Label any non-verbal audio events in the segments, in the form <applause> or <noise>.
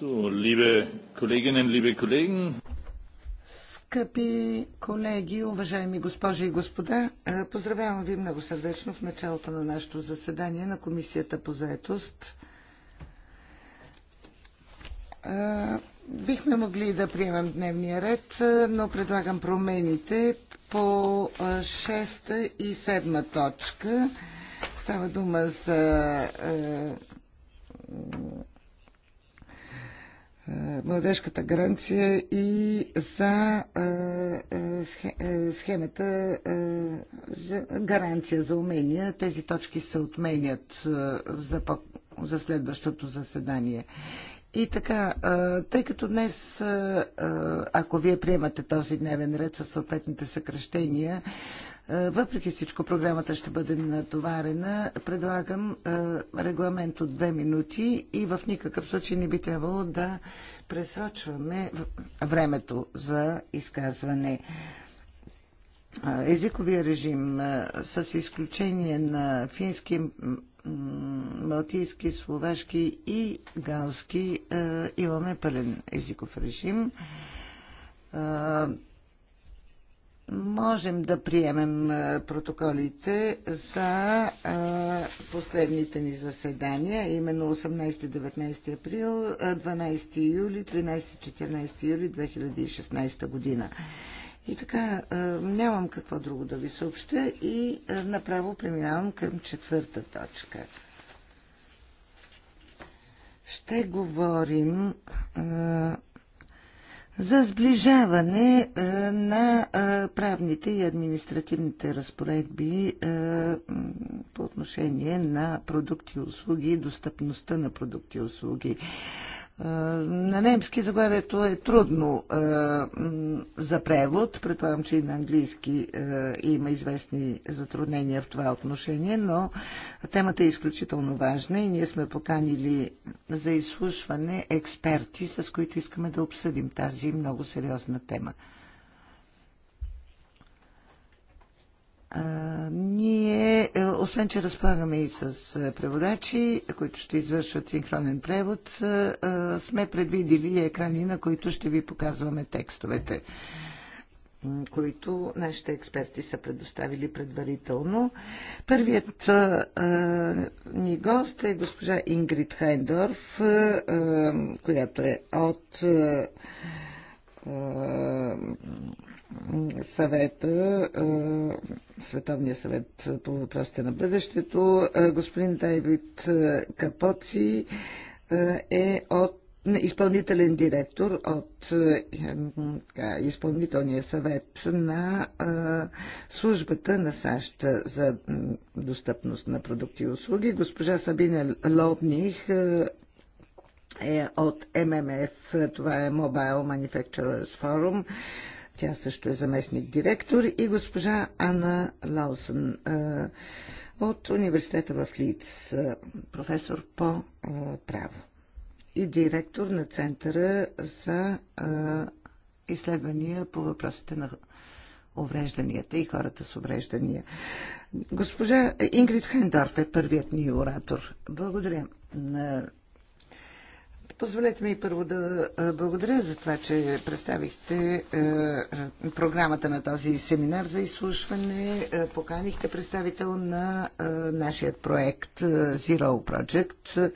So, liebe Kolleginnen, liebe Kollegen. Скъпи колеги, уважаеми госпожи и господа, поздравявам ви много сърдечно в началото на нашето заседание на Комисията по заетост. Бихме могли да приемам дневния ред, но предлагам промените по 6 и 7 точка. Става дума за Е, младежката гаранция и за е, е, схемата за гаранция за умения. Тези точки се отменят за, за следващото заседание. И така, тъй като днес, ако вие приемате този дневен ред със съответните съкръщения, е, въпреки всичко, програмата ще бъде натоварена. Предлагам е, регламент от две минути и в никакъв случай не би трябвало да пресрочваме времето за изказване. Е, езиковия режим, с изключение на фински, малтийски, словашки и галски, имаме пълен езиков режим можем да приемем протоколите за последните ни заседания, именно 18-19 април, 12 юли, 13-14 юли 2016 година. И така, нямам какво друго да ви съобща и направо преминавам към четвърта точка. Ще говорим за сближаване е, на е, правните и административните разпоредби е, по отношение на продукти и услуги и достъпността на продукти и услуги. Е, на немски заглавието е трудно е, за превод. Предполагам, че и на английски е, има известни затруднения в това отношение, но темата е изключително важна и ние сме поканили за изслушване експерти, с които искаме да обсъдим тази много сериозна тема. А, ние, е, освен че разполагаме и с е, преводачи, които ще извършват синхронен превод, а, е, сме предвидили екрани, на които ще ви показваме текстовете, които нашите експерти са предоставили предварително. Първият а, ни гост е госпожа Ингрид Хайндорф, а, която е от. А, съвета, Световния съвет по въпросите на бъдещето. Господин Дайвид Капоци е от изпълнителен директор от така, изпълнителния съвет на а, службата на САЩ за достъпност на продукти и услуги. Госпожа Сабина Лобних е от ММФ, това е Mobile Manufacturers Forum тя също е заместник директор и госпожа Анна Лаусен от университета в Лиц, професор по право и директор на Центъра за изследвания по въпросите на уврежданията и хората с увреждания. Госпожа Ингрид Хендорф е първият ни оратор. Благодаря на. Позволете ми първо да благодаря за това, че представихте програмата на този семинар за изслушване. Поканихте представител на нашия проект Zero Project.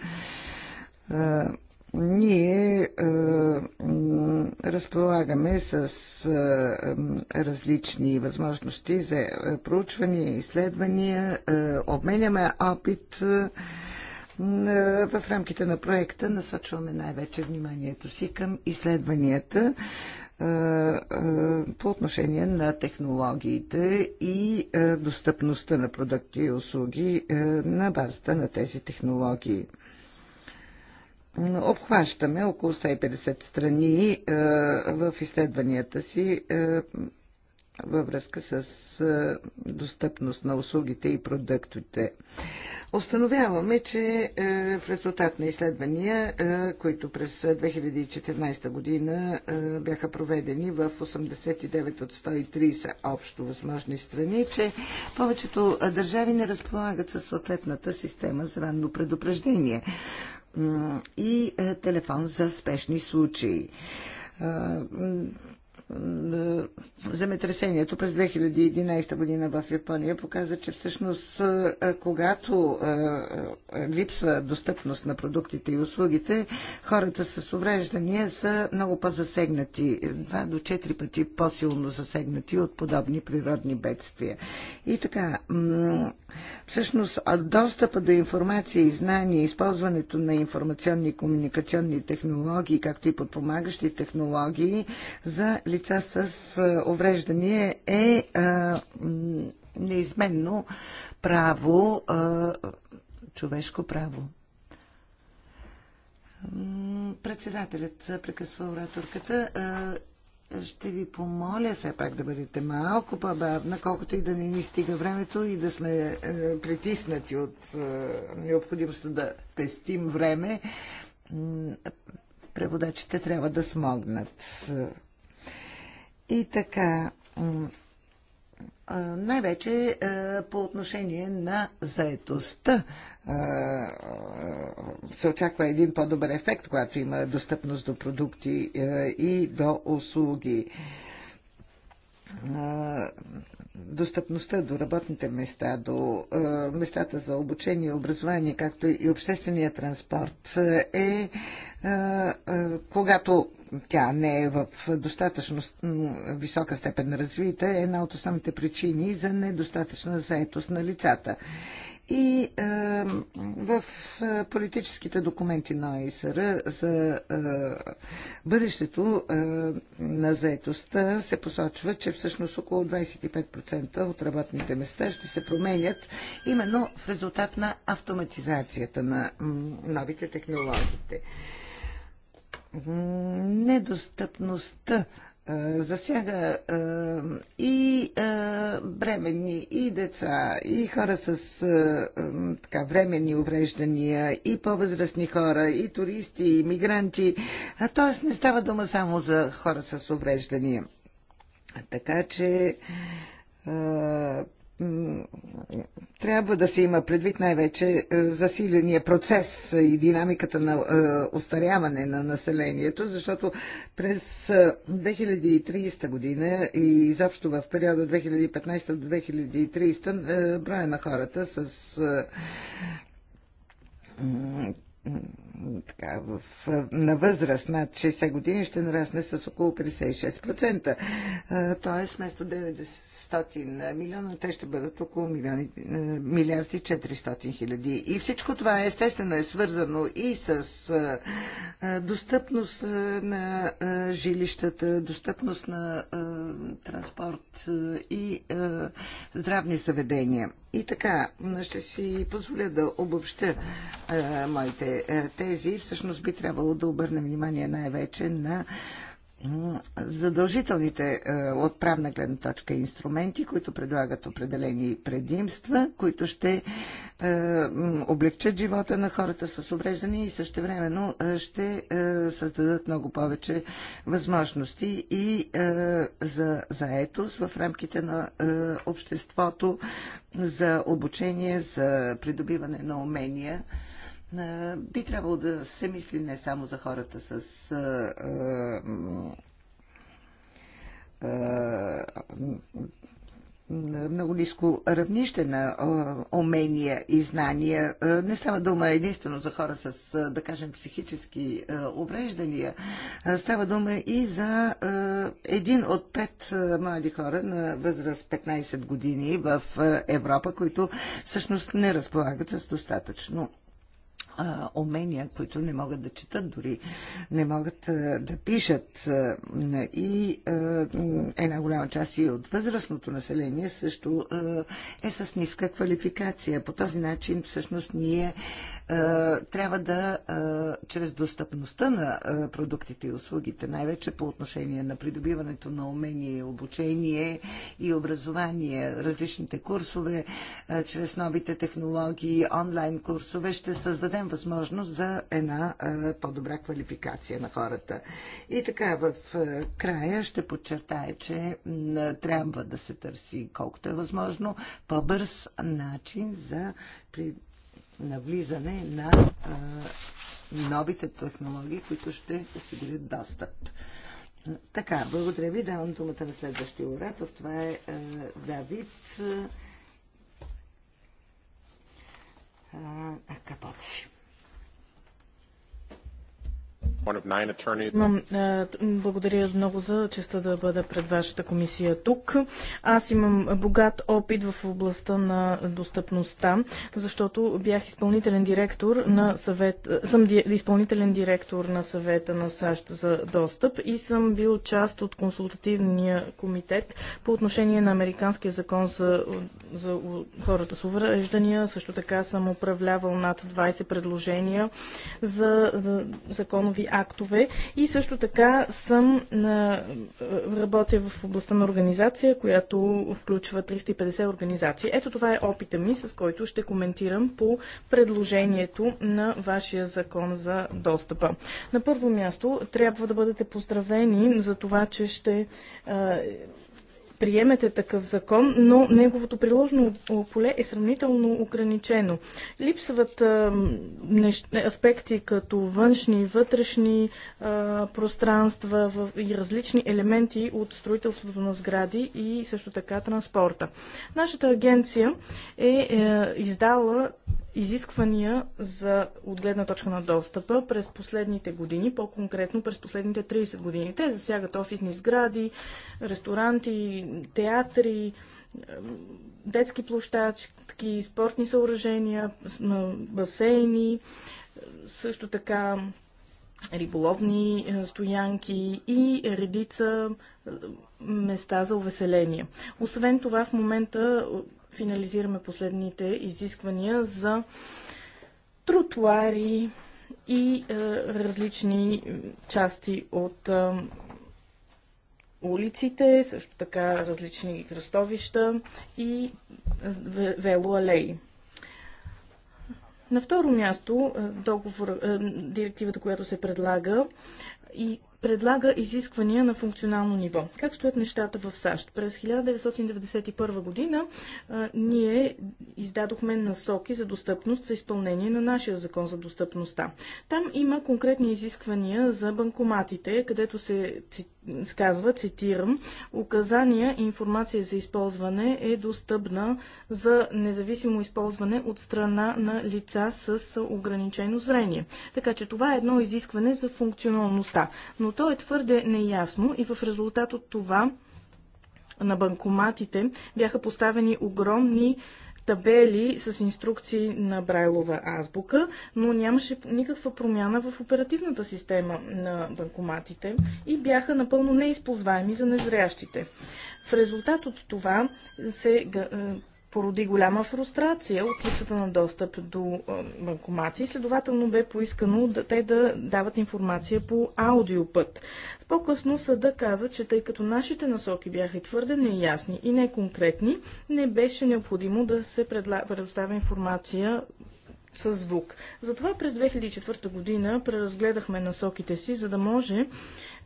Ние разполагаме с различни възможности за проучвания, изследвания, обменяме опит. В рамките на проекта насочваме най-вече вниманието си към изследванията по отношение на технологиите и достъпността на продукти и услуги на базата на тези технологии. Обхващаме около 150 страни в изследванията си във връзка с достъпност на услугите и продуктите. Остановяваме, че е, в резултат на изследвания, е, които през 2014 е, година бяха проведени в 89 от 130 общо възможни страни, че повечето държави не разполагат със съответната система за ранно предупреждение и телефон за спешни случаи земетресението през 2011 година в Япония показа, че всъщност когато липсва достъпност на продуктите и услугите, хората с увреждания са много по-засегнати, два до четири пъти по-силно засегнати от подобни природни бедствия. И така, всъщност достъпа до информация и знания, използването на информационни и комуникационни технологии, както и подпомагащи технологии за лице лица с увреждания е неизменно право, човешко право. Председателят прекъсва ораторката. Ще ви помоля все пак да бъдете малко по-бавна, колкото и да не ни стига времето и да сме притиснати от необходимостта да пестим време. Преводачите трябва да смогнат и така, най-вече по отношение на заетостта се очаква един по-добър ефект, когато има достъпност до продукти и до услуги достъпността до работните места, до местата за обучение и образование, както и обществения транспорт е, когато тя не е в достатъчно висока степен развита, е една от основните причини за недостатъчна заетост на лицата и е, в е, политическите документи на ИСР за е, бъдещето е, на заетостта се посочва, че всъщност около 25% от работните места ще се променят именно в резултат на автоматизацията на новите технологии. Недостъпността е, засяга е, и е, бременни, и деца, и хора с така, временни увреждания, и по-възрастни хора, и туристи, и мигранти. Тоест не става дума само за хора с увреждания. Така че трябва да се има предвид най-вече е, засиления процес и динамиката на остаряване е, на населението, защото през 2030 е, година и изобщо в периода 2015 до 2030 броя на хората с така, в, на възраст над 60 години ще нарасне с около 56%. Тоест, вместо 900 милиона, те ще бъдат около милиони, милиард и 400 хиляди. И всичко това естествено е свързано и с достъпност на жилищата, достъпност на транспорт и здравни съведения. И така, ще си позволя да обобща е, моите е, тези. Всъщност би трябвало да обърнем внимание най-вече на задължителните е, от правна гледна точка инструменти, които предлагат определени предимства, които ще е, облегчат живота на хората с обреждане и същевременно е, ще създадат много повече възможности и за заетост в рамките на обществото, за обучение, за придобиване на умения би трябвало да се мисли не само за хората с много ниско равнище на умения и знания. Не става дума единствено за хора с, да кажем, психически увреждания. Става дума и за един от пет млади хора на възраст 15 години в Европа, които всъщност не разполагат с достатъчно умения, които не могат да четат дори, не могат да пишат. И една голяма част и от възрастното население също е с ниска квалификация. По този начин всъщност ние е, трябва да, е, чрез достъпността на е, продуктите и услугите, най-вече по отношение на придобиването на умение, обучение и образование, различните курсове, чрез новите технологии, онлайн курсове, ще създадем възможност за една по-добра квалификация на хората. И така, в края ще подчертая, че трябва да се търси, колкото е възможно, по-бърз начин за навлизане на новите технологии, които ще осигурят достъп. Така, благодаря ви. Давам думата на следващия оратор. Това е, а, Давид Акапоци. Капоци. Е, благодаря много за честа да бъда пред вашата комисия тук. Аз имам богат опит в областта на достъпността, защото бях изпълнителен директор на съвет, е, съм изпълнителен директор на съвета на САЩ за достъп и съм бил част от консултативния комитет по отношение на Американския закон за, за хората с увреждания. Също така съм управлявал над 20 предложения за законови актове и също така съм на, работя в областта на организация, която включва 350 организации. Ето това е опита ми, с който ще коментирам по предложението на вашия закон за достъпа. На първо място трябва да бъдете поздравени за това, че ще приемете такъв закон, но неговото приложено поле е сравнително ограничено. Липсват аспекти като външни и вътрешни пространства и различни елементи от строителството на сгради и също така транспорта. Нашата агенция е, е издала изисквания за отгледна точка на достъпа през последните години, по-конкретно през последните 30 години. Те засягат офисни сгради, ресторанти, театри, детски площадки, спортни съоръжения, басейни, също така риболовни е, стоянки и редица е, места за увеселение. Освен това, в момента е, финализираме последните изисквания за тротуари и различни части от улиците, също така различни кръстовища и велоалеи. На второ място, е, договор, е, директивата, която се предлага, и предлага изисквания на функционално ниво. Как стоят нещата в САЩ? През 1991 година а, е, ние издадохме насоки за достъпност за изпълнение на нашия закон за достъпността. Там има конкретни изисквания за банкоматите, където се казва, цитирам, указания и информация за използване е достъпна за независимо използване от страна на лица с ограничено зрение. Така че това е едно изискване за функционалността. Но то е твърде неясно и в резултат от това на банкоматите бяха поставени огромни табели с инструкции на Брайлова азбука, но нямаше никаква промяна в оперативната система на банкоматите и бяха напълно неизползваеми за незрящите. В резултат от това се породи голяма фрустрация от липсата на достъп до е, банкомати. Следователно бе поискано да, те да дават информация по аудиопът. По-късно съда каза, че тъй като нашите насоки бяха твърде неясни и неконкретни, не беше необходимо да се предоставя информация с звук. Затова през 2004 година преразгледахме насоките си, за да може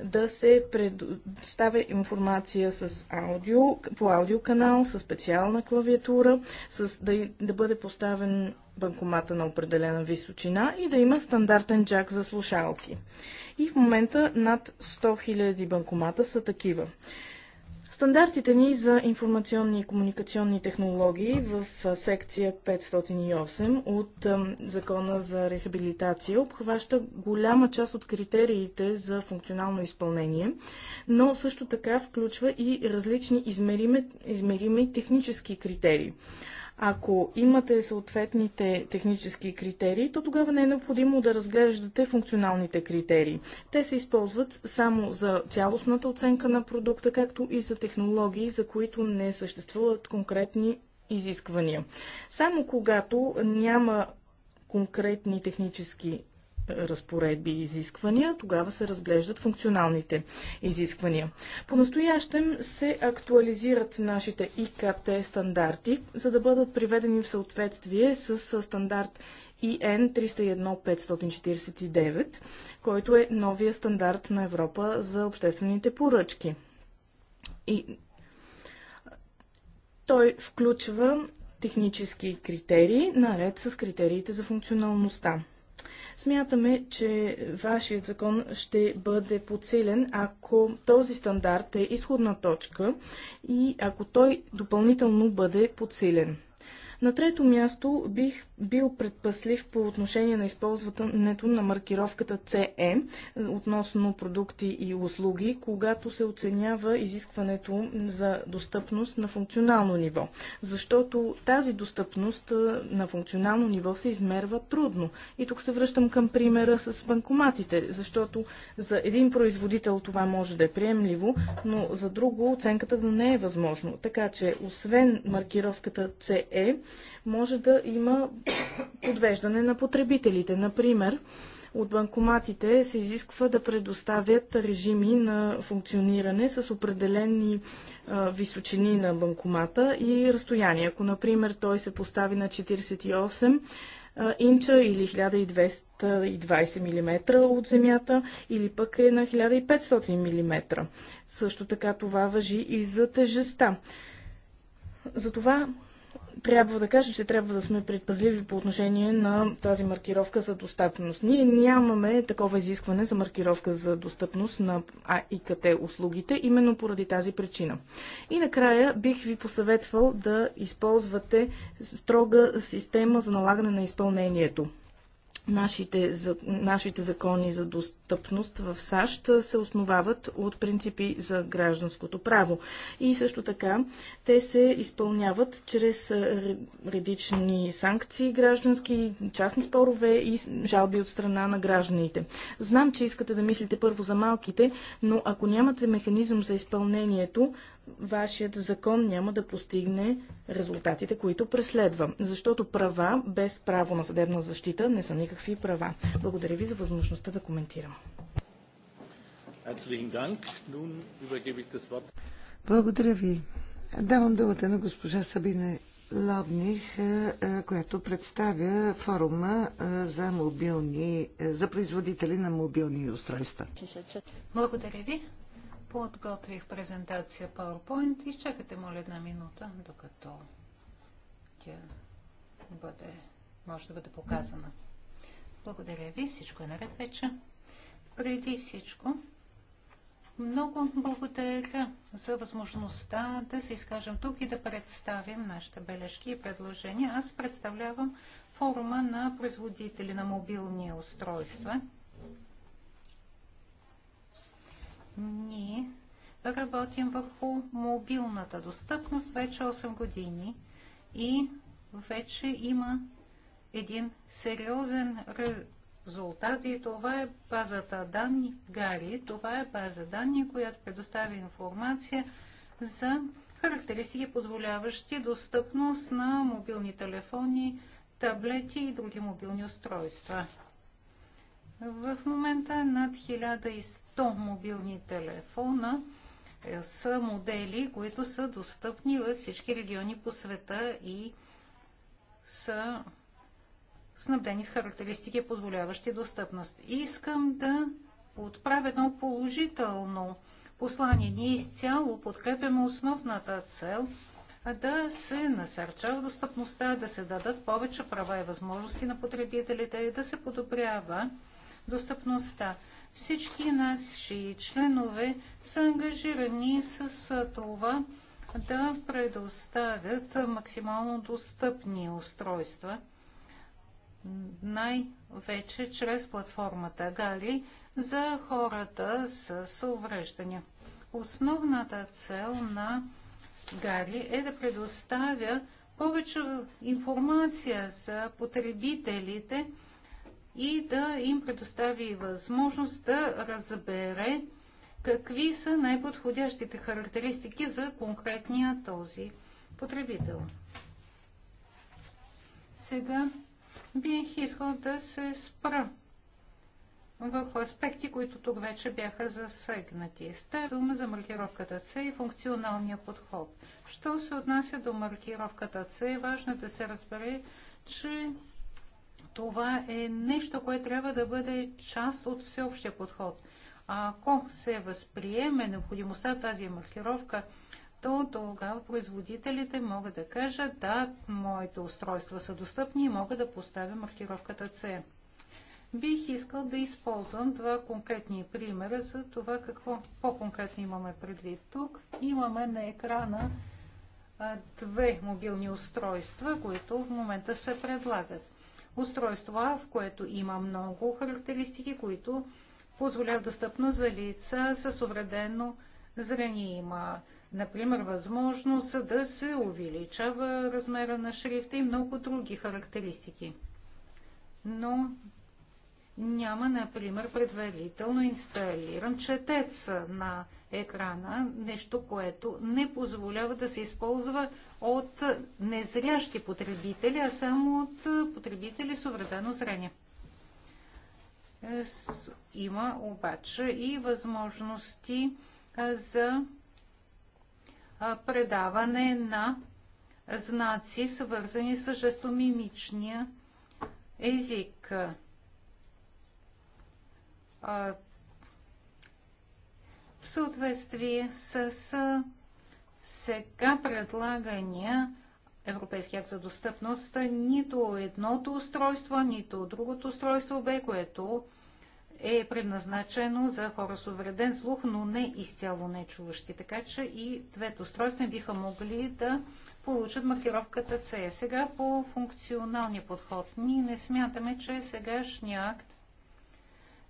да се предоставя информация с аудио, по аудиоканал, с специална клавиатура, с, да, да бъде поставен банкомата на определена височина и да има стандартен джак за слушалки. И в момента над 100 000 банкомата са такива. Стандартите ни за информационни и комуникационни технологии в секция 508 от Закона за рехабилитация обхваща голяма част от критериите за функционално изпълнение, но също така включва и различни измерими, измерими технически критерии. Ако имате съответните технически критерии, то тогава не е необходимо да разглеждате функционалните критерии. Те се използват само за цялостната оценка на продукта, както и за технологии, за които не съществуват конкретни изисквания. Само когато няма конкретни технически разпоредби и изисквания, тогава се разглеждат функционалните изисквания. По-настоящем се актуализират нашите ИКТ стандарти, за да бъдат приведени в съответствие с стандарт ИН 301-549, който е новия стандарт на Европа за обществените поръчки. И той включва технически критерии, наред с критериите за функционалността. Смятаме, че вашият закон ще бъде подсилен, ако този стандарт е изходна точка и ако той допълнително бъде подсилен. На трето място бих бил предпаслив по отношение на използването на маркировката CE относно продукти и услуги, когато се оценява изискването за достъпност на функционално ниво. Защото тази достъпност на функционално ниво се измерва трудно. И тук се връщам към примера с банкоматите, защото за един производител това може да е приемливо, но за друго оценката да не е възможно. Така че, освен маркировката CE, може да има подвеждане на потребителите. Например, от банкоматите се изисква да предоставят режими на функциониране с определени а, височини на банкомата и разстояние. Ако, например, той се постави на 48 а, инча или 1220 мм от земята, или пък е на 1500 мм. Също така това въжи и за тежестта. Затова трябва да кажа, че трябва да сме предпазливи по отношение на тази маркировка за достъпност. Ние нямаме такова изискване за маркировка за достъпност на АИКТ услугите, именно поради тази причина. И накрая бих ви посъветвал да използвате строга система за налагане на изпълнението. Нашите, нашите закони за достъпност в САЩ се основават от принципи за гражданското право. И също така те се изпълняват чрез редични санкции, граждански, частни спорове и жалби от страна на гражданите. Знам, че искате да мислите първо за малките, но ако нямате механизъм за изпълнението, вашият закон няма да постигне резултатите, които преследва. Защото права без право на съдебна защита не са никакви права. Благодаря ви за възможността да коментирам. Благодаря ви. Давам думата на госпожа Сабине Лобних, е, е, която представя форума е, за, мобилни, за производители на мобилни устройства. Благодаря ви подготвих презентация PowerPoint. Изчакайте, моля, една минута, докато тя бъде, може да бъде показана. Благодаря ви, всичко е наред вече. Преди всичко, много благодаря за възможността да се изкажем тук и да представим нашите бележки и предложения. Аз представлявам форума на производители на мобилни устройства – Ние работим върху мобилната достъпност вече 8 години и вече има един сериозен резултат и това е базата данни Гари. Това е база данни, която предоставя информация за характеристики, позволяващи достъпност на мобилни телефони, таблети и други мобилни устройства. В момента над 1100 мобилни телефона е, са модели, които са достъпни във всички региони по света и са снабдени с характеристики, позволяващи достъпност. И искам да отправя едно положително послание. Ние изцяло подкрепяме основната цел да се насърчава достъпността, да се дадат повече права и възможности на потребителите, да се подобрява достъпността. Всички наши членове са ангажирани с това да предоставят максимално достъпни устройства, най-вече чрез платформата Гали за хората с увреждания. Основната цел на Гали е да предоставя повече информация за потребителите и да им предостави възможност да разбере какви са най-подходящите характеристики за конкретния този потребител. Сега бих искал да се спра върху аспекти, които тук вече бяха засегнати. Става дума за маркировката C и функционалния подход. Що се отнася до маркировката C, е важно да се разбере, че това е нещо, което трябва да бъде част от всеобщия подход. Ако се възприеме необходимостта тази маркировка, то тогава производителите могат да кажат, да, моите устройства са достъпни и мога да поставя маркировката C. Бих искал да използвам два конкретни примера за това какво по-конкретно имаме предвид тук. Имаме на екрана две мобилни устройства, които в момента се предлагат устройство, в което има много характеристики, които позволяват достъпно за лица с увредено зрение. Има, например, възможност да се увеличава размера на шрифта и много други характеристики. Но няма, например, предварително инсталиран четец на екрана, нещо, което не позволява да се използва от незрящи потребители, а само от потребители с увредено зрение. Има обаче и възможности за предаване на знаци, свързани с жестомимичния език в съответствие с сега предлагания Европейски акт за достъпност, нито едното устройство, нито другото устройство бе, което е предназначено за хора с увреден слух, но не изцяло не чуващи. Така че и двете устройства биха могли да получат маркировката C. Сега по функционалния подход. Ние не смятаме, че сегашния акт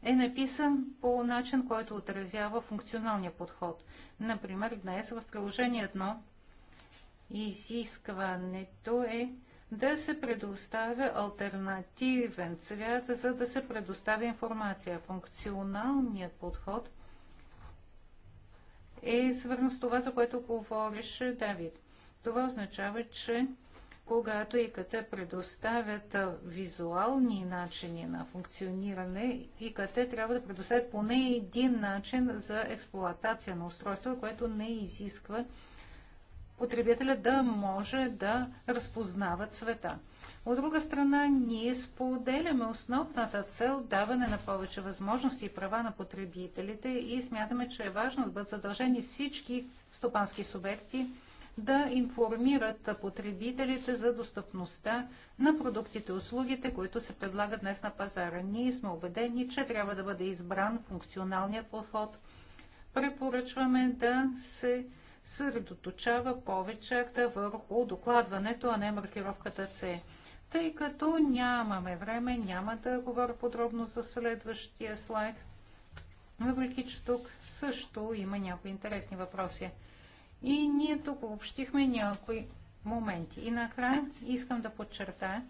е написан по начин, който отразява функционалния подход. Например, днес в приложение 1 изискването е да се предоставя альтернативен цвят, за да се предоставя информация. Функционалният подход е свързан с това, за което говорише Давид. Това означава, че когато ИКТ предоставят визуални начини на функциониране, ИКТ трябва да предоставят поне един начин за експлоатация на устройство, което не изисква потребителя да може да разпознава цвета. От друга страна, ние споделяме основната цел даване на повече възможности и права на потребителите и смятаме, че е важно да бъдат задължени всички стопански субекти – да информират потребителите за достъпността на продуктите и услугите, които се предлагат днес на пазара. Ние сме убедени, че трябва да бъде избран функционалният подход. Препоръчваме да се съредоточава повече акта върху докладването, а не маркировката С. Тъй като нямаме време, няма да говоря подробно за следващия слайд, въпреки че тук също има някои интересни въпроси. И ние тук общихме някои моменти. И накрая искам да подчертая,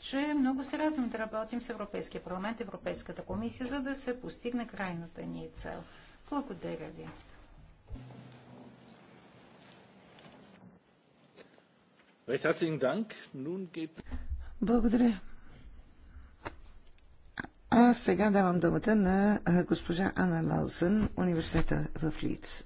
че много се радвам да работим с Европейския парламент, Европейската комисия, за да се постигне крайната ни цел. Благодаря ви. Благодаря. А сега давам думата на госпожа Ана Лаусън, университета в Лиц.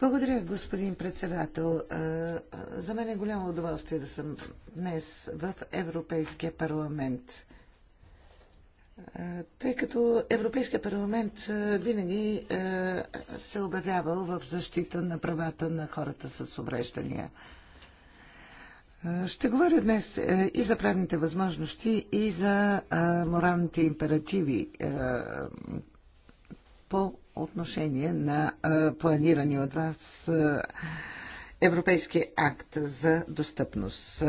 Благодаря, господин председател. Е, е, за мен е голямо удоволствие да съм днес в Европейския парламент. Е, тъй като Европейския парламент винаги се обявявал в защита на правата на хората с увреждания. Ще говоря днес и за правните възможности, и за моралните императиви по отношение на планирани от вас Европейски акт за достъпност.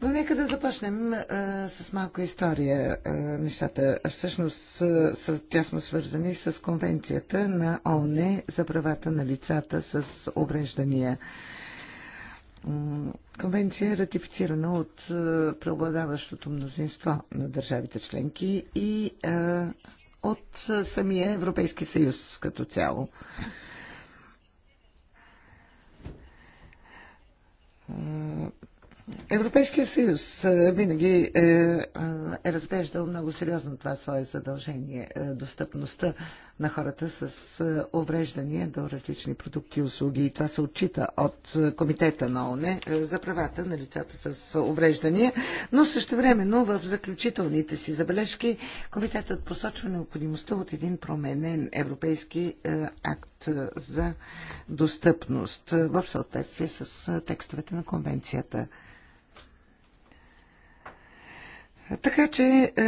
Но нека да започнем а, с малко история. А, нещата всъщност а, са тясно свързани с конвенцията на ООН за правата на лицата с увреждания. Конвенция е ратифицирана от е, преобладаващото мнозинство на държавите членки и е, от е, самия Европейски съюз като цяло. Европейския съюз е, винаги е, е, е разглеждал много сериозно това свое задължение е, достъпността на хората с увреждания до различни продукти и услуги. И това се отчита от Комитета на ОНЕ за правата на лицата с увреждания. Но също времено в заключителните си забележки Комитетът посочва необходимостта от един променен европейски акт за достъпност в съответствие с текстовете на конвенцията така че е,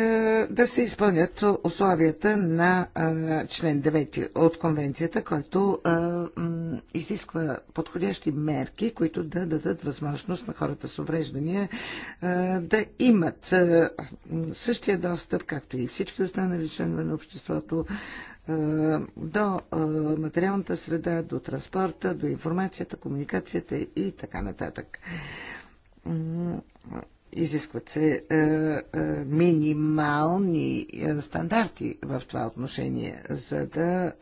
да се изпълнят условията на е, член 9 от конвенцията, който е, изисква подходящи мерки, които да дадат възможност на хората с увреждания да имат същия достъп, както и всички останали членове на обществото, до материалната среда, до транспорта, до информацията, комуникацията и така нататък изискват се е, е, минимални е, стандарти в това отношение, за да е,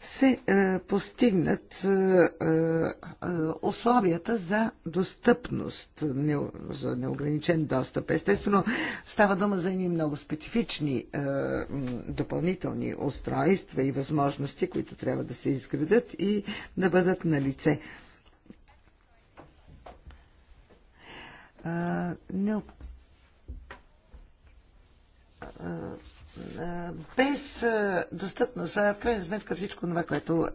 се е, постигнат е, е, условията за достъпност, не, за неограничен достъп. Естествено, става дума за едни много специфични е, допълнителни устройства и възможности, които трябва да се изградат и да бъдат на лице. необ... без достъпност, в крайна сметка всичко това, което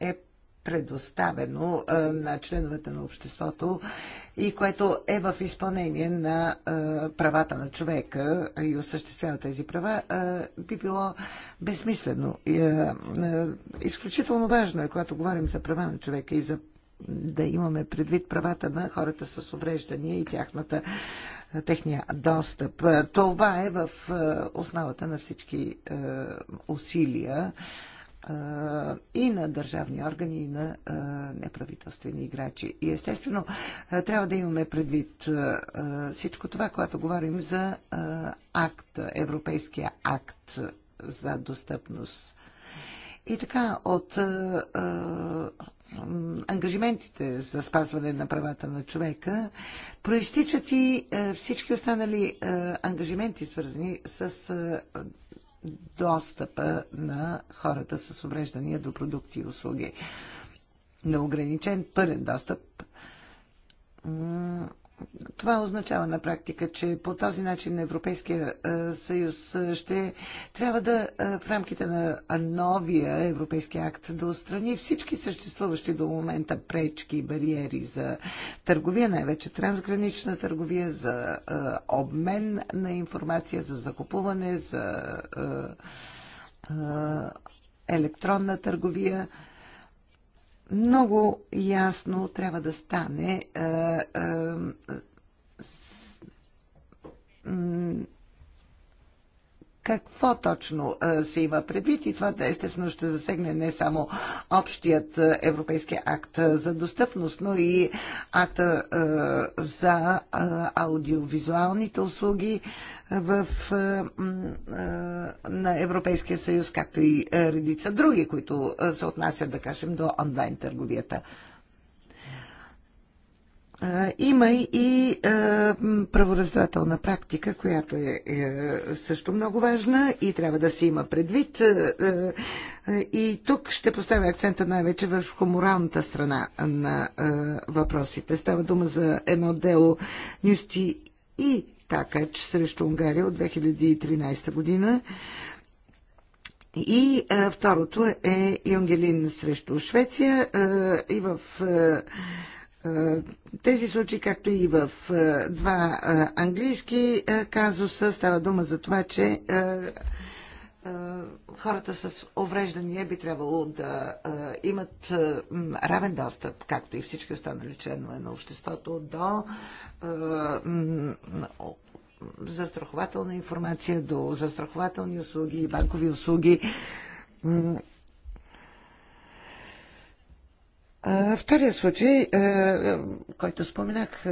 е предоставено на членовете на обществото и което е в изпълнение на правата на човека и осъществява тези права, би било безсмислено. Изключително важно е, когато говорим за права на човека и за да имаме предвид правата на хората с увреждания и тяхната, техния достъп. Това е в основата на всички усилия и на държавни органи, и на неправителствени играчи. И естествено, трябва да имаме предвид всичко това, когато говорим за акт, европейския акт за достъпност. И така, от ангажиментите за спазване на правата на човека, проистичат и е, всички останали е, ангажименти, свързани с е, достъпа на хората с увреждания до продукти и услуги. Неограничен пълен достъп това означава на практика, че по този начин Европейския е, съюз е, ще трябва да е, в рамките на новия европейски акт да устрани всички съществуващи до момента пречки и бариери за търговия, най-вече трансгранична търговия, за обмен на информация, за закупуване, за електронна търговия много ясно трябва да стане с, какво точно е, се има предвид и това да естествено ще засегне не само общият е, европейски акт за достъпност, но и акта е, за аудиовизуалните услуги в, на Европейския съюз, както и редица други, които се отнасят, да кажем, до онлайн търговията. Има и правораздавателна практика, която е, е също много важна и трябва да се има предвид. И тук ще поставя акцента най-вече върху моралната страна на въпросите. Става дума за едно дело Нюсти и Такач срещу Унгария от 2013 година. И а, второто е Юнгелин срещу Швеция а, и в а, е, тези случаи, както и в е, два е, английски казуса, става дума за това, че хората с увреждания би трябвало да имат равен достъп, както и всички останали членове на обществото, до застрахователна информация, до застрахователни услуги и банкови услуги. Втория случай, е, е, който споменах, е,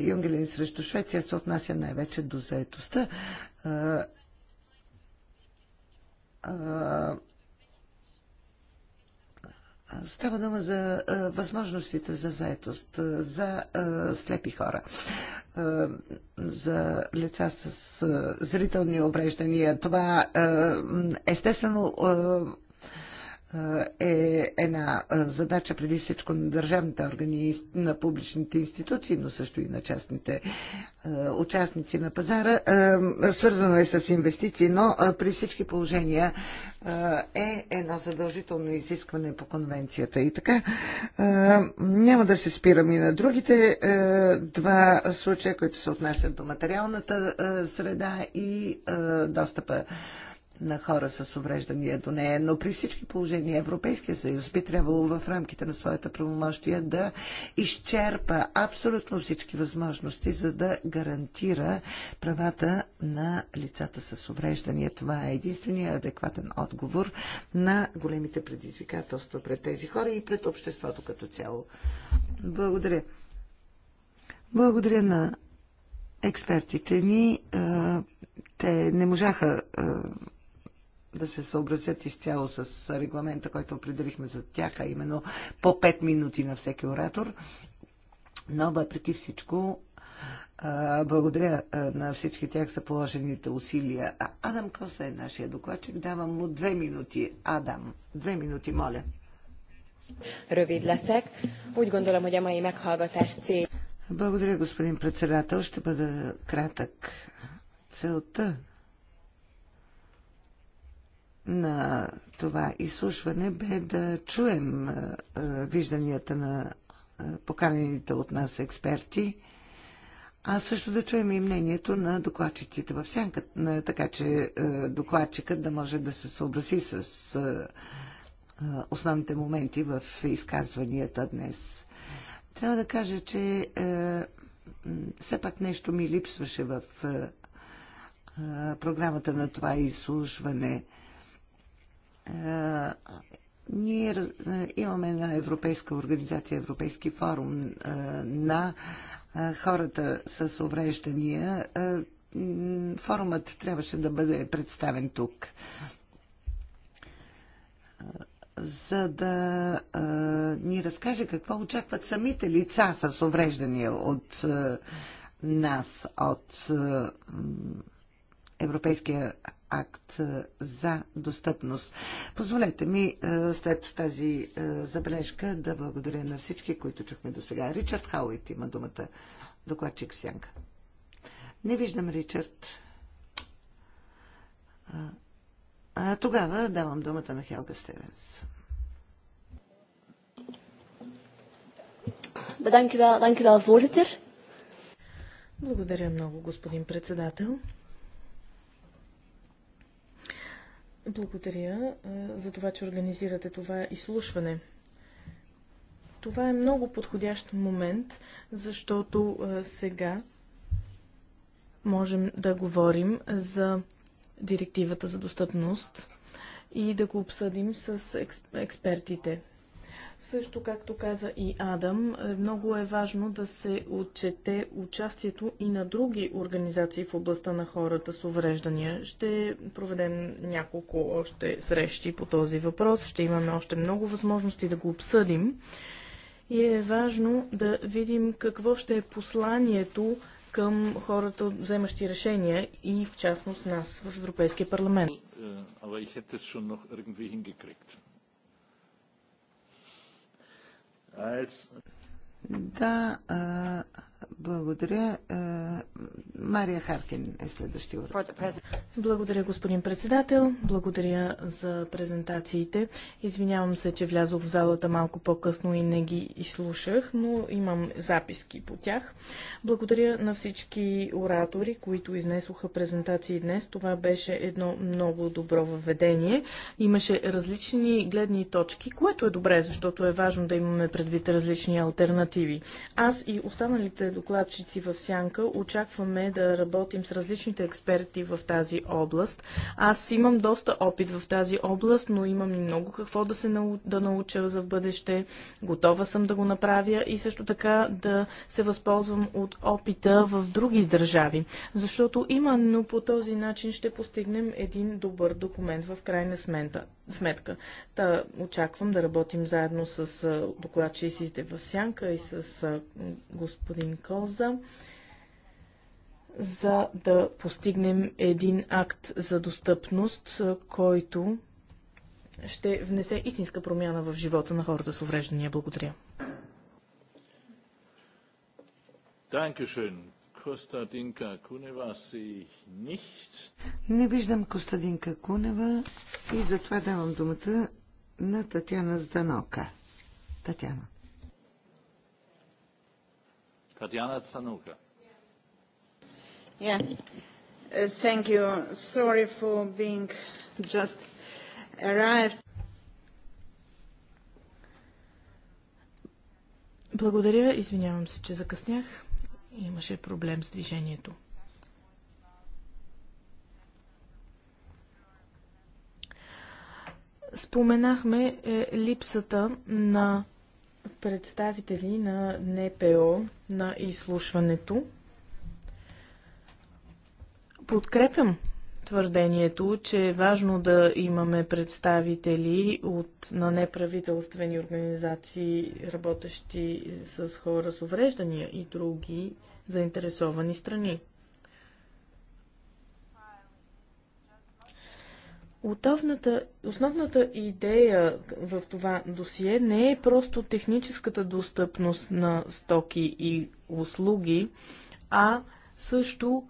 Юнгелин срещу Швеция, се отнася най-вече до заетостта. Става дума за възможностите за заетост, за слепи хора, за лица с зрителни обреждания. Това естествено е една задача преди всичко на държавните органи, на публичните институции, но също и на частните участници на пазара. Свързано е с инвестиции, но при всички положения е едно задължително изискване по конвенцията. И така, няма да се спирам и на другите два случая, които се отнасят до материалната среда и достъпа на хора с увреждания до нея, но при всички положения Европейския съюз би трябвало в рамките на своята правомощия да изчерпа абсолютно всички възможности, за да гарантира правата на лицата с увреждания. Това е единствения адекватен отговор на големите предизвикателства пред тези хора и пред обществото като цяло. Благодаря. Благодаря на експертите ни. Е, те не можаха е, да се съобразят изцяло с регламента, който определихме за тях, а именно по 5 минути на всеки оратор. Но въпреки всичко, благодаря на всички тях за положените усилия. А Адам Коса е нашия докладчик. Давам му две минути. Адам, две минути, моля. Rövid leszek. Úgy gondolom, hogy a mai meghallgatás cél. Благодаря, господин председател. Ще бъда кратък. Целта на това изслушване бе да чуем вижданията на поканените от нас експерти, а също да чуем и мнението на докладчиците в сянка, така че докладчикът да може да се съобрази с основните моменти в изказванията днес. Трябва да кажа, че все пак нещо ми липсваше в програмата на това изслушване. Е, ние е, имаме една европейска организация, Европейски форум е, на хората с увреждания. Форумът трябваше да бъде представен тук. За да ни разкаже какво очакват самите лица с увреждания от нас, от Европейския акт е, за достъпност. Позволете ми е, след тази е, забележка да благодаря на всички, които чухме до сега. Ричард Хауит има думата. Докладчик Сянка. Не виждам Ричард. А, тогава давам думата на Хелга Стевенс. Благодаря много, господин председател. Благодаря за това, че организирате това изслушване. Това е много подходящ момент, защото сега можем да говорим за директивата за достъпност и да го обсъдим с експертите. Също, както каза и Адам, е, много е важно да се отчете участието и на други организации в областта на хората с увреждания. Ще проведем няколко още срещи по този въпрос. Ще имаме още много възможности да го обсъдим. И е важно да видим какво ще е посланието към хората, вземащи решения и в частност нас в Европейския парламент. Е, е, да, благодаря. Е, Мария Харкин е следващия Благодаря, господин председател. Благодаря за презентациите. Извинявам се, че влязох в залата малко по-късно и не ги изслушах, но имам записки по тях. Благодаря на всички оратори, които изнесоха презентации днес. Това беше едно много добро въведение. Имаше различни гледни точки, което е добре, защото е важно да имаме предвид различни альтернативи. Аз и останалите докладчици в Сянка очакваме да работим с различните експерти в тази област. Аз имам доста опит в тази област, но имам и много какво да се нау... да науча за в бъдеще. Готова съм да го направя и също така да се възползвам от опита в други държави. Защото именно по този начин ще постигнем един добър документ в крайна смента сметка. Та очаквам да работим заедно с докладчиците в Сянка и с господин коза, за да постигнем един акт за достъпност, който ще внесе истинска промяна в живота на хората с увреждания. Благодаря. Не виждам Костадинка Кунева и затова давам думата на Татьяна Зданока. Татьяна. Tatiana Zanuka. Yeah. Uh, thank you. Sorry for being just arrived. Благодаря. Извинявам се, че закъснях. Имаше проблем с движението. Споменахме е, липсата на представители на НПО на изслушването. Подкрепям твърдението, че е важно да имаме представители от, на неправителствени организации, работещи с хора с увреждания и други заинтересовани страни. Отовната, основната идея в това досие не е просто техническата достъпност на стоки и услуги, а също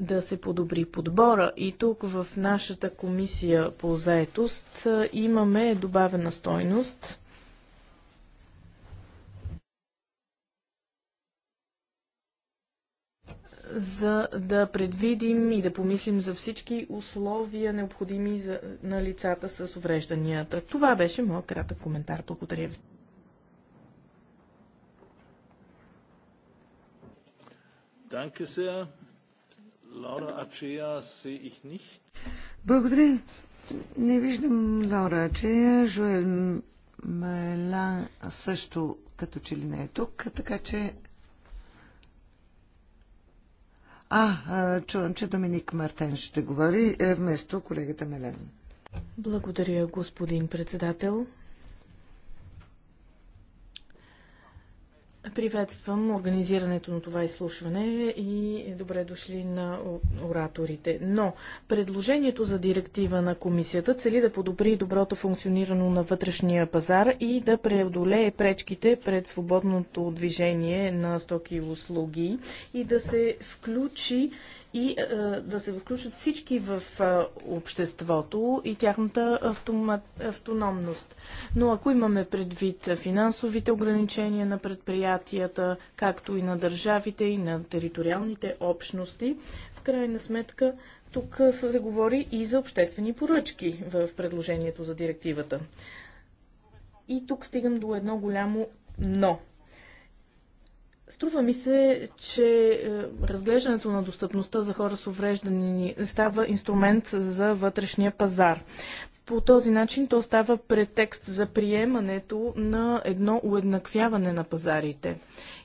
да се подобри подбора. И тук в нашата комисия по заетост имаме добавена стойност за да предвидим и да помислим за всички условия, необходими за, на лицата с уврежданията. Това беше моят кратък коментар. Благодаря ви. Danke sehr. Laura sehe ich nicht. Благодаря. Не виждам Лаура Ачея. Жуел Мелан също като че ли не е тук, така че а, чувам, че Доминик Мартен ще говори е, вместо колегата Мелен. Благодаря, господин председател. Приветствам организирането на това изслушване и добре дошли на ораторите. Но предложението за директива на комисията цели да подобри доброто функциониране на вътрешния пазар и да преодолее пречките пред свободното движение на стоки и услуги и да се включи и а, е, е, да се включат всички в а, е, обществото и тяхната автомат, автономност. Но ако имаме предвид финансовите ограничения на предприятията, както и на държавите и на териториалните общности, в крайна сметка тук се говори и за обществени поръчки в предложението за директивата. И тук стигам до едно голямо но. Струва ми се, че е, разглеждането на достъпността за хора с увреждани става инструмент за вътрешния пазар. По този начин то става претекст за приемането на едно уеднаквяване на пазарите.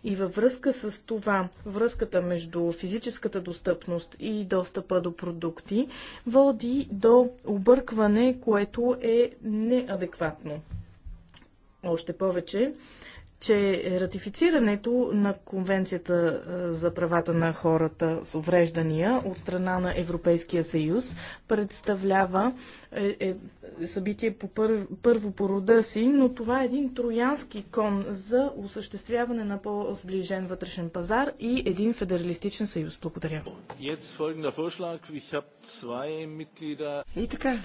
И във връзка с това, връзката между физическата достъпност и достъпа до продукти води до объркване, което е неадекватно. Още повече, че ратифицирането на Конвенцията е, за правата на хората с увреждания от страна на Европейския съюз представлява е, е, събитие по пър, първо по рода си, но това е един троянски кон за осъществяване на по-сближен вътрешен пазар и един федералистичен съюз. Благодаря. И така,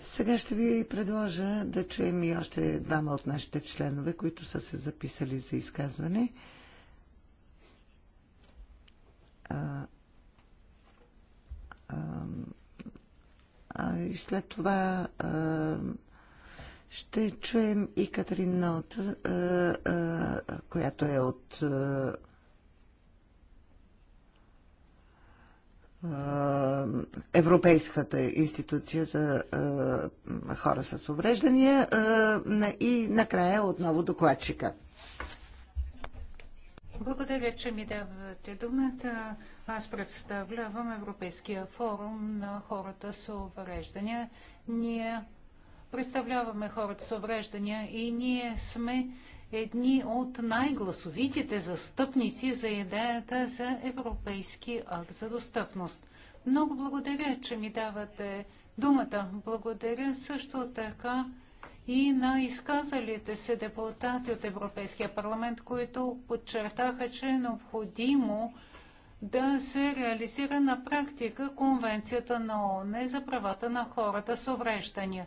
сега ще ви предложа да чуем и още двама от нашите членове, които са се записали за изказване. А, а, а и след това а, ще чуем и Катерин Нота, която е от а, Европейската институция за хора с увреждания и накрая отново докладчика. Благодаря, че ми давате думата. Аз представлявам Европейския форум на хората с увреждания. Ние представляваме хората с увреждания и ние сме едни от най-гласовитите застъпници за идеята за Европейски акт за достъпност. Много благодаря, че ми давате думата. Благодаря също така и на изказалите се депутати от Европейския парламент, които подчертаха, че е необходимо да се реализира на практика Конвенцията на ООН за правата на хората с увреждания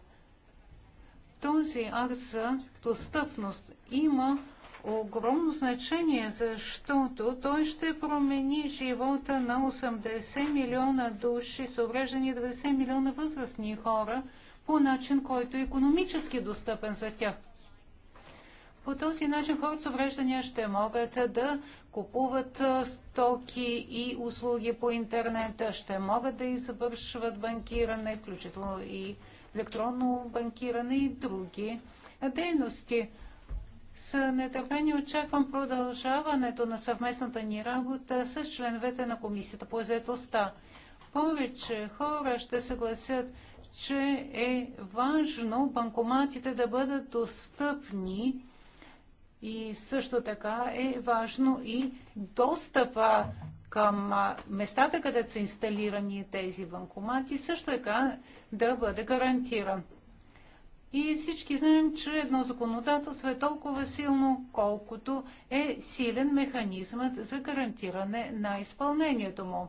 този акт за достъпност има огромно значение, защото той ще промени живота на 80 милиона души с увреждани 90 милиона възрастни хора по начин, който е економически достъпен за тях. По този начин хората с увреждания ще могат да купуват стоки и услуги по интернета, ще могат да извършват банкиране, включително и електронно банкиране и други дейности. С нетърпение очаквам продължаването на съвместната ни работа с членовете на Комисията по заедостта. Повече хора ще съгласят, че е важно банкоматите да бъдат достъпни и също така е важно и достъпа към местата, където са инсталирани тези банкомати, също така да бъде гарантиран. И всички знаем, че едно законодателство е толкова силно, колкото е силен механизмът за гарантиране на изпълнението му.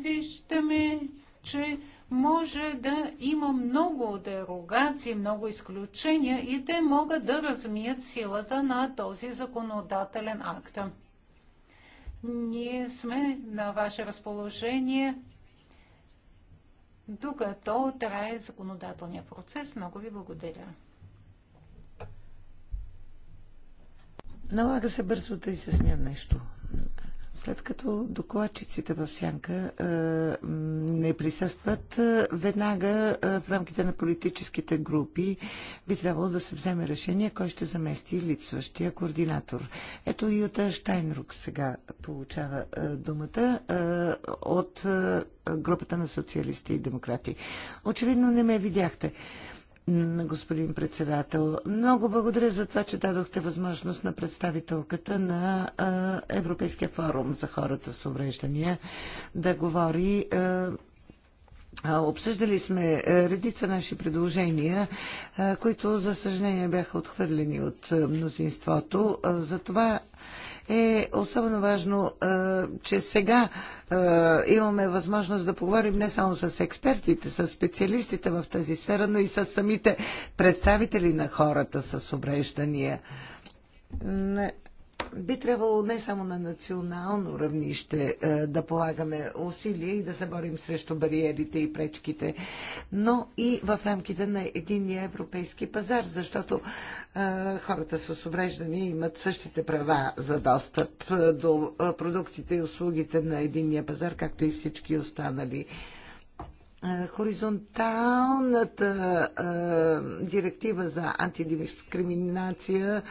Виждаме, че може да има много дерогации, много изключения и те могат да размият силата на този законодателен акт. Ние сме на ваше разположение докато е трае законодателния процес. Много ви благодаря. Налага се бързо да изясня нещо. След като докладчиците в Сянка е, не присъстват, е, веднага е, в рамките на политическите групи би трябвало да се вземе решение кой ще замести липсващия координатор. Ето Юта Штайнрук сега получава думата от групата на социалисти и демократи. Очевидно не ме видяхте господин председател. Много благодаря за това, че дадохте възможност на представителката на Европейския форум за хората с увреждания да говори Обсъждали сме редица наши предложения, които за съжаление бяха отхвърлени от мнозинството. Затова е особено важно, е, че сега е, имаме възможност да поговорим не само с експертите, с специалистите в тази сфера, но и с самите представители на хората с обреждания би трябвало не само на национално равнище е, да полагаме усилия и да се борим срещу бариерите и пречките, но и в рамките на единия европейски пазар, защото е, хората с увреждания имат същите права за достъп е, до продуктите и услугите на единия пазар, както и всички останали хоризонталната директива за антидискриминация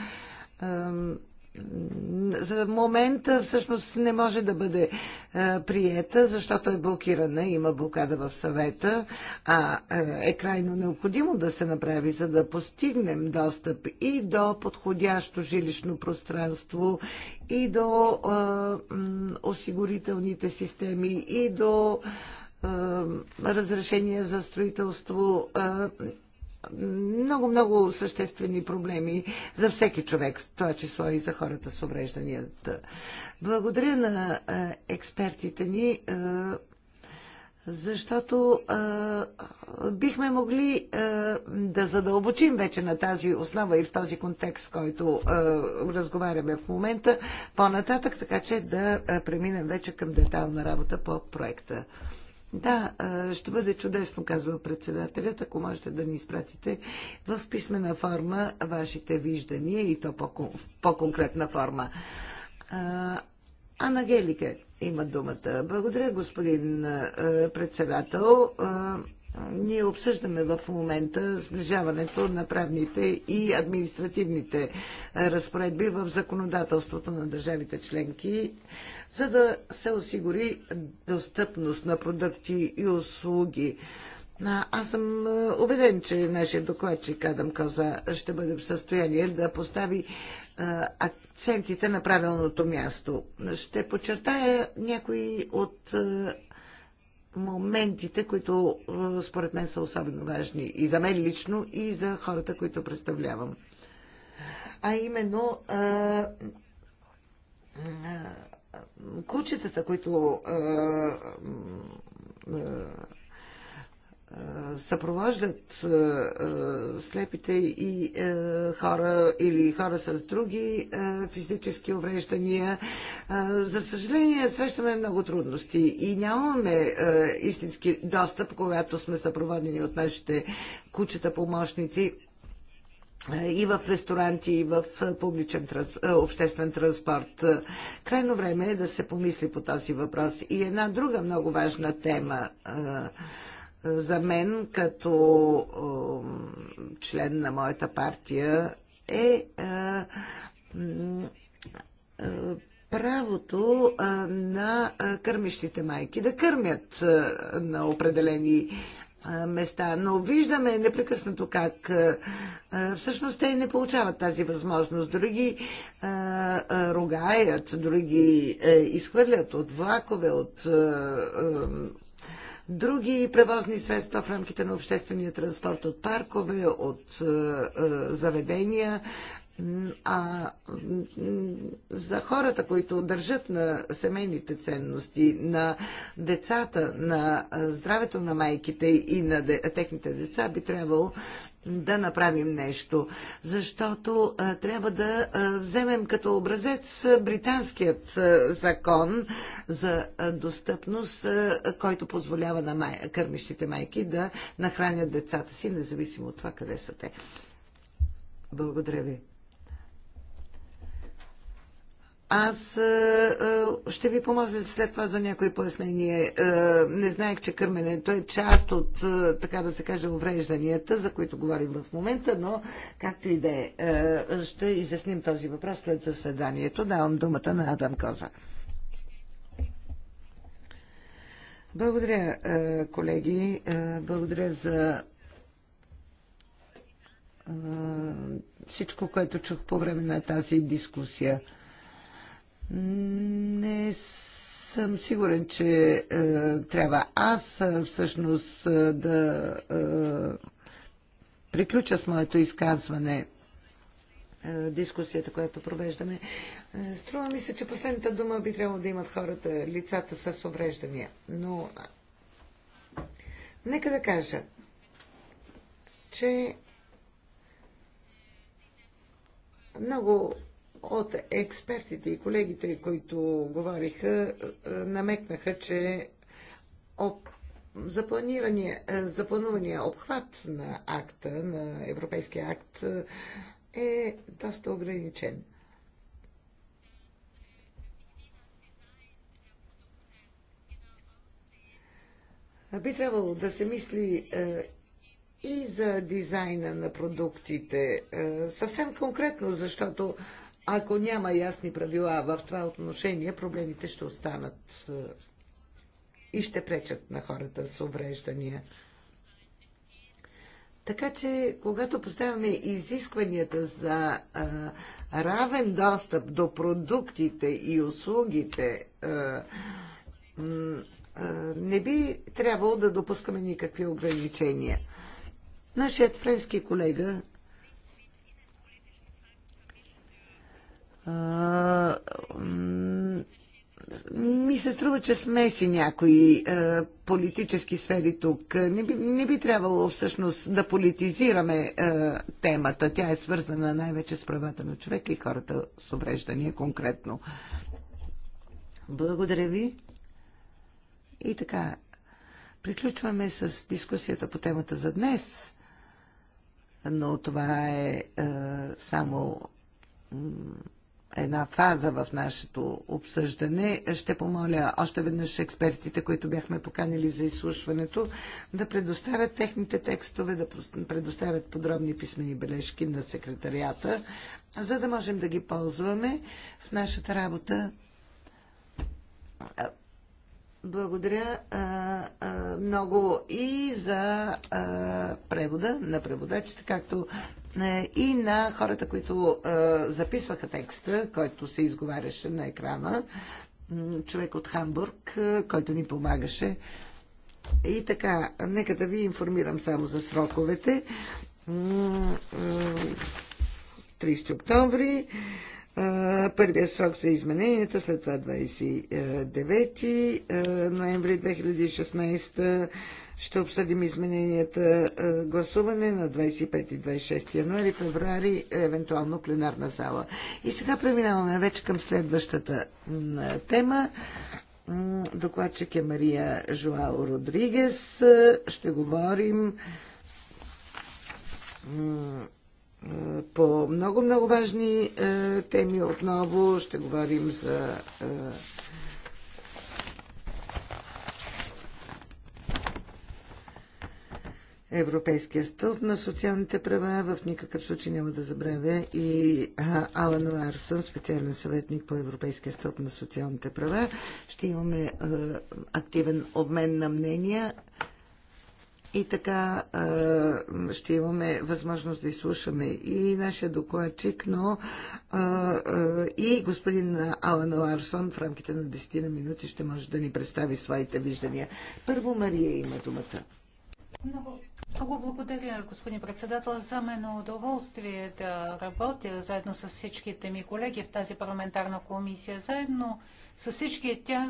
за момента всъщност не може да бъде а, е, приета, защото е блокирана, има блокада в съвета, а е, е крайно необходимо да се направи, за да постигнем достъп и до подходящо жилищно пространство, и до а, е, осигурителните системи, и до разрешение за строителство много-много съществени проблеми за всеки човек, в това число и за хората с увреждания. Благодаря на експертите ни, защото бихме могли да задълбочим вече на тази основа и в този контекст, който разговаряме в момента, по-нататък, така че да преминем вече към детална работа по проекта. Да, ще бъде чудесно, казва председателят, ако можете да ни изпратите в писмена форма вашите виждания и то в по-конкретна форма. Ана Гелика има думата. Благодаря, господин председател. Ние обсъждаме в момента сближаването на правните и административните разпоредби в законодателството на държавите членки, за да се осигури достъпност на продукти и услуги. Аз съм убеден, че нашия докладчик Адам Коза ще бъде в състояние да постави акцентите на правилното място. Ще подчертая някои от моментите, които е, според мен са особено важни и за мен лично, и за хората, които представлявам. А именно а, е, а, е, кучетата, които а, съпровождат е, е, слепите и е, хора или хора с други физически увреждания. За съжаление, срещаме много трудности и нямаме истински достъп, когато сме съпроводени от нашите кучета-помощници и в ресторанти, и в публичен транс... обществен транспорт. Крайно време е да се помисли по този въпрос. И една друга много важна тема за мен като член на моята партия е правото на кърмищите майки да кърмят на определени места. Но виждаме непрекъснато как всъщност те не получават тази възможност. Други ругаят, други е, изхвърлят от влакове, от други превозни средства в рамките на обществения транспорт от паркове, от е, е, заведения. А за хората, които държат на семейните ценности, на децата, на е, здравето на майките и на техните деца, би трябвало да направим нещо, защото а, трябва да а, вземем като образец британският а, закон за а, достъпност, а, който позволява на май, кърмищите майки да нахранят децата си, независимо от това къде са те. Благодаря ви. Аз е, е, ще ви помозвам след това за някои пояснение. Не знаех, че кърменето е част от, е, така да се каже, уврежданията, за които говорим в момента, но както и да е, ще изясним този въпрос след заседанието. Давам думата на Адам Коза. Благодаря, колеги. Благодаря за всичко, което чух по време на тази дискусия. Не съм сигурен, че е, трябва аз е, всъщност е, да е, приключа с моето изказване е, дискусията, която провеждаме. Струва ми се, че последната дума би трябвало да имат хората, лицата с увреждания. Но нека да кажа, че много от експертите и колегите, които говориха, е, е, намекнаха, че от за, е, обхват на акта, на Европейския акт, е доста ограничен. Би трябвало да се мисли и за дизайна на продуктите. Съвсем конкретно, защото ако няма ясни правила в това отношение, проблемите ще останат е, и ще пречат на хората с увреждания. Така че, когато поставяме изискванията за а, равен достъп до продуктите и услугите, а, а, не би трябвало да допускаме никакви ограничения. Нашият френски колега ми се струва, че сме си някои политически сфери тук. Не би, не би трябвало всъщност да политизираме темата. Тя е свързана най-вече с правата на човека и хората с обреждания конкретно. Благодаря ви. И така, приключваме с дискусията по темата за днес. Но това е, е само една фаза в нашето обсъждане. Ще помоля още веднъж експертите, които бяхме поканили за изслушването, да предоставят техните текстове, да предоставят подробни писмени бележки на секретарията, за да можем да ги ползваме в нашата работа. Благодаря а, а, много и за а, превода на преводачите, както е, и на хората, които е, записваха текста, който се изговаряше на екрана. Човек от Хамбург, е, който ни помагаше. И така, нека да ви информирам само за сроковете. 30 октомври. Първият срок за измененията, след това 29 ноември 2016 ще обсъдим измененията е, гласуване на 25 и 26 януари, февруари, е, евентуално пленарна зала. И сега преминаваме вече към следващата е, тема. Докладчик е Мария Жоао Родригес. Ще говорим по много-много важни теми отново. Ще говорим за Европейския стълб на социалните права. В никакъв случай няма да забравя и Алан Ларсън, специален съветник по Европейския стълб на социалните права. Ще имаме активен обмен на мнения и така ще имаме възможност да изслушаме и нашия докладчик, но и господин Алан Ларсон в рамките на 10 минути ще може да ни представи своите виждания. Първо Мария има думата. Много, много благодаря, господин председател. За мен е удоволствие да работя заедно с всичките ми колеги в тази парламентарна комисия. Заедно с всички тях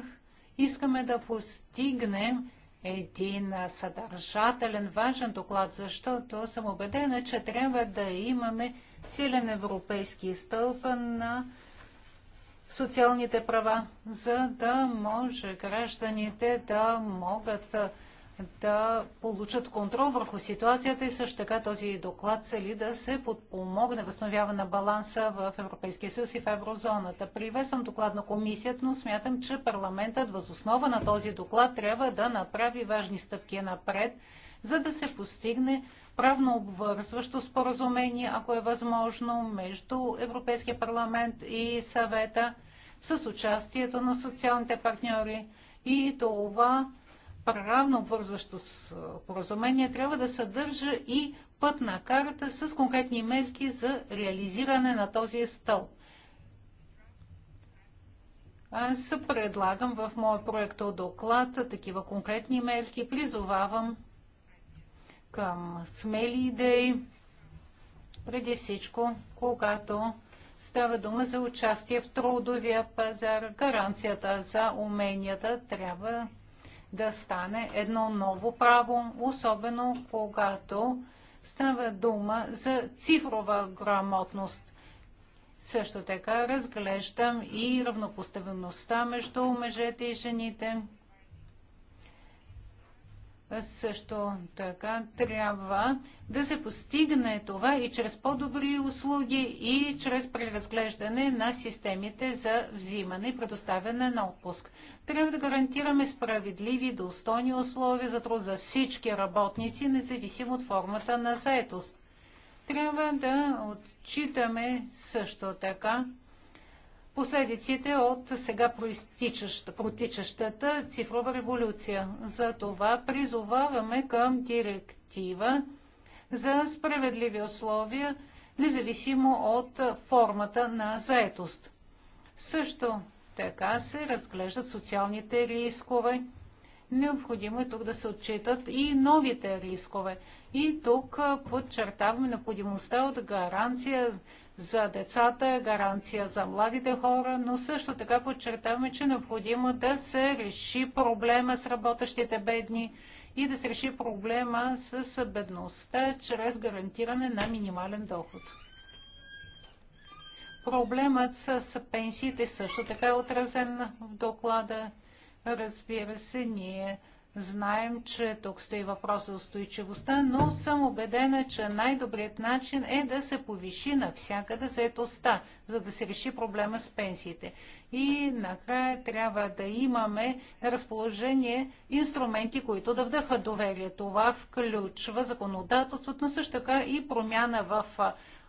искаме да постигнем един съдържателен, важен доклад, защото съм убедена, че трябва да имаме силен европейски стълб на социалните права, за да може гражданите да могат да да получат контрол върху ситуацията и също така този доклад цели да се подпомогне възстановяване на баланса в Европейския съюз и в еврозоната. Привесвам доклад на комисията, но смятам, че парламентът възоснова на този доклад трябва да направи важни стъпки напред, за да се постигне правно обвързващо споразумение, ако е възможно, между Европейския парламент и съвета с участието на социалните партньори и това правно обвързващо споразумение трябва да съдържа и пътна карта с конкретни мерки за реализиране на този стъл. Аз предлагам в моя проекто доклад такива конкретни мерки, призовавам към смели идеи, преди всичко, когато става дума за участие в трудовия пазар, гаранцията за уменията трябва да стане едно ново право, особено когато става дума за цифрова грамотност. Също така разглеждам и равнопоставеността между мъжете и жените – също така трябва да се постигне това и чрез по-добри услуги, и чрез преразглеждане на системите за взимане и предоставяне на отпуск. Трябва да гарантираме справедливи и достойни условия за труд за всички работници, независимо от формата на заетост. Трябва да отчитаме също така последиците от сега протичащата цифрова революция. За това призоваваме към директива за справедливи условия, независимо от формата на заетост. Също така се разглеждат социалните рискове. Необходимо е тук да се отчитат и новите рискове. И тук подчертаваме необходимостта от гаранция за децата, гаранция за младите хора, но също така подчертаваме, че е необходимо да се реши проблема с работещите бедни и да се реши проблема с бедността чрез гарантиране на минимален доход. Проблемът с пенсиите също така е отразен в доклада. Разбира се, ние Знаем, че тук стои въпрос за устойчивостта, но съм убедена, че най-добрият начин е да се повиши навсякъде заетостта, за да се реши проблема с пенсиите. И накрая трябва да имаме разположение инструменти, които да вдъхват доверие. Това включва законодателството, но също така и промяна в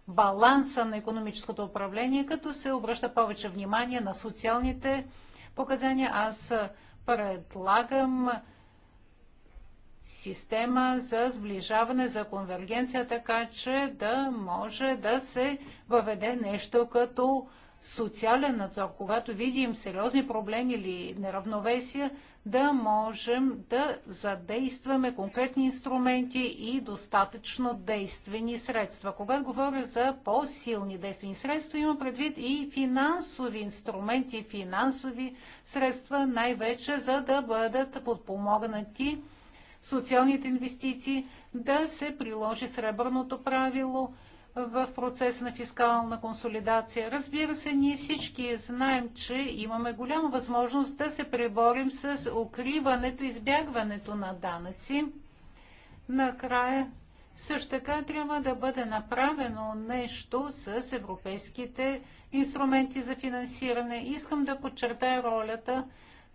баланса на економическото управление, като се обръща повече внимание на социалните показания. Аз предлагам система за сближаване, за конвергенция, така че да може да се въведе нещо като социален надзор. Когато видим сериозни проблеми или неравновесия, да можем да задействаме конкретни инструменти и достатъчно действени средства. Когато говоря за по-силни действени средства, има предвид и финансови инструменти, финансови средства, най-вече за да бъдат подпомогнати социалните инвестиции, да се приложи сребърното правило в процес на фискална консолидация. Разбира се, ние всички знаем, че имаме голяма възможност да се преборим с укриването, избягването на данъци. Накрая също така трябва да бъде направено нещо с европейските инструменти за финансиране. Искам да подчертая ролята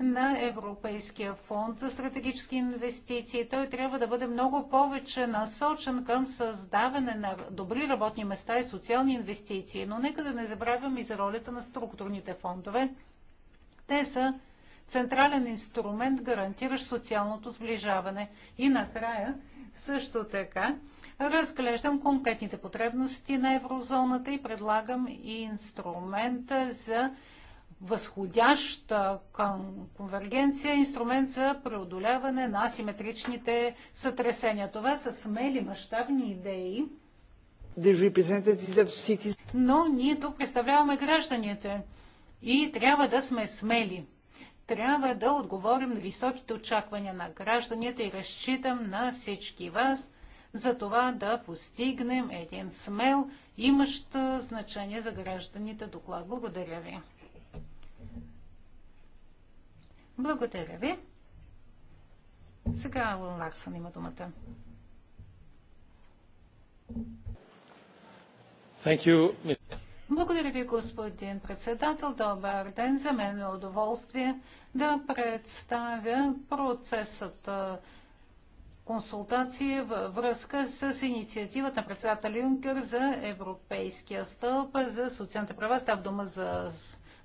на Европейския фонд за стратегически инвестиции. Той трябва да бъде много повече насочен към създаване на добри работни места и социални инвестиции. Но нека да не забравяме и за ролята на структурните фондове. Те са централен инструмент, гарантиращ социалното сближаване. И накрая, също така, разглеждам конкретните потребности на еврозоната и предлагам и инструмента за възходяща конвергенция инструмент за преодоляване на асиметричните сътресения. Това са смели, мащабни идеи, но ние тук представляваме гражданите и трябва да сме смели. Трябва да отговорим на високите очаквания на гражданите и разчитам на всички вас за това да постигнем един смел, имащ значение за гражданите доклад. Благодаря ви. Благодаря ви. Сега Лун Ларсън има думата. Thank you, Благодаря ви, господин председател. Добър ден. За мен е удоволствие да представя процесът консултации във връзка с инициативата на председател Юнкер за Европейския стълб за социалните права. Става дума за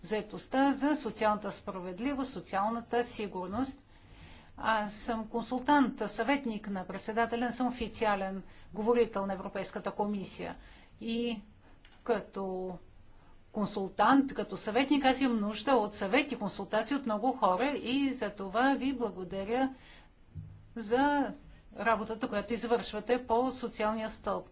заедостта, за социалната справедливост, социалната сигурност. Аз съм консултант, съветник на председателен, съм официален говорител на Европейската комисия. И като консултант, като съветник, аз имам нужда от съвет и консултации от много хора и за това ви благодаря за работата, която извършвате по социалния стълб.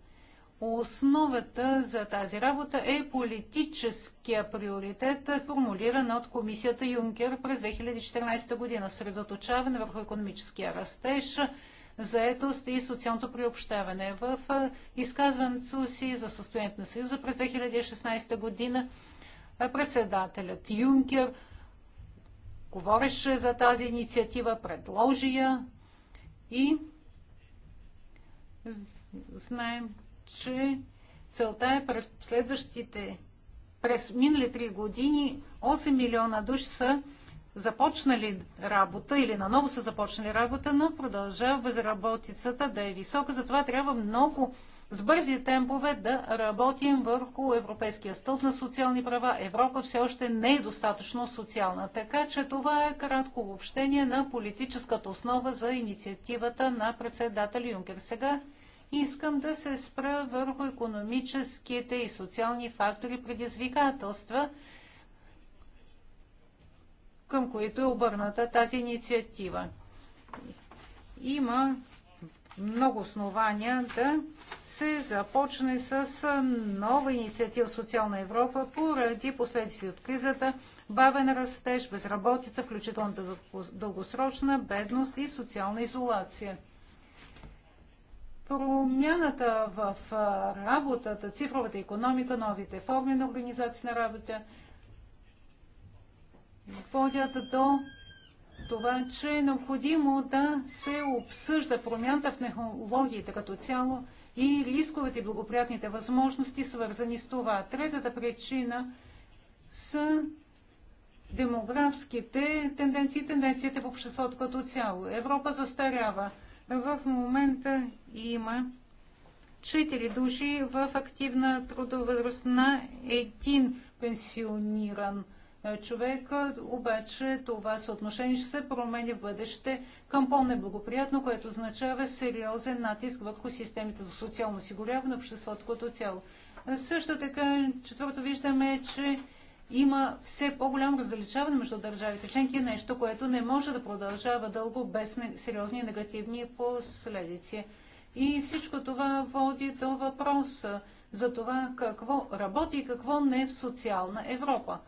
Основата за тази работа е политическия приоритет, формулиран от комисията Юнкер през 2014 година. Средоточаване върху економическия растеж, заетост и социалното приобщаване. В изказването си за състоянието на Съюза през 2016 година председателят Юнкер говореше за тази инициатива, предложи я и знаем, че целта е през следващите, през минали три години 8 милиона души са започнали работа или наново са започнали работа, но продължава безработицата да е висока. Затова трябва много с бързи темпове да работим върху Европейския стълб на социални права. Европа все още не е достатъчно социална. Така че това е кратко обобщение на политическата основа за инициативата на председател Юнкер. Сега Искам да се спра върху економическите и социални фактори предизвикателства, към които е обърната тази инициатива. Има много основания да се започне с нова инициатива Социална Европа поради последствия от кризата, бавен растеж, безработица, включително дългосрочна бедност и социална изолация. Промяната в работата, цифровата економика, новите форми на организация на работа водят до това, че е необходимо да се обсъжда промяната в технологиите като цяло и рисковете и благоприятните възможности, свързани с това. Третата причина са демографските тенденции, тенденциите в обществото като цяло. Европа застарява – в момента има 4 души в активна трудова възраст на един пенсиониран е, човек, обаче това съотношение ще се промени в бъдеще към по-неблагоприятно, което означава сериозен натиск върху системите за социално осигуряване на обществото като цяло. Също така, четвърто, виждаме, че има все по-голямо раздалечаване между държавите членки, нещо, което не може да продължава дълго без сериозни негативни последици. И всичко това води до въпроса за това какво работи и какво не в социална Европа.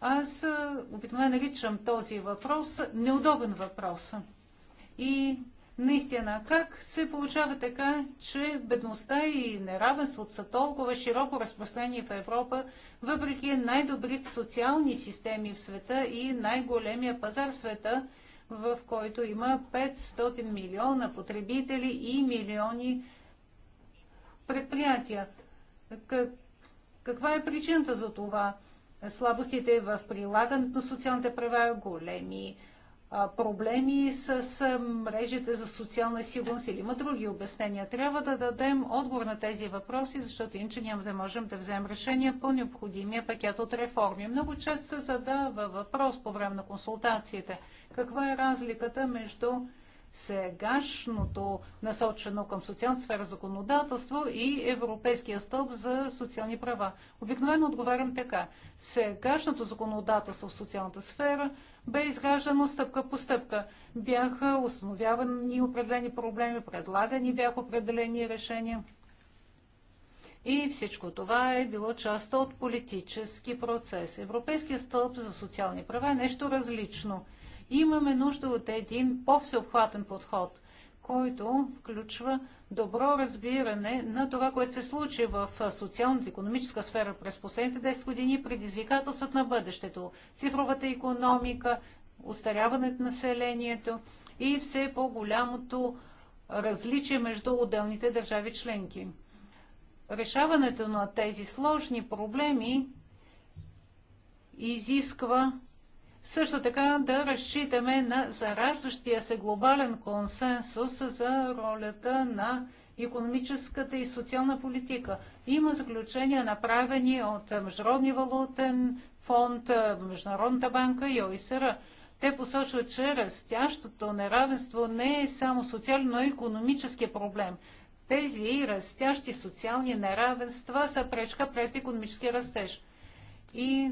Аз обикновено наричам този въпрос неудобен въпрос. И Наистина, как се получава така, че бедността и неравенството са толкова широко разпространени в Европа, въпреки най-добрите социални системи в света и най-големия пазар в света, в който има 500 милиона потребители и милиони предприятия. каква е причината за това? Слабостите в прилагането на социалните права, големи проблеми с мрежите за социална сигурност или има други обяснения. Трябва да дадем отговор на тези въпроси, защото иначе няма да можем да вземем решение по необходимия пакет от реформи. Много често се задава въпрос по време на консултациите. Каква е разликата между сегашното насочено към социална сфера законодателство и Европейския стълб за социални права. Обикновено отговарям така. Сегашното законодателство в социалната сфера бе изграждано стъпка по стъпка. Бяха установявани определени проблеми, предлагани бяха определени решения. И всичко това е било част от политически процес. Европейския стълб за социални права е нещо различно. Имаме нужда от един по-всеобхватен подход – който включва добро разбиране на това, което се случи в социалната и економическа сфера през последните 10 години предизвикателствата на бъдещето. Цифровата економика, устаряването на населението и все по-голямото различие между отделните държави членки. Решаването на тези сложни проблеми изисква също така да разчитаме на зараждащия се глобален консенсус за ролята на економическата и социална политика. Има заключения направени от Международния валутен фонд, Международната банка и ОИСР. Те посочват, че растящото неравенство не е само социално, но и економически проблем. Тези растящи социални неравенства са пречка пред економически растеж. И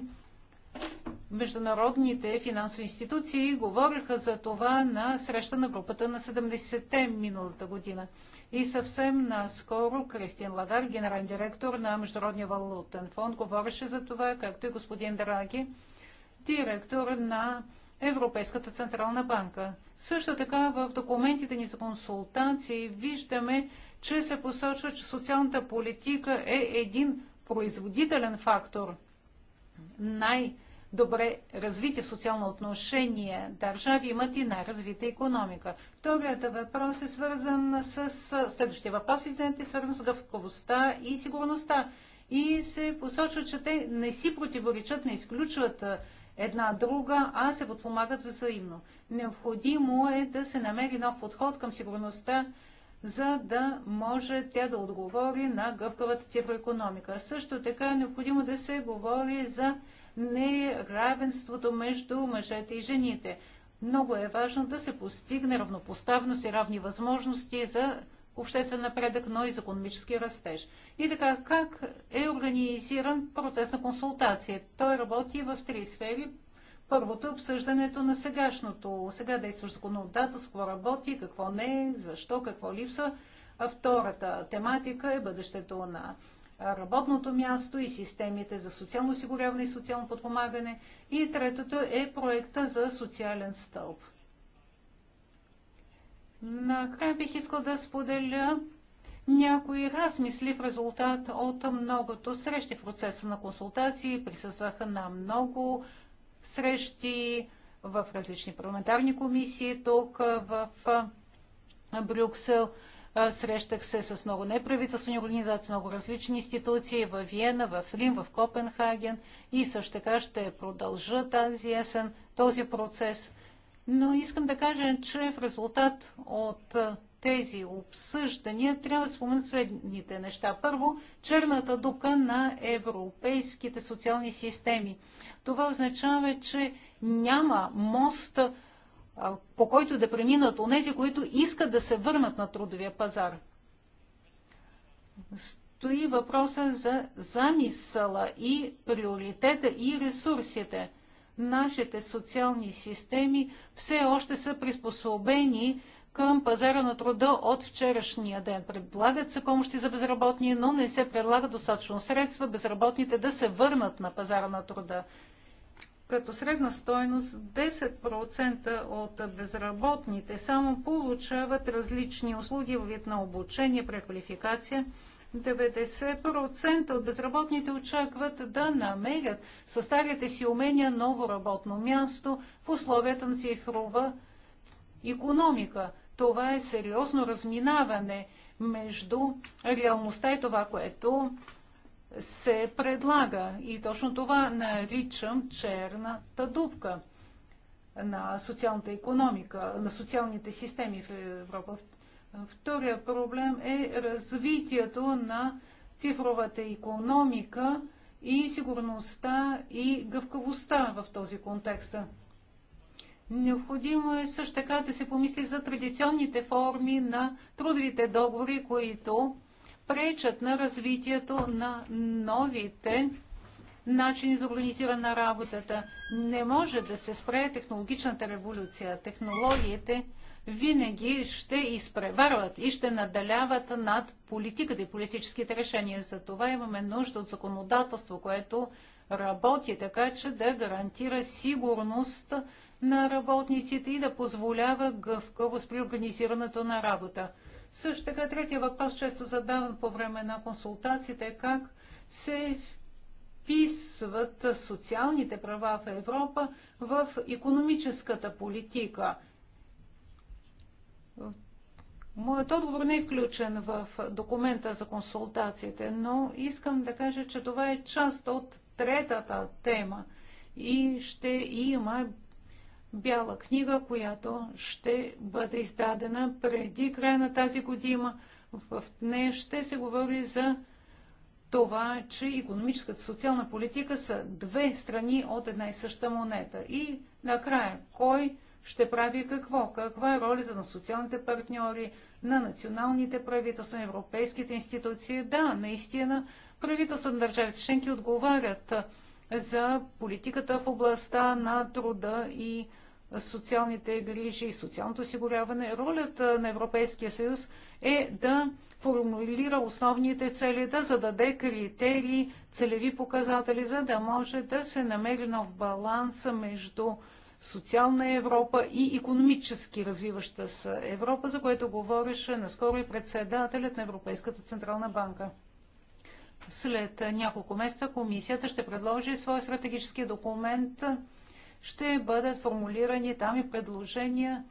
международните финансови институции говориха за това на среща на групата на 70-те миналата година. И съвсем наскоро Кристин Лагар, генерален директор на Международния валутен фонд, говореше за това, както и господин Драги, директор на Европейската централна банка. Също така в документите ни за консултации виждаме, че се посочва, че социалната политика е един производителен фактор. Най- добре развити в социално отношение държави имат и най-развита економика. Вторият въпрос е свързан с... Следващия въпрос, извинете, е свързан с гъвковостта и сигурността. И се посочва, че те не си противоречат, не изключват една друга, а се подпомагат взаимно. Необходимо е да се намери нов подход към сигурността, за да може тя да отговори на гъвкавата цифроекономика. Също така е необходимо да се говори за не е равенството между мъжете и жените. Много е важно да се постигне равнопоставност и равни възможности за обществен напредък, но и за економически растеж. И така, как е организиран процес на консултация? Той работи в три сфери. Първото е обсъждането на сегашното, сега действащо законодателство, какво работи, какво не, е, защо, какво липсва. А втората тематика е бъдещето на работното място и системите за социално осигуряване и социално подпомагане. И третото е проекта за социален стълб. Накрая бих искал да споделя някои размисли в резултат от многото срещи в процеса на консултации. Присъстваха на много срещи в различни парламентарни комисии тук в Брюксел. Срещах се с много неправителствени организации, много различни институции в Виена, в Рим, в Копенхаген и също така ще продължа тази есен този процес. Но искам да кажа, че в резултат от тези обсъждания трябва да споменат следните неща. Първо, черната дупка на европейските социални системи. Това означава, че няма мост по който да преминат онези, които искат да се върнат на трудовия пазар. Стои въпроса за замисъла и приоритета и ресурсите. Нашите социални системи все още са приспособени към пазара на труда от вчерашния ден. Предлагат се помощи за безработни, но не се предлага достатъчно средства безработните да се върнат на пазара на труда като средна стойност 10% от безработните само получават различни услуги в вид на обучение, преквалификация. 90% от безработните очакват да намерят със старите си умения ново работно място в условията на цифрова економика. Това е сериозно разминаване между реалността и това, което се предлага. И точно това наричам черната дупка на социалната економика, на социалните системи в Европа. Втория проблем е развитието на цифровата економика и сигурността и гъвкавостта в този контекст. Необходимо е също така да се помисли за традиционните форми на трудовите договори, които пречат на развитието на новите начини за организиране на работата. Не може да се спре технологичната революция. Технологиите винаги ще изпреварват и ще надаляват над политиката и политическите решения. За това имаме нужда от законодателство, което работи така, че да гарантира сигурност на работниците и да позволява гъвкавост при организирането на работа. Също така, третия въпрос, често задаван по време на консултациите, е как се вписват социалните права в Европа в економическата политика. Моят отговор не е включен в документа за консултациите, но искам да кажа, че това е част от третата тема и ще има бяла книга, която ще бъде издадена преди края на тази година. В нея ще се говори за това, че економическата и социална политика са две страни от една и съща монета. И накрая, кой ще прави какво? Каква е ролята на социалните партньори, на националните правителства, на европейските институции? Да, наистина, правителства на държавите членки отговарят за политиката в областта на труда и социалните грижи и социалното осигуряване, ролята на Европейския съюз е да формулира основните цели, да зададе критерии, целеви показатели, за да може да се намери нов баланс между социална Европа и економически развиваща се Европа, за което говореше наскоро и председателят на Европейската Централна банка. След няколко месеца комисията ще предложи своя стратегически документ ще бъдат формулирани там и предложения.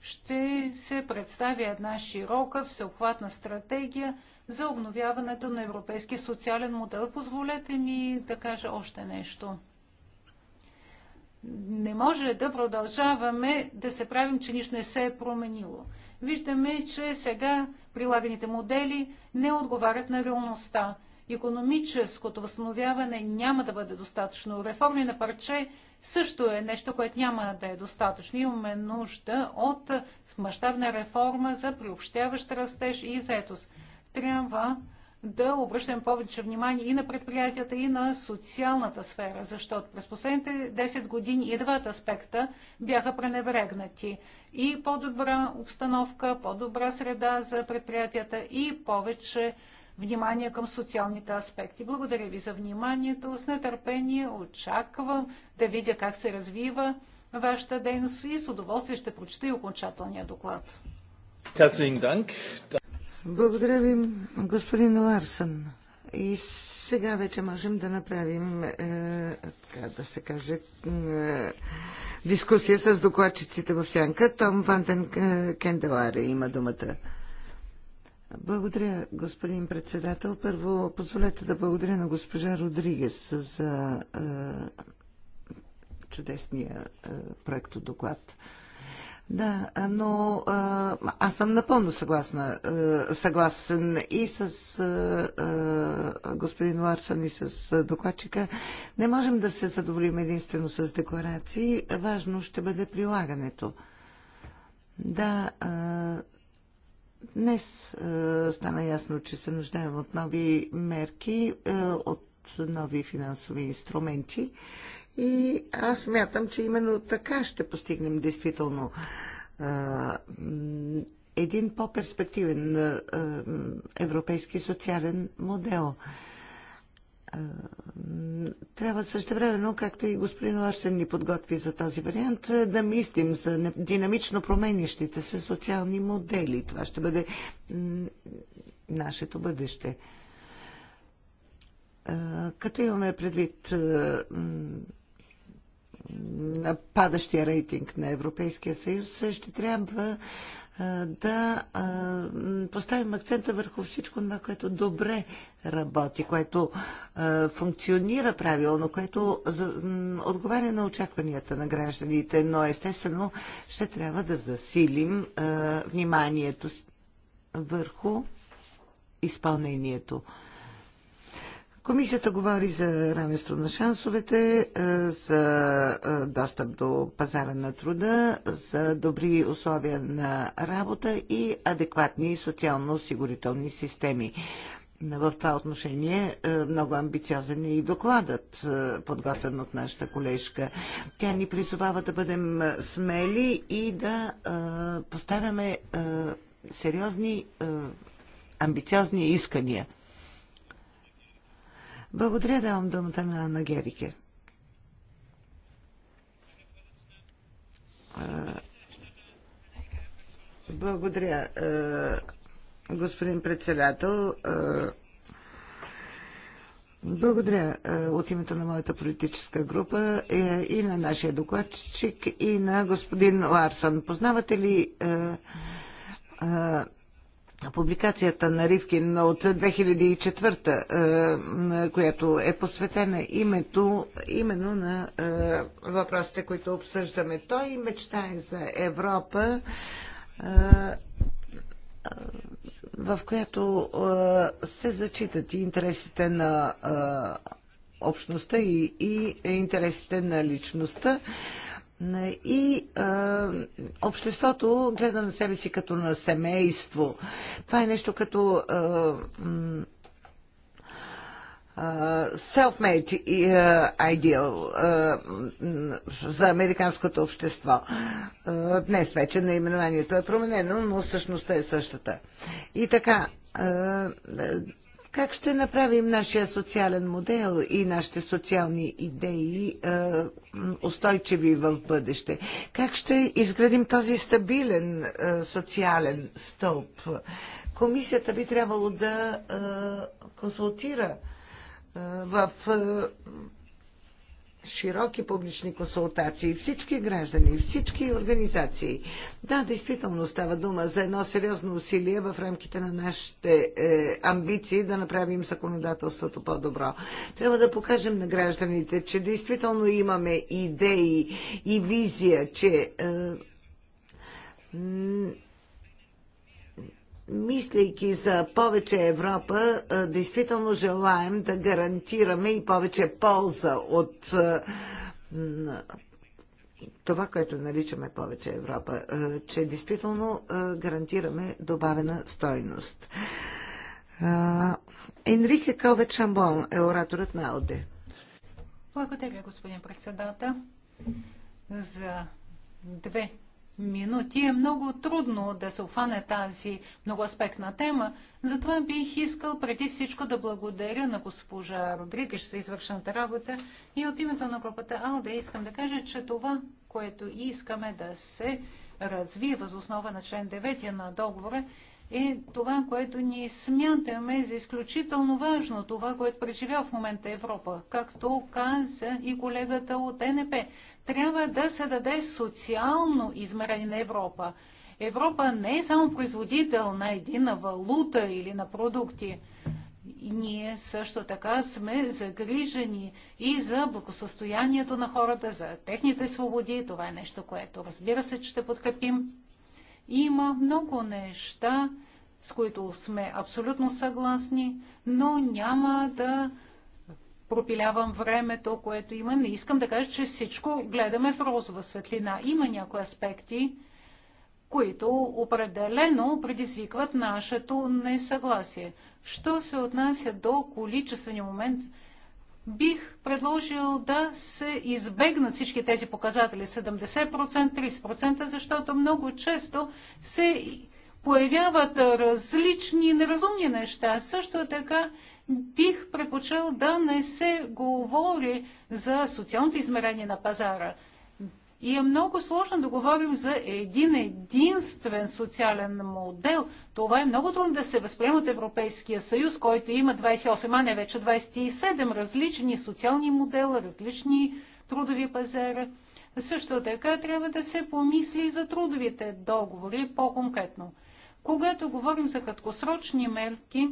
Ще се представи една широка, всеобхватна стратегия за обновяването на европейския социален модел. Позволете ми да кажа още нещо не може да продължаваме да се правим, че нищо не се е променило. Виждаме, че сега прилаганите модели не отговарят на реалността економическото възстановяване няма да бъде достатъчно. Реформи на парче също е нещо, което няма да е достатъчно. Имаме нужда от мащабна реформа за приобщаващ растеж и заетост. Трябва да обръщаме повече внимание и на предприятията, и на социалната сфера, защото през последните 10 години и двата аспекта бяха пренебрегнати. И по-добра обстановка, по-добра среда за предприятията и повече внимание към социалните аспекти. Благодаря ви за вниманието. С нетърпение очаквам да видя как се развива вашата дейност и с удоволствие ще прочета и окончателния доклад. Благодаря ви, господин Ларсън. И сега вече можем да направим, е, така да се каже, е, дискусия с докладчиците в сянка. Том Ванден е, Кенделаре има думата. Благодаря, господин председател. Първо, позволете да благодаря на госпожа Родригес за е, чудесния е, проекто доклад. Да, е, но е, аз съм напълно съгласна, е, съгласен и с е, е господин Ларсън, и с е, докладчика. Не можем да се задоволим единствено с декларации. Важно ще бъде прилагането. Да, е, Днес е, стана ясно, че се нуждаем от нови мерки, е, от нови финансови инструменти. И аз мятам, че именно така ще постигнем действително е, един по-перспективен е, европейски социален модел. Е, трябва също времено, както и господин Ларсен ни подготви за този вариант, да мислим за динамично променящите се социални модели. Това ще бъде нашето бъдеще. Като имаме предвид падащия рейтинг на Европейския съюз, ще трябва да поставим акцента върху всичко това, което добре работи, което функционира правилно, което отговаря на очакванията на гражданите, но естествено ще трябва да засилим вниманието върху изпълнението. Комисията говори за равенство на шансовете, е, за е, достъп до пазара на труда, за добри условия на работа и адекватни социално-осигурителни системи. В това отношение е, много амбициозен е и докладът, подготвен от нашата колежка. Тя ни призовава да бъдем смели и да поставяме сериозни, амбициозни искания. Благодаря, давам думата на Анна Герике. Благодаря, господин председател. Благодаря от името на моята политическа група е, и на нашия докладчик и на господин Ларсън. Познавате ли публикацията на Ривкин от 2004, е, която е посветена името, именно на е, въпросите, които обсъждаме. Той мечтае за Европа, е, в която се зачитат и интересите на общността и, интересите на личността. И а, обществото гледа на себе си като на семейство. Това е нещо като self-made ideal за американското общество. Днес вече наименованието е променено, но същността е същата. И така, как ще направим нашия социален модел и нашите социални идеи е, устойчиви в бъдеще? Как ще изградим този стабилен е, социален стълб? Комисията би трябвало да е, консултира е, в. Е, широки публични консултации, всички граждани, всички организации. Да, действително става дума за едно сериозно усилие в рамките на нашите е, амбиции да направим законодателството по-добро. Трябва да покажем на гражданите, че действително имаме идеи и визия, че. Е, мислейки за повече Европа, действително желаем да гарантираме и повече полза от това, което наричаме повече Европа, че действително гарантираме добавена стойност. Енрике Калвет Шамбон е ораторът на АОДЕ. Благодаря, господин председател, за две минути е много трудно да се обхване тази многоаспектна тема, затова бих искал преди всичко да благодаря на госпожа Родригеш за извършената работа и от името на групата АЛДА искам да кажа, че това, което искаме да се развие основа на член 9 на договора, е това, което ние смятаме за изключително важно, това, което преживя в момента Европа, както каза и колегата от НП трябва да се даде социално измерение на Европа. Европа не е само производител на едина валута или на продукти. Ние също така сме загрижени и за благосъстоянието на хората, за техните свободи. Това е нещо, което разбира се, че ще подкрепим. Има много неща, с които сме абсолютно съгласни, но няма да пропилявам времето, което има. Не искам да кажа, че всичко гледаме в розова светлина. Има някои аспекти, които определено предизвикват нашето несъгласие. Що се отнася до количествения момент, бих предложил да се избегнат всички тези показатели 70%, 30%, защото много често се появяват различни неразумни неща. Също така бих препочел да не се говори за социалното измерение на пазара. И е много сложно да говорим за един единствен социален модел. Това е много трудно да се възприема от Европейския съюз, който има 28, а не вече 27 различни социални модела, различни трудови пазара. Също така трябва да се помисли и за трудовите договори по-конкретно. Когато говорим за краткосрочни мерки,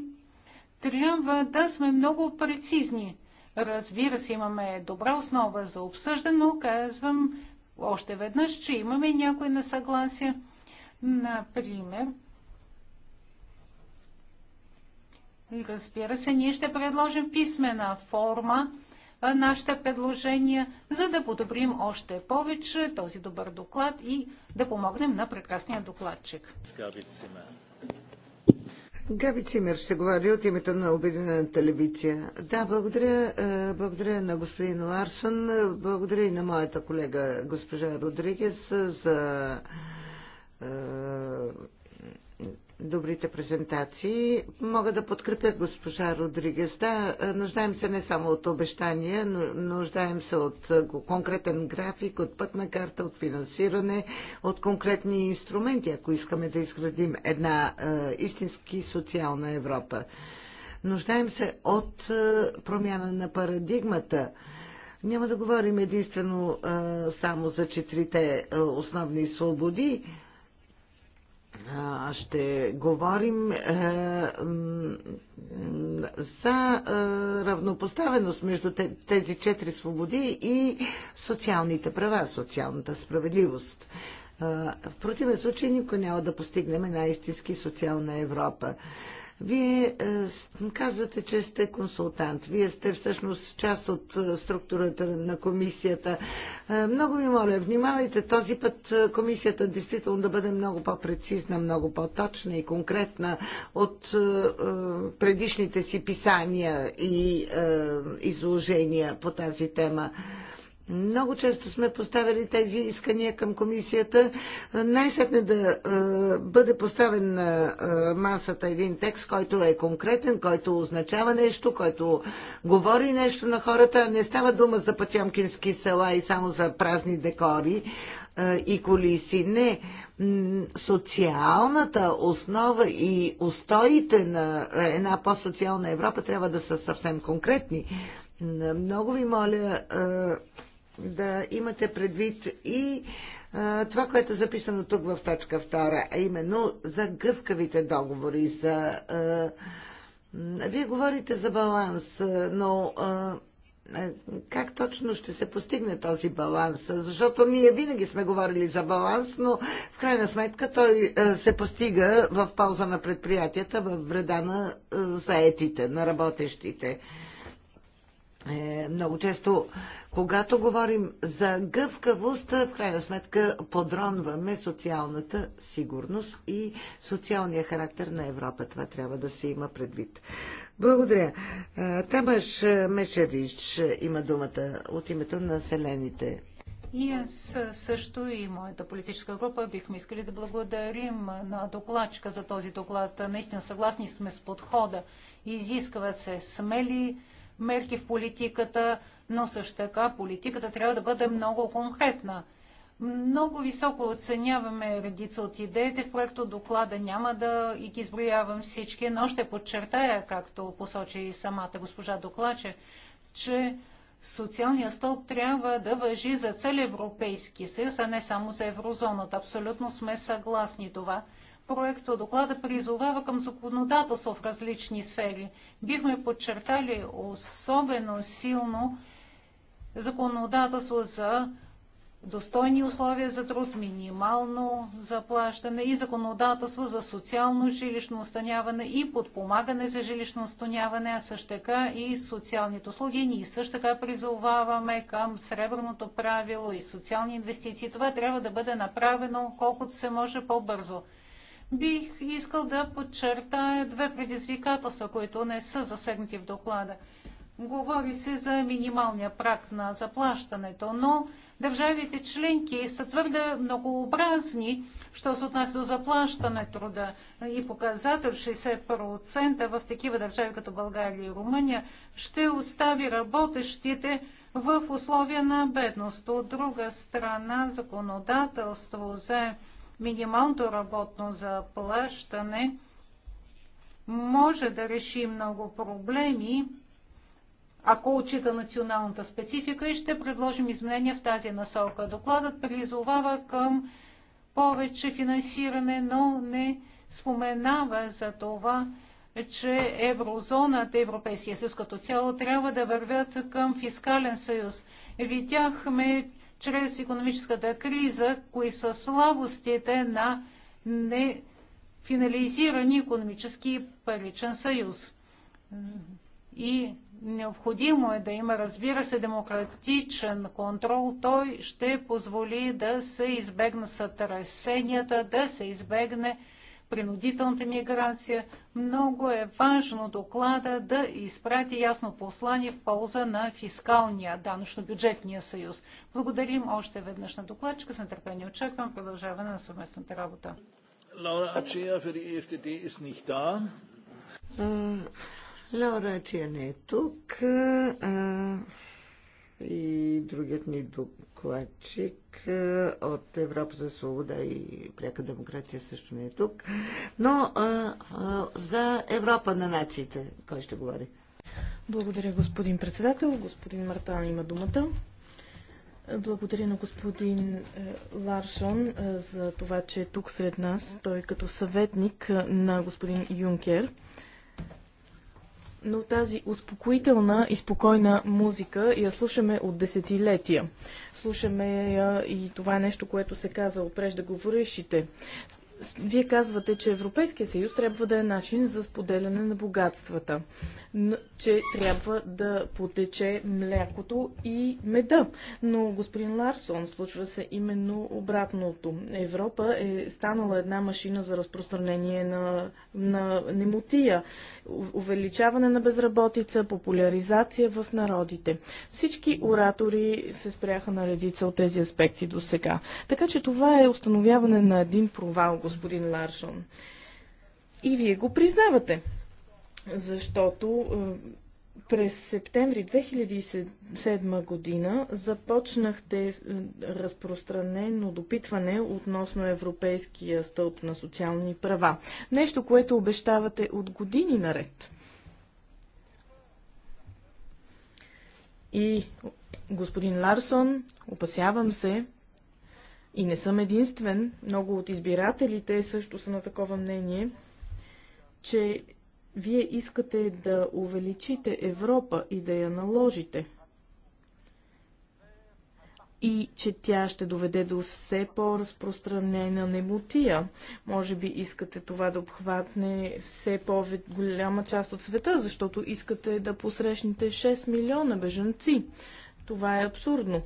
трябва да сме много прецизни. Разбира се, имаме добра основа за обсъждане, но казвам още веднъж, че имаме някои несъгласия. Например, разбира се, ние ще предложим писмена форма нашите предложения, за да подобрим още повече този добър доклад и да помогнем на прекрасния докладчик. Габи Цимер ще говори от името на Обединената телевизия. Да, благодаря, е, благодаря на господин Ларсън, благодаря и на моята колега госпожа Родригес за е, добрите презентации. Мога да подкрепя госпожа Родригес. Да, нуждаем се не само от обещания, но нуждаем се от конкретен график, от пътна карта, от финансиране, от конкретни инструменти, ако искаме да изградим една е, истински социална Европа. Нуждаем се от е, промяна на парадигмата. Няма да говорим единствено е, само за четирите е, основни свободи, ще говорим е, за е, равнопоставеност между тези четири свободи и социалните права, социалната справедливост. Е, в противен случай никой няма да постигнем една истински социална Европа. Вие е, казвате, че сте консултант. Вие сте всъщност част от е, структурата на комисията. Е, много ви моля, внимавайте този път комисията действително да бъде много по-прецизна, много по-точна и конкретна от предишните си писания и изложения по тази тема. Много често сме поставили тези искания към комисията. Най-сетне да е, бъде поставен на е, масата един текст, който е конкретен, който означава нещо, който говори нещо на хората. Не става дума за пътямкински села и само за празни декори е, и колиси. Не. Социалната основа и устоите на е, една по-социална Европа трябва да са съвсем конкретни. Много ви моля. Е, да имате предвид и а, това, което е записано тук в точка 2, а именно за гъвкавите договори, за... А, вие говорите за баланс, но а, как точно ще се постигне този баланс? Защото ние винаги сме говорили за баланс, но в крайна сметка той се постига в полза на предприятията, в вреда на заетите, на работещите. Е, много често, когато говорим за гъвкавост, в крайна сметка подронваме социалната сигурност и социалния характер на Европа. Това трябва да се има предвид. Благодаря. Е, Тамаш е, Мешевич е, има думата от името на селените. И аз също и моята политическа група бихме искали да благодарим на докладчика за този доклад. Наистина съгласни сме с подхода. Изискват се смели мерки в политиката, но също така политиката трябва да бъде много конкретна. Много високо оценяваме редица от идеите в проекта доклада. Няма да и ги изброявам всички, но ще подчертая, както посочи и самата госпожа Доклаче, че социалният стълб трябва да въжи за цел Европейски съюз, а не само за еврозоната. Абсолютно сме съгласни това проекта доклада призовава към законодателство в различни сфери. Бихме подчертали особено силно законодателство за достойни условия за труд, минимално заплащане и законодателство за социално жилищно устаняване и подпомагане за жилищно устаняване, а също така и социалните услуги. Ние също така призоваваме към сребърното правило и социални инвестиции. Това трябва да бъде направено колкото се може по-бързо. Бих искал да подчертая две предизвикателства, които не са засегнати в доклада. Говори се за минималния прак на заплащането, но държавите членки са твърде многообразни, що се отнася до заплащане труда и показател 60% в такива държави като България и Румъния ще остави работещите в условия на бедност. От друга страна, законодателство за минималното работно заплащане може да реши много проблеми, ако отчита националната специфика и ще предложим изменения в тази насока. Докладът призовава към повече финансиране, но не споменава за това, че еврозоната, Европейския съюз като цяло трябва да вървят към фискален съюз. Видяхме, чрез економическата криза, кои са слабостите на нефинализирани економически паричен съюз. И необходимо е да има, разбира се, демократичен контрол. Той ще позволи да се избегнат сътресенията, да се избегне принудителната миграция. Много е важно доклада да изпрати ясно послание в полза на фискалния данъчно-бюджетния съюз. Благодарим още веднъж на докладчика. С нетърпение очаквам продължаване на съвместната работа. Лаура Ачия für die е Лаура Ачия не е тук. И другият ни докладчик е, от Европа за свобода и пряка демокрация също не е тук. Но а, е, а, е, за Европа на нациите, кой ще говори? Благодаря, господин председател. Господин Мартан има думата. Благодаря на господин Ларшон за това, че е тук сред нас. Той като съветник на господин Юнкер. Но тази успокоителна и спокойна музика я слушаме от десетилетия. Слушаме я и това е нещо, което се каза от преждеговорившите. Вие казвате, че Европейския съюз трябва да е начин за споделяне на богатствата, че трябва да потече млякото и меда. Но, господин Ларсон, случва се именно обратното. Европа е станала една машина за разпространение на, на немотия, увеличаване на безработица, популяризация в народите. Всички оратори се спряха на редица от тези аспекти до сега. Така че това е установяване на един провал, господин Ларшон. И вие го признавате, защото е, през септември 2007 година започнахте е, разпространено допитване относно Европейския стълб на социални права. Нещо, което обещавате от години наред. И господин Ларсон, опасявам се, и не съм единствен, много от избирателите също са на такова мнение, че вие искате да увеличите Европа и да я наложите. И че тя ще доведе до все по-разпространена немотия. Може би искате това да обхватне все по-голяма част от света, защото искате да посрещнете 6 милиона бежанци. Това е абсурдно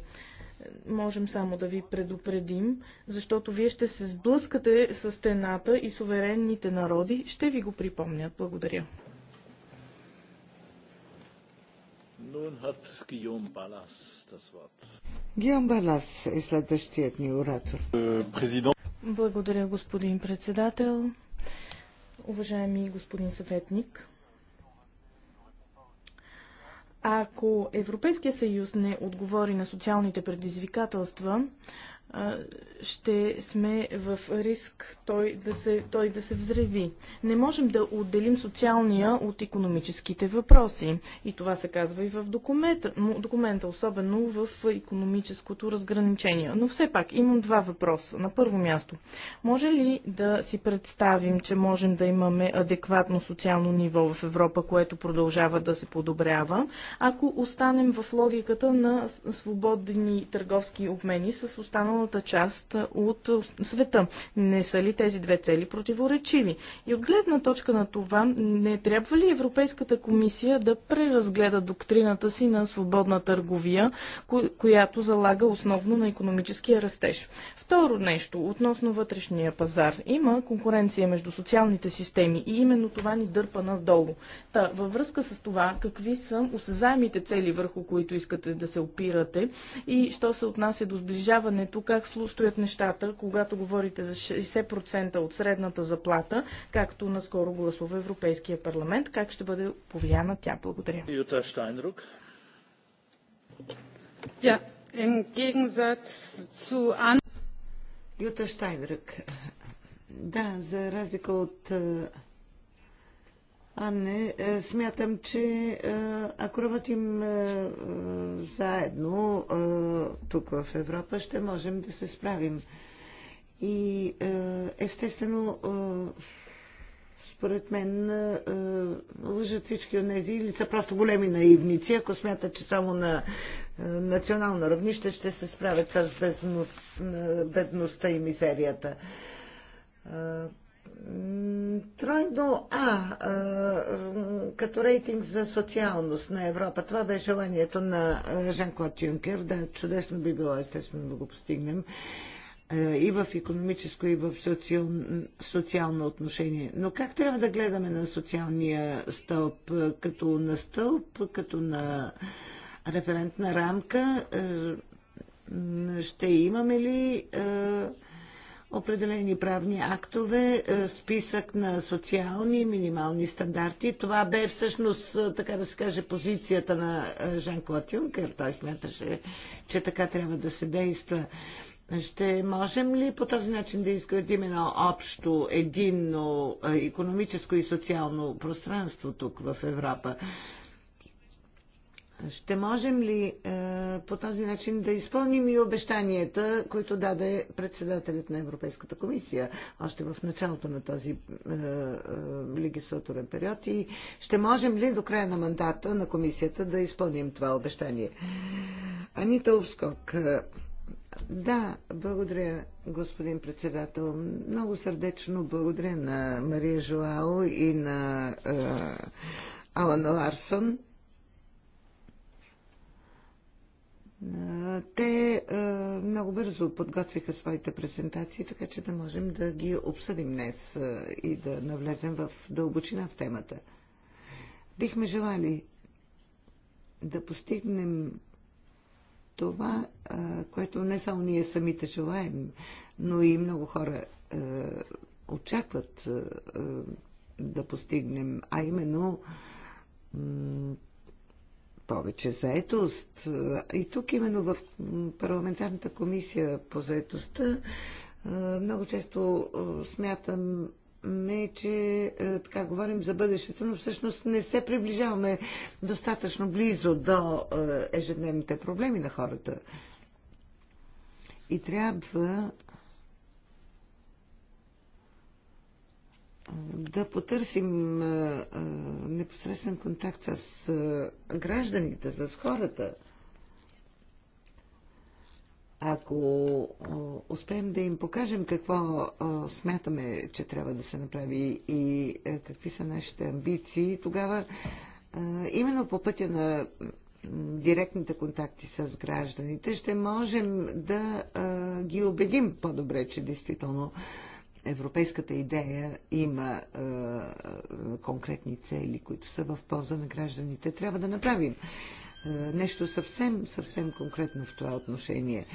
можем само да ви предупредим, защото вие ще се сблъскате с стената и суверенните народи ще ви го припомнят. Благодаря. Гиом Балас е следващият ни оратор. Е, Благодаря, господин председател. Уважаеми господин съветник, ако Европейския съюз не отговори на социалните предизвикателства, ще сме в риск той да, се, той да се взреви. Не можем да отделим социалния от економическите въпроси. И това се казва и в документа, документа особено в економическото разграничение. Но все пак имам два въпроса. На първо място, може ли да си представим, че можем да имаме адекватно социално ниво в Европа, което продължава да се подобрява, ако останем в логиката на свободни търговски обмени с останала останалата част от света. Не са ли тези две цели противоречиви? И от гледна точка на това, не трябва ли Европейската комисия да преразгледа доктрината си на свободна търговия, която залага основно на економическия растеж? Второ нещо, относно вътрешния пазар. Има конкуренция между социалните системи и именно това ни дърпа надолу. Та, във връзка с това, какви са осезаемите цели, върху които искате да се опирате и що се отнася до сближаването, как стоят нещата, когато говорите за 60% от средната заплата, както наскоро гласува Европейския парламент, как ще бъде повлияна тя? Благодаря. Юта Штайнрук. Ja, im Gegensatz zu an... Юта Штайнрук. Да, за разлика от а не, е, смятам, че е, ако работим е, заедно тук в Европа, ще можем да се справим. И естествено, според мен, лъжат всички от тези или са просто големи наивници, ако смятат, че само на национално равнище ще се справят с бедността и мизерията Тройно А като рейтинг за социалност на Европа. Това бе желанието на Жан-Клод Юнкер. Да, чудесно би било, естествено, да го постигнем и в економическо, и в социал, социално отношение. Но как трябва да гледаме на социалния стълб? Като на стълб, като на референтна рамка? Ще имаме ли определени правни актове, е, списък на социални минимални стандарти. Това бе всъщност, е, така да се каже, позицията на е, Жан-Клод Юнкер. Той смяташе, че така трябва да се действа. Ще можем ли по този начин да изградим едно общо, единно економическо и социално пространство тук в Европа? Ще можем ли е, по този начин да изпълним и обещанията, които даде председателят на Европейската комисия още в началото на този е, е, легислатурен период и ще можем ли до края на мандата на комисията да изпълним това обещание? Анита Обскок. Да, благодаря, господин председател. Много сърдечно благодаря на Мария Жоао и на е, Алана Ларсон. Те много бързо подготвиха своите презентации, така че да можем да ги обсъдим днес и да навлезем в дълбочина в темата. Бихме желали да постигнем това, което не само ние самите желаем, но и много хора очакват да постигнем, а именно повече заетост. И тук именно в парламентарната комисия по заетостта много често смятам не, че така говорим за бъдещето, но всъщност не се приближаваме достатъчно близо до ежедневните проблеми на хората. И трябва да потърсим непосредствен контакт с гражданите, с хората. Ако успеем да им покажем какво смятаме, че трябва да се направи и какви са нашите амбиции, тогава именно по пътя на директните контакти с гражданите ще можем да ги убедим по-добре, че действително европейската идея има е, е, конкретни цели, които са в полза на гражданите. Трябва да направим е, нещо съвсем, съвсем конкретно в това отношение.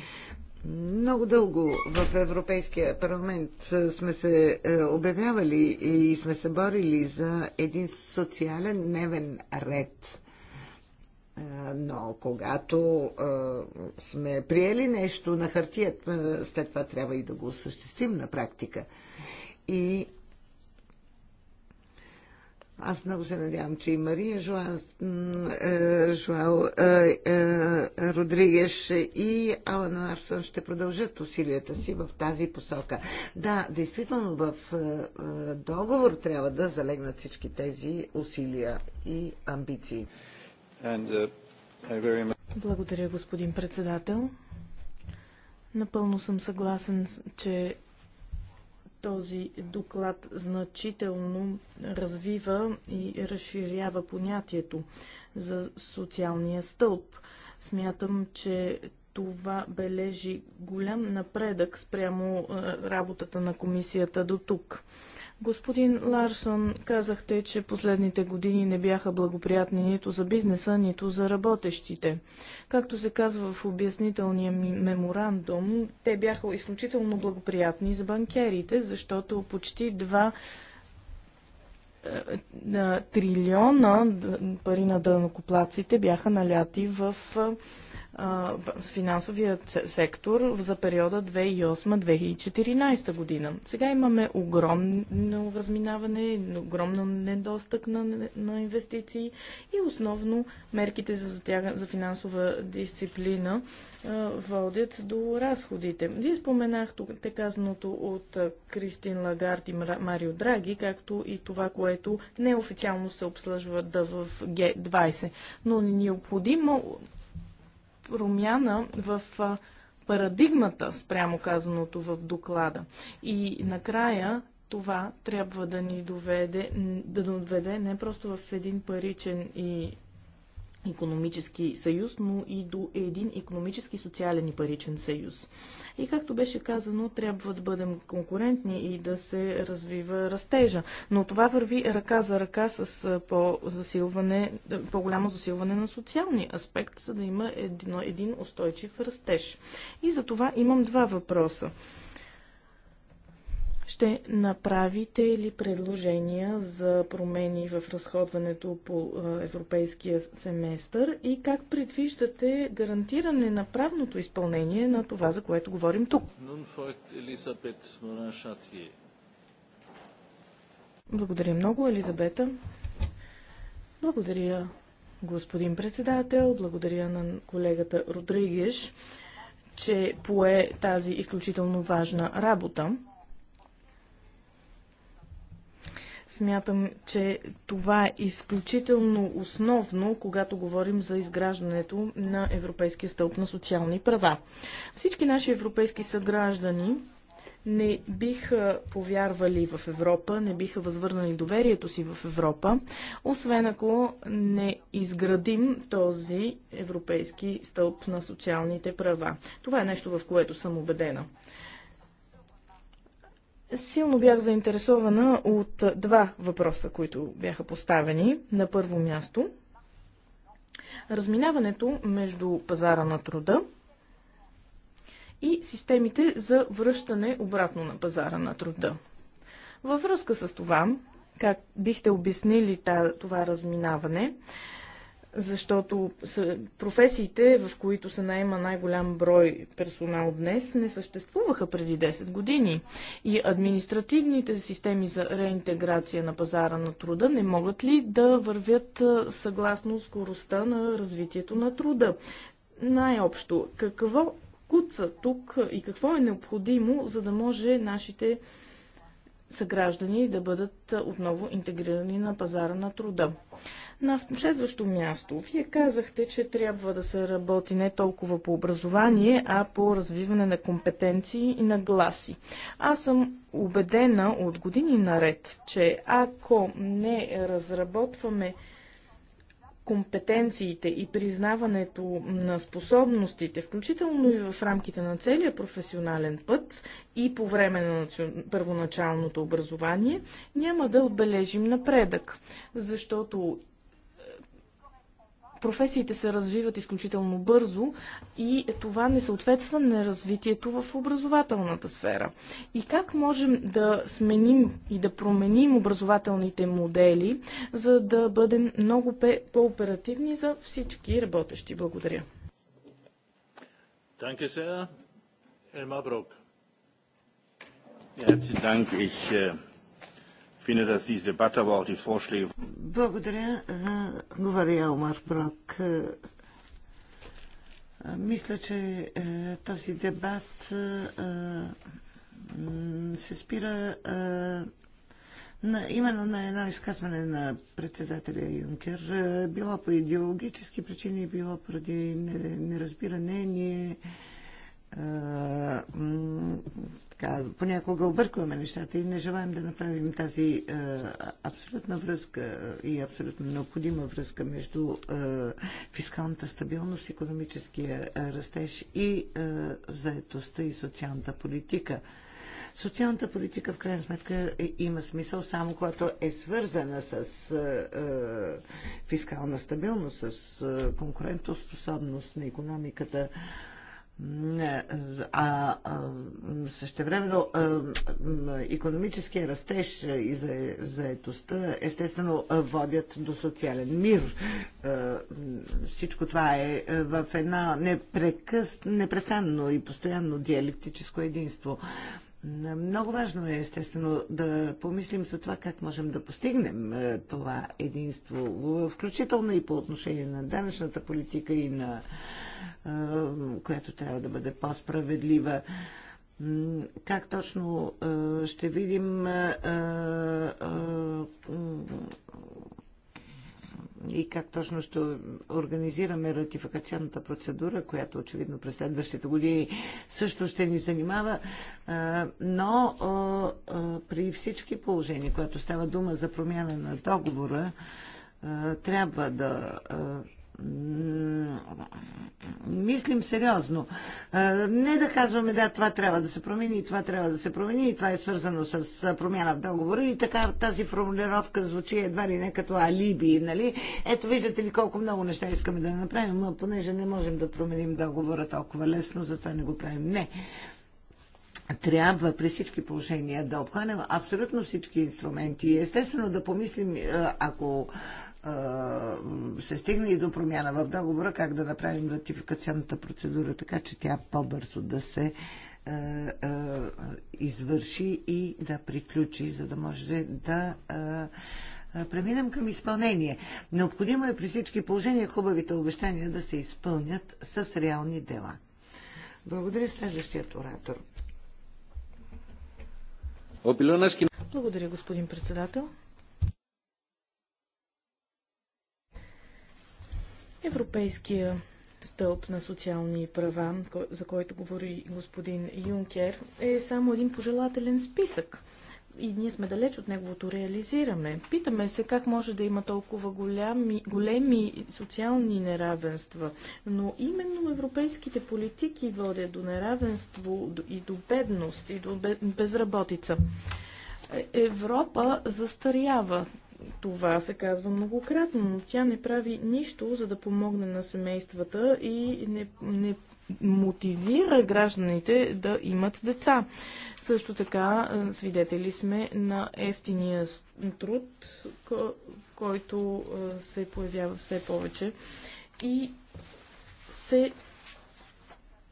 Много дълго в Европейския парламент е, сме се е, обявявали и сме се борили за един социален дневен ред но когато сме приели нещо на хартия, след това трябва и да го осъществим на практика. И аз много се надявам, че и Мария Жуал, е, Жуал е, е, Родригеш и Алан Арсон ще продължат усилията си в тази посока. Да, действително в договор трябва да залегнат всички тези усилия и амбиции. Uh, Благодаря, господин председател. Напълно съм съгласен, че този доклад значително развива и разширява понятието за социалния стълб. Смятам, че това бележи голям напредък спрямо работата на комисията до тук. Господин Ларсон, казахте, че последните години не бяха благоприятни нито за бизнеса, нито за работещите. Както се казва в обяснителния меморандум, те бяха изключително благоприятни за банкерите, защото почти два е, е, трилиона пари на дънокоплаците бяха наляти в е, финансовият сектор за периода 2008-2014 година. Сега имаме огромно разминаване, огромно недостъг на, на инвестиции и основно мерките за, затяга, за финансова дисциплина а, водят до разходите. Вие споменахте казаното от Кристин Лагард и Марио Драги, както и това, което неофициално се обслужва да в Г20. Но необходимо промяна в парадигмата спрямо казаното в доклада. И накрая това трябва да ни доведе, да доведе не просто в един паричен и економически съюз, но и до един економически, социален и паричен съюз. И както беше казано, трябва да бъдем конкурентни и да се развива растежа. Но това върви ръка за ръка с по-засилване, по-голямо засилване на социални аспект, за да има едно, един устойчив растеж. И за това имам два въпроса. Ще направите ли предложения за промени в разходването по европейския семестър и как предвиждате гарантиране на правното изпълнение на това, за което говорим тук? Благодаря много, Елизабета. Благодаря, господин председател. Благодаря на колегата Родригеш, че пое тази изключително важна работа. Смятам, че това е изключително основно, когато говорим за изграждането на Европейския стълб на социални права. Всички наши европейски съграждани не биха повярвали в Европа, не биха възвърнали доверието си в Европа, освен ако не изградим този европейски стълб на социалните права. Това е нещо, в което съм убедена. Силно бях заинтересована от два въпроса, които бяха поставени. На първо място, разминаването между пазара на труда и системите за връщане обратно на пазара на труда. Във връзка с това, как бихте обяснили това разминаване, защото професиите, в които се наема най-голям брой персонал днес, не съществуваха преди 10 години и административните системи за реинтеграция на пазара на труда не могат ли да вървят съгласно скоростта на развитието на труда? Най-общо, какво куца тук и какво е необходимо, за да може нашите съграждани да бъдат отново интегрирани на пазара на труда? На следващо място, вие казахте, че трябва да се работи не толкова по образование, а по развиване на компетенции и на гласи. Аз съм убедена от години наред, че ако не разработваме компетенциите и признаването на способностите, включително и в рамките на целия професионален път и по време на първоначалното образование, няма да отбележим напредък, защото професиите се развиват изключително бързо и това не съответства на развитието в образователната сфера. И как можем да сменим и да променим образователните модели, за да бъдем много по-оперативни за всички работещи? Благодаря. Danke sehr, Elmar Brock. Herzlichen Dank. Ich äh, благодаря. Говори Елмар Брок. Мисля, че този дебат се спира на, именно на едно изказване на председателя Юнкер, било по идеологически причини, било поради неразбиране, ние така, понякога объркваме нещата и не желаем да направим тази е, абсолютна връзка е, и абсолютно необходима връзка между е, фискалната стабилност, економическия е, растеж и е, заетостта и социалната политика. Социалната политика в крайна сметка е, има смисъл само когато е свързана с е, фискална стабилност, с е, конкурентоспособност на економиката. Е, а, а същевременно економическия растеж и заетостта естествено водят до социален мир. Всичко това е, е в една непрекъс, непрестанно и постоянно диалектическо единство. Много важно е, естествено, да помислим за това как можем да постигнем е, това единство, включително и по отношение на данъчната политика и на е, която трябва да бъде по-справедлива. Как точно е, ще видим и как точно ще организираме ратификационната процедура, която очевидно през следващите години също ще ни занимава. Но при всички положения, когато става дума за промяна на договора, трябва да мислим сериозно. Не да казваме, да, това трябва да се промени, това трябва да се промени, и това е свързано с промяна в договора и така тази формулировка звучи едва ли не като алиби, нали? Ето виждате ли колко много неща искаме да направим, но понеже не можем да променим договора толкова лесно, затова не го правим. Не трябва при всички положения да обхванем абсолютно всички инструменти. Естествено да помислим, ако се стигне и до промяна в договора, как да направим ратификационната процедура така, че тя по-бързо да се извърши и да приключи, за да може да преминем към изпълнение. Необходимо е при всички положения хубавите обещания да се изпълнят с реални дела. Благодаря следващият оратор. Благодаря, господин председател. Европейския стълб на социални права, за който говори господин Юнкер, е само един пожелателен списък. И ние сме далеч от неговото реализиране. Питаме се как може да има толкова голями, големи социални неравенства. Но именно европейските политики водят до неравенство и до бедност, и до безработица. Е, Европа застарява. Това се казва многократно, но тя не прави нищо, за да помогне на семействата и не, не мотивира гражданите да имат деца. Също така е, свидетели сме на ефтиния труд, който е, се появява все повече и се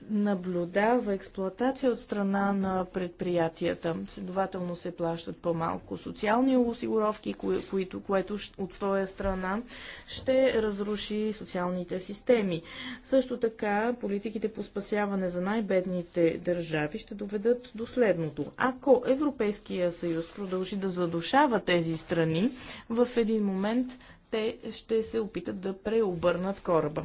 наблюдава експлоатация от страна на предприятията. Следователно се плащат по-малко социални осигуровки, които, което, от своя страна ще разруши социалните системи. Също така, политиките по спасяване за най-бедните държави ще доведат до следното. Ако Европейския съюз продължи да задушава тези страни, в един момент те ще се опитат да преобърнат кораба.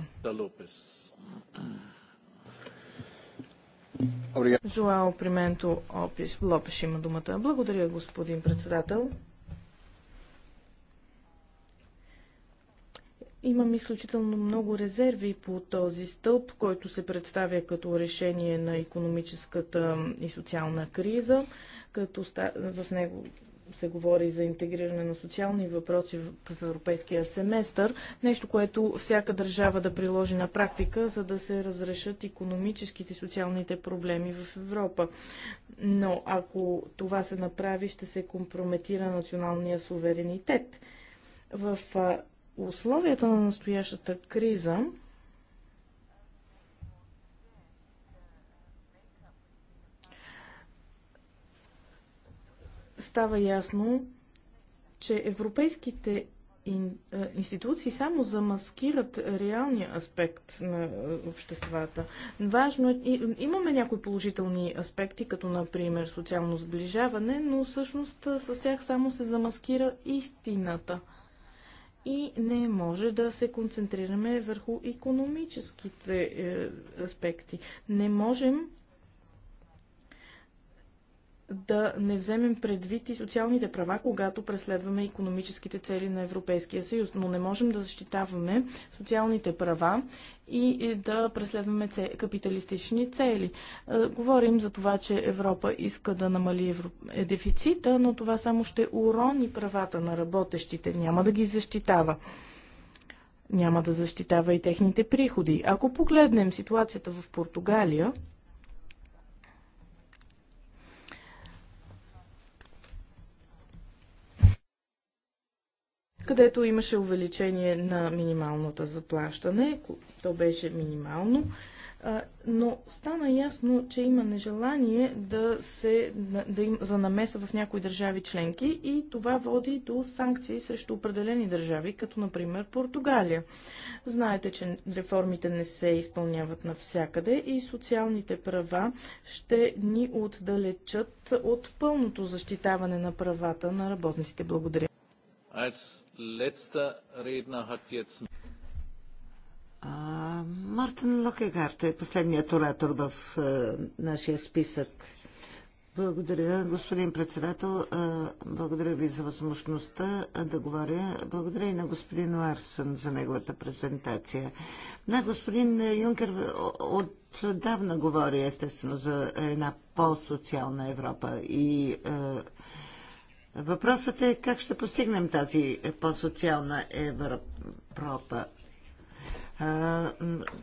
Жоао Применто Лопеш има думата. Благодаря, господин председател. Имам изключително много резерви по този стълб, който се представя като решение на економическата и социална криза, като в него се говори за интегриране на социални въпроси в европейския семестър, нещо, което всяка държава да приложи на практика, за да се разрешат економическите и социалните проблеми в Европа. Но ако това се направи, ще се компрометира националния суверенитет. В условията на настоящата криза става ясно, че европейските институции само замаскират реалния аспект на обществата. Важно е, имаме някои положителни аспекти, като например социално сближаване, но всъщност с тях само се замаскира истината. И не може да се концентрираме върху економическите е, аспекти. Не можем да не вземем предвид и социалните права, когато преследваме економическите цели на Европейския съюз. Но не можем да защитаваме социалните права и да преследваме капиталистични цели. Е, говорим за това, че Европа иска да намали е, дефицита, но това само ще урони правата на работещите, няма да ги защитава няма да защитава и техните приходи. Ако погледнем ситуацията в Португалия, където имаше увеличение на минималната заплащане. То беше минимално но стана ясно, че има нежелание да се, да им, за намеса в някои държави членки и това води до санкции срещу определени държави, като например Португалия. Знаете, че реформите не се изпълняват навсякъде и социалните права ще ни отдалечат от пълното защитаване на правата на работниците. Благодаря letzter Redner hat jetzt... Мартин Локегард е последният оратор в нашия списък. Благодаря, господин председател. благодаря ви за възможността да говоря. Благодаря и на господин Ларсън за неговата презентация. На господин Юнкер отдавна говори естествено за една по-социална Европа и а, Въпросът е как ще постигнем тази по-социална Европа.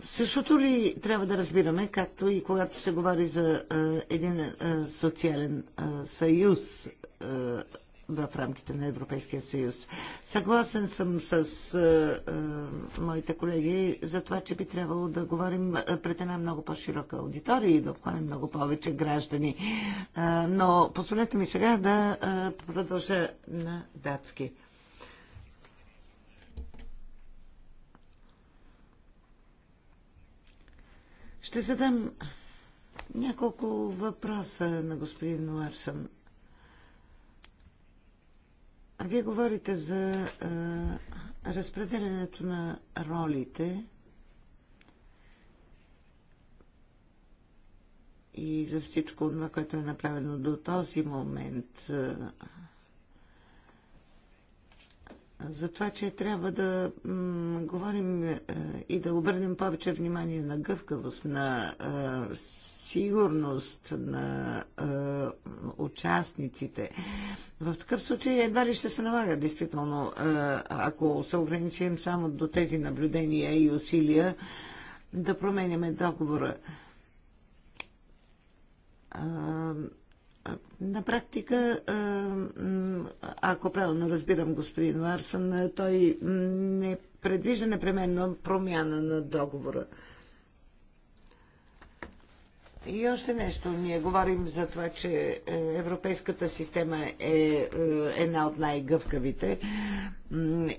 същото ли трябва да разбираме, както и когато се говори за един социален съюз в рамките на Европейския съюз. Съгласен съм с е, е, моите колеги за това, че би трябвало да говорим е, пред една много по-широка аудитория и да обхванем много повече граждани. Е, но позволете ми сега да е, продължа на датски. Ще задам няколко въпроса на господин Ларсън. А Вие говорите за а, разпределянето на ролите и за всичко това, което е направено до този момент. А, за това, че трябва да говорим и да обърнем повече внимание на гъвкавост, на сигурност на е, участниците. В такъв случай едва ли ще се налага, действително, е, ако се ограничим само до тези наблюдения и усилия, да променяме договора. Е, на практика, е, ако правилно разбирам господин Варсън, той не предвижда непременно промяна на договора. И още нещо. Ние говорим за това, че е, европейската система е, е една от най-гъвкавите.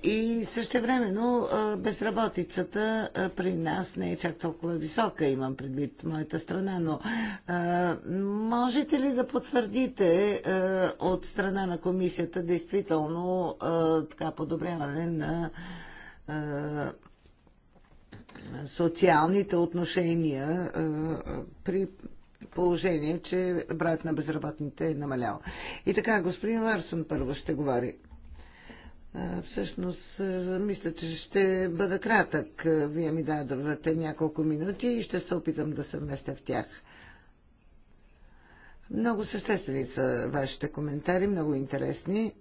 И също времено е, безработицата при нас не е чак толкова висока, имам предвид моята страна, но можете ли да потвърдите от страна на комисията действително така подобряване на социалните отношения при положение, че броят на безработните е намалял. И така, господин Ларсон първо ще говори. Всъщност, мисля, че ще бъда кратък. Вие ми дадавате няколко минути и ще се опитам да съвместя в тях. Много съществени са вашите коментари, много интересни.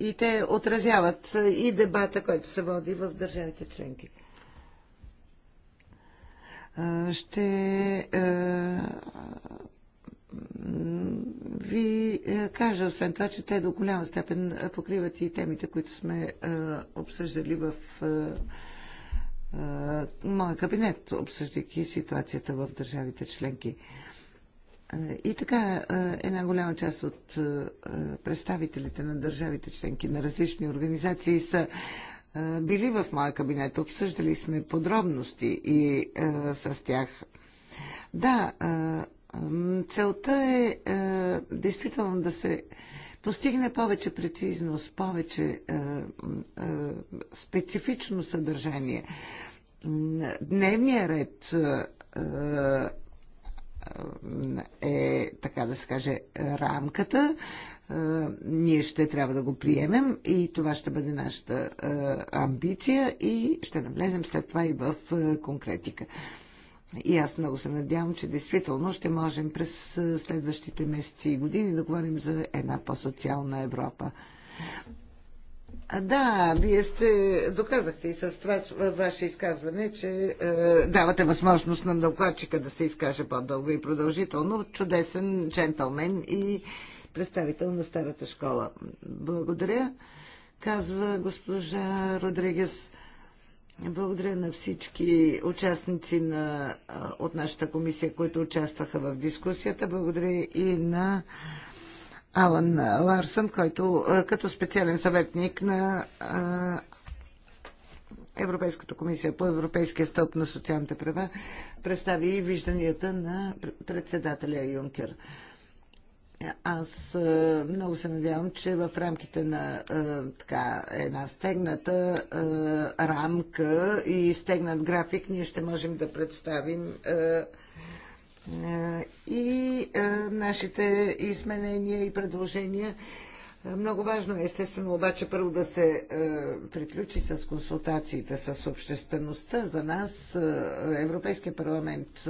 и те отразяват и дебата, който се води в държавите членки. Ще ви кажа, освен това, че те до голяма степен покриват и темите, които сме обсъждали в моя кабинет, обсъждайки ситуацията в държавите членки. И така, е, една голяма част от е, представителите на държавите членки на различни организации са е, били в моя кабинет, обсъждали сме подробности и с тях. Да, целта е действително да се постигне повече прецизност, повече специфично съдържание. Дневния ред е, така да се каже, рамката. Е, ние ще трябва да го приемем и това ще бъде нашата е, амбиция и ще навлезем след това и в е, конкретика. И аз много се надявам, че действително ще можем през следващите месеци и години да говорим за една по-социална Европа. Да, вие сте, доказахте и с това ваше изказване, че е, давате възможност на докладчика да се изкаже по-дълго и продължително. Чудесен джентълмен и представител на старата школа. Благодаря, казва госпожа Родригес. Благодаря на всички участници на, е, от нашата комисия, които участваха в дискусията. Благодаря и на Алан Ларсън, който като специален съветник на Европейската комисия по Европейския стълб на социалните права представи и вижданията на председателя Юнкер. Аз много се надявам, че в рамките на така, една стегната рамка и стегнат график ние ще можем да представим е, и е, нашите изменения и предложения. Е, много важно е, естествено, обаче първо да се приключи с консултациите с обществеността. За нас, Европейския парламент,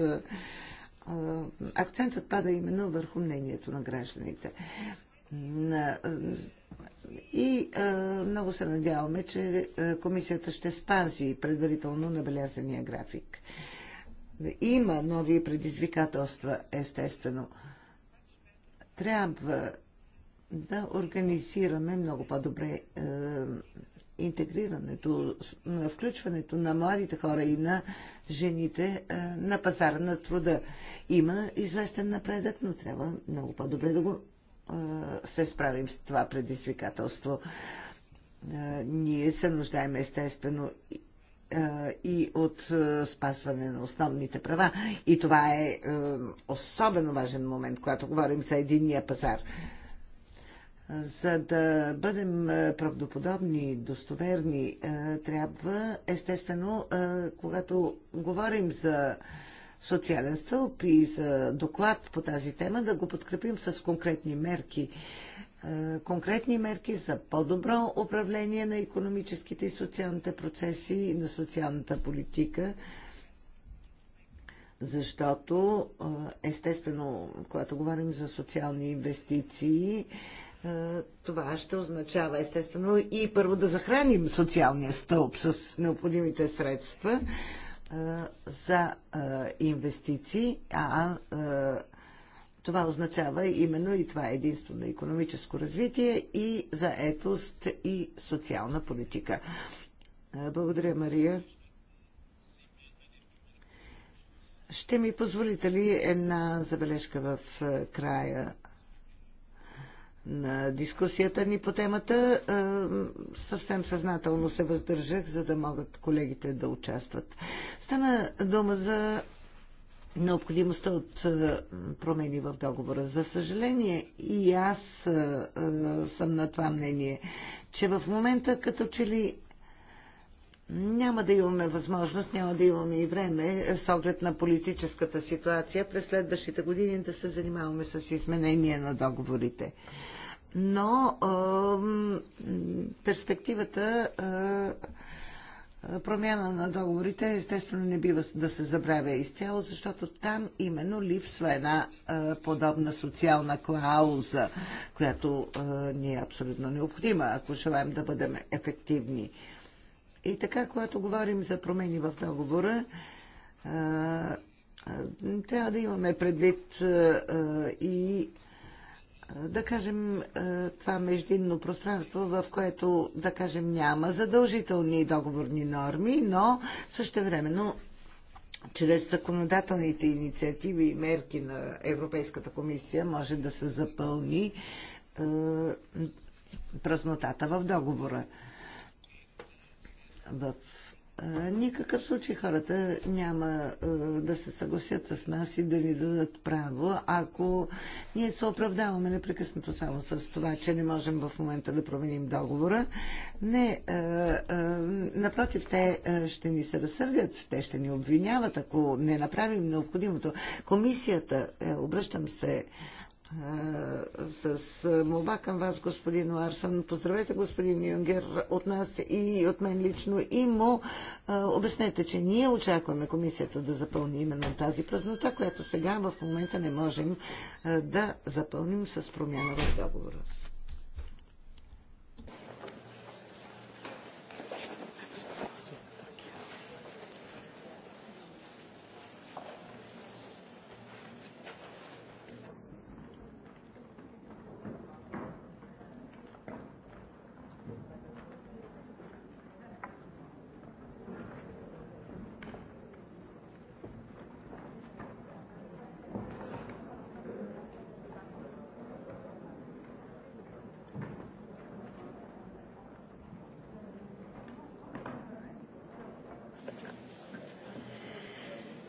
акцентът пада именно върху мнението на гражданите. И много се надяваме, че комисията ще спази предварително набелязания график. Има нови предизвикателства, естествено. Трябва да организираме много по-добре е, интегрирането, включването на младите хора и на жените е, на пазара на труда. Има известен напредък, но трябва много по-добре да го е, се справим с това предизвикателство. Е, ние се нуждаем естествено и от спазване на основните права. И това е особено важен момент, когато говорим за единния пазар. За да бъдем правдоподобни, достоверни, трябва, естествено, когато говорим за социален стълб и за доклад по тази тема, да го подкрепим с конкретни мерки. Е, конкретни мерки за по-добро управление на економическите и социалните процеси и на социалната политика, защото е, естествено, когато говорим за социални инвестиции, е, това ще означава естествено и първо да захраним социалния стълб с необходимите средства за инвестиции, а това означава именно и това е единствено економическо развитие и заетост и социална политика. Благодаря, Мария. Ще ми позволите ли една забележка в края на дискусията ни по темата? Съвсем съзнателно се въздържах, за да могат колегите да участват. Стана дума за необходимостта от промени в договора. За съжаление, и аз съм на това мнение, че в момента като че ли няма да имаме възможност, няма да имаме и време с оглед на политическата ситуация през следващите години да се занимаваме с изменение на договорите. Но перспективата промяна на договорите естествено не бива да се забравя изцяло, защото там именно липсва една а, подобна социална клауза, която а, ни е абсолютно необходима, ако желаем да бъдем ефективни. И така, когато говорим за промени в договора, а, трябва да имаме предвид и да кажем, е, това междинно пространство, в което, да кажем, няма задължителни договорни норми, но също времено чрез законодателните инициативи и мерки на Европейската комисия може да се запълни е, празнотата в договора. В никакъв случай хората няма да се съгласят с нас и да ни дадат право, ако ние се оправдаваме непрекъснато само с това, че не можем в момента да променим договора. Не, напротив, те ще ни се разсърдят, те ще ни обвиняват, ако не направим необходимото. Комисията, е, обръщам се е, с е, молба към вас, господин Ларсън. Поздравете господин Юнгер от нас и от мен лично и му е, обяснете, че ние очакваме комисията да запълни именно тази празнота, която сега в момента не можем да запълним с промяна в договора.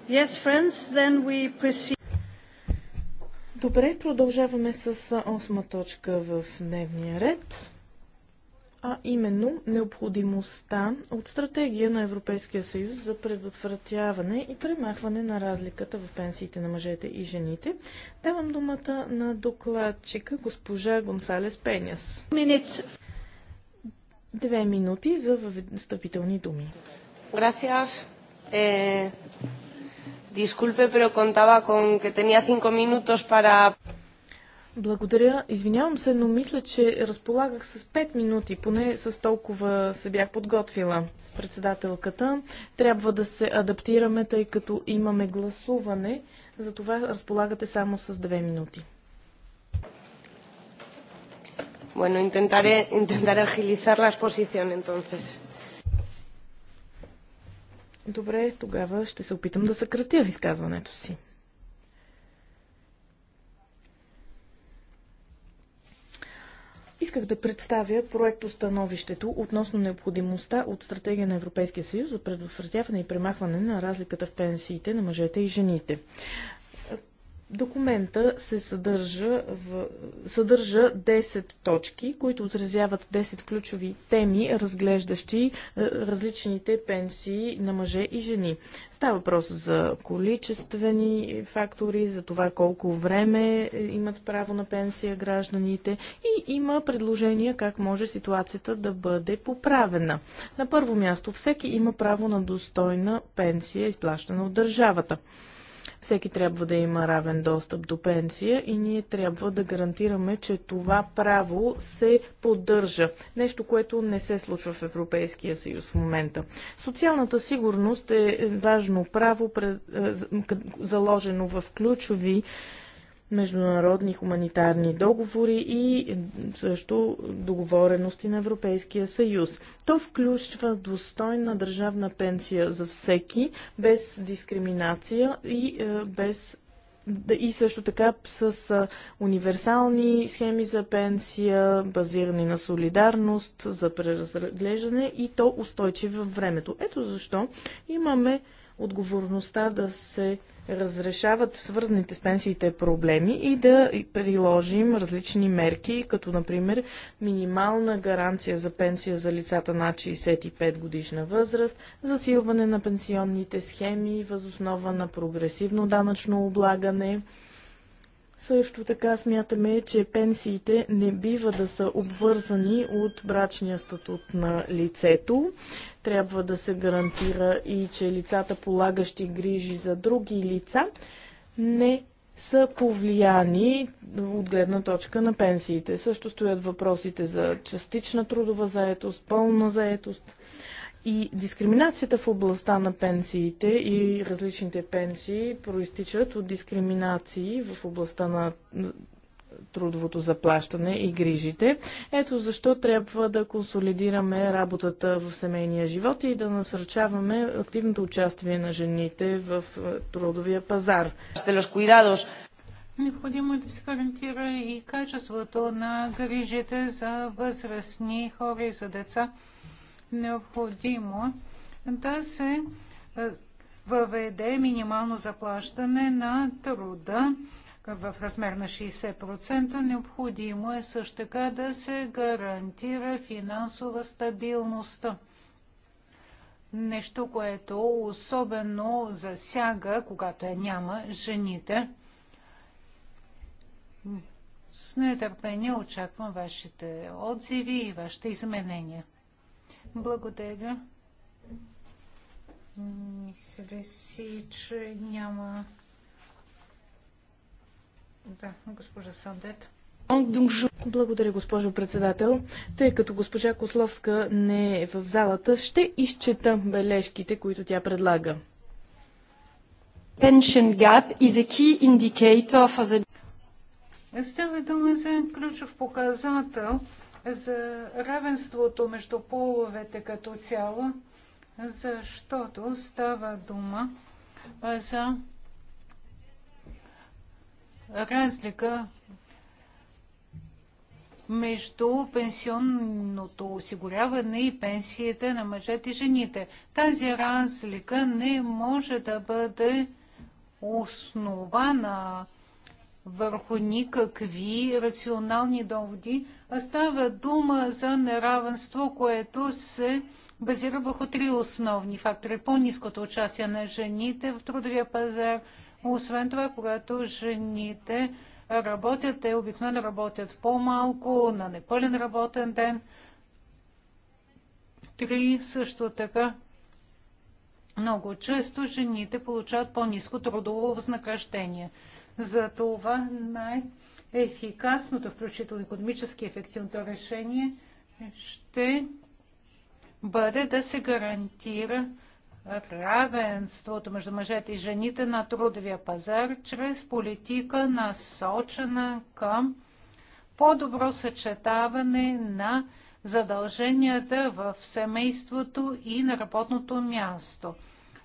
Yes, friends, then we proceed. Добре, продължаваме с осма точка в дневния ред, а именно необходимостта от стратегия на Европейския съюз за предотвратяване и премахване на разликата в пенсиите на мъжете и жените. Давам думата на докладчика госпожа Гонсалес Пеняс. Две минути за встъпителни думи. Gracias. Eh, Disculpe, pero contaba con que tenía cinco minutos para... Благодаря. Извинявам се, но мисля, че разполагах с 5 минути, поне с толкова се бях подготвила председателката. Трябва да се адаптираме, тъй като имаме гласуване, затова разполагате само с 2 минути. Bueno, intentaré, intentaré agilizar la exposición entonces. Добре, тогава ще се опитам да съкратя изказването си. Исках да представя проектостановището относно необходимостта от стратегия на Европейския съюз за предотвратяване и премахване на разликата в пенсиите на мъжете и жените. Документа се съдържа, в, съдържа 10 точки, които отразяват 10 ключови теми, разглеждащи е, различните пенсии на мъже и жени. Става въпрос за количествени фактори, за това колко време имат право на пенсия гражданите и има предложения как може ситуацията да бъде поправена. На първо място, всеки има право на достойна пенсия, изплащана от държавата. Всеки трябва да има равен достъп до пенсия и ние трябва да гарантираме, че това право се поддържа. Нещо, което не се случва в Европейския съюз в момента. Социалната сигурност е важно право, е, заложено в ключови международни хуманитарни договори и също договорености на Европейския съюз. То включва достойна държавна пенсия за всеки, без дискриминация и е, без и също така с е, универсални схеми за пенсия, базирани на солидарност, за преразглеждане и то устойчиво във времето. Ето защо имаме отговорността да се разрешават свързаните с пенсиите проблеми и да приложим различни мерки, като например минимална гаранция за пенсия за лицата над 65 годишна възраст, засилване на пенсионните схеми, възоснова на прогресивно данъчно облагане – също така смятаме, че пенсиите не бива да са обвързани от брачния статут на лицето. Трябва да се гарантира и, че лицата, полагащи грижи за други лица, не са повлияни от гледна точка на пенсиите. Също стоят въпросите за частична трудова заетост, пълна заетост. И дискриминацията в областта на пенсиите и различните пенсии проистичат от дискриминации в областта на трудовото заплащане и грижите. Ето защо трябва да консолидираме работата в семейния живот и да насърчаваме активното участие на жените в е, трудовия пазар. Необходимо е да се гарантира и качеството на грижите за възрастни хора и за деца необходимо да се въведе минимално заплащане на труда в размер на 60%. Необходимо е също така да се гарантира финансова стабилност. Нещо, което особено засяга, когато я няма, жените. С нетърпение очаквам вашите отзиви и вашите изменения. Благодаря. Мисля си, че няма. Да, госпожа Сандет. Благодаря, госпожо председател. Тъй като госпожа Кословска не е в залата, ще изчета бележките, които тя предлага. Pension gap is a key indicator for the... Става дума за ключов показател за равенството между половете като цяло, защото става дума за разлика между пенсионното осигуряване и пенсиите на мъжете и жените. Тази разлика не може да бъде основана върху никакви рационални доводи, Става дума за неравенство, което се базира върху три основни фактори. По-низкото участие на жените в трудовия пазар. Освен това, когато жените работят, те обикновено работят по-малко, на непълен работен ден. Три също така. Много често жените получават по-низко трудово възнаграждение. това най- ефикасното, включително економически ефективното решение ще бъде да се гарантира равенството между мъжете и жените на трудовия пазар чрез политика насочена към по-добро съчетаване на задълженията в семейството и на работното място.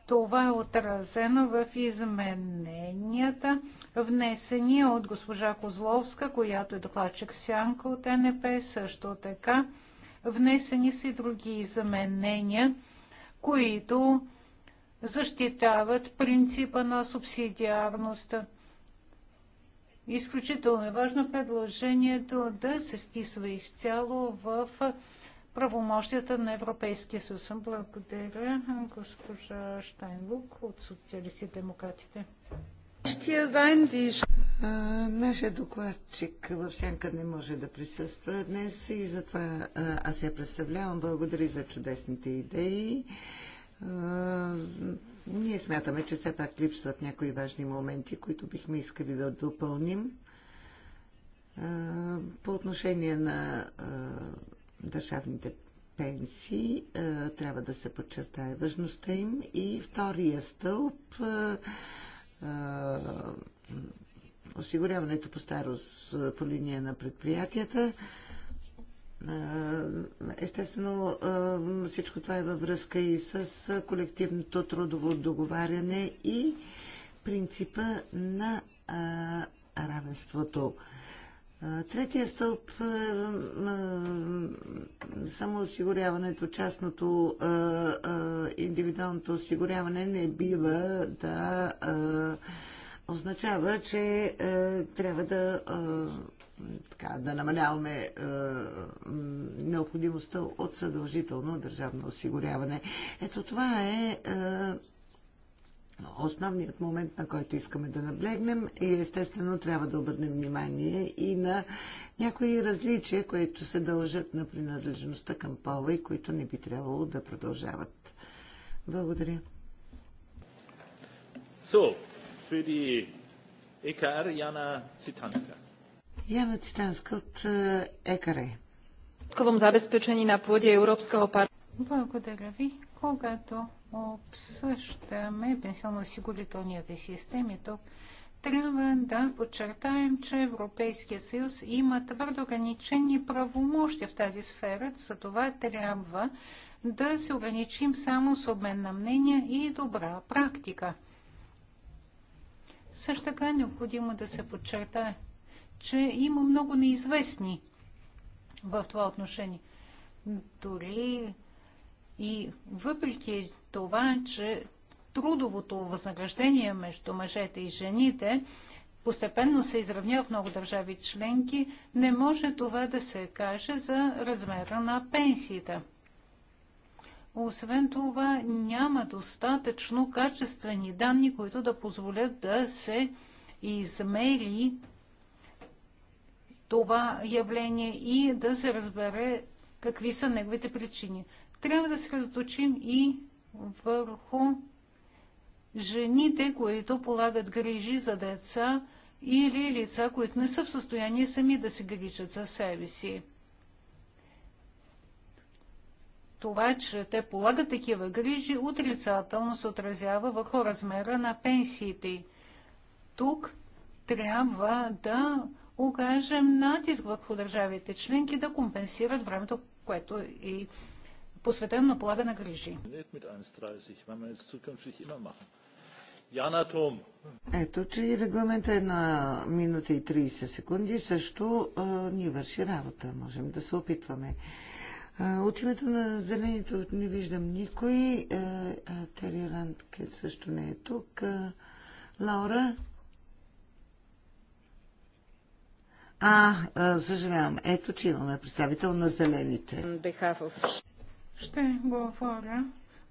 Това е отразено в измененията, внесени от госпожа Козловска, която е докладчик Сянка от НП, също така. Внесени са и други изменения, които защитават принципа на субсидиарността. Изключително е важно предложението да се вписва изцяло в правомощията на Европейския съюз. Благодаря, госпожа Штайнбук от Социалисти демократите. Нашия докладчик в сянка не може да присъства днес и затова аз я представлявам. Благодаря за чудесните идеи. Ние смятаме, че все пак липсват някои важни моменти, които бихме искали да допълним. По отношение на държавните пенсии, е, трябва да се подчертае важността им. И втория стълб е, е, осигуряването по старост по линия на предприятията. Естествено, всичко това е във връзка и с колективното трудово договаряне и принципа на равенството. Третия стълб е, е, самоосигуряването, частното е, индивидуалното осигуряване не бива да означава, че трябва да така, да намаляваме е, необходимостта от съдължително държавно осигуряване. Ето това е, е Основният момент, на който искаме да наблегнем и е, естествено трябва да обърнем внимание и на някои различия, които се дължат на принадлежността към пола и които не би трябвало да продължават. Благодаря. So, für die EKR Яна Цитанска. Jana Citanska от екаре. Ковом забезпечени на плоди Европского парламента. Благодаря ви. Когато обсъждаме пенсионно-осигурителните системи, то трябва да подчертаем, че Европейския съюз има твърдо ограничени правомощи в тази сфера, за това трябва да се ограничим само с обмен на мнения и добра практика. Също така е необходимо да се подчертае, че има много неизвестни в това отношение. Дори и въпреки, това, че трудовото възнаграждение между мъжете и жените постепенно се изравня в много държави членки, не може това да се каже за размера на пенсията. Освен това, няма достатъчно качествени данни, които да позволят да се измери това явление и да се разбере какви са неговите причини. Трябва да се средоточим и върху жените, които полагат грижи за деца или лица, които не са в състояние сами да се грижат за себе си. Това, че те полагат такива грижи, отрицателно се отразява върху размера на пенсиите. Тук трябва да окажем натиск върху държавите членки да компенсират времето, което и е посветено на на грижи. Ето, че и регламента е на минута и 30 секунди също а, ни върши работа. Можем да се опитваме. А, от името на зелените не виждам никой. А, а, Тери Рантке също не е тук. А, Лаура? А, а, съжалявам. Ето, че имаме представител на зелените. Ще говоря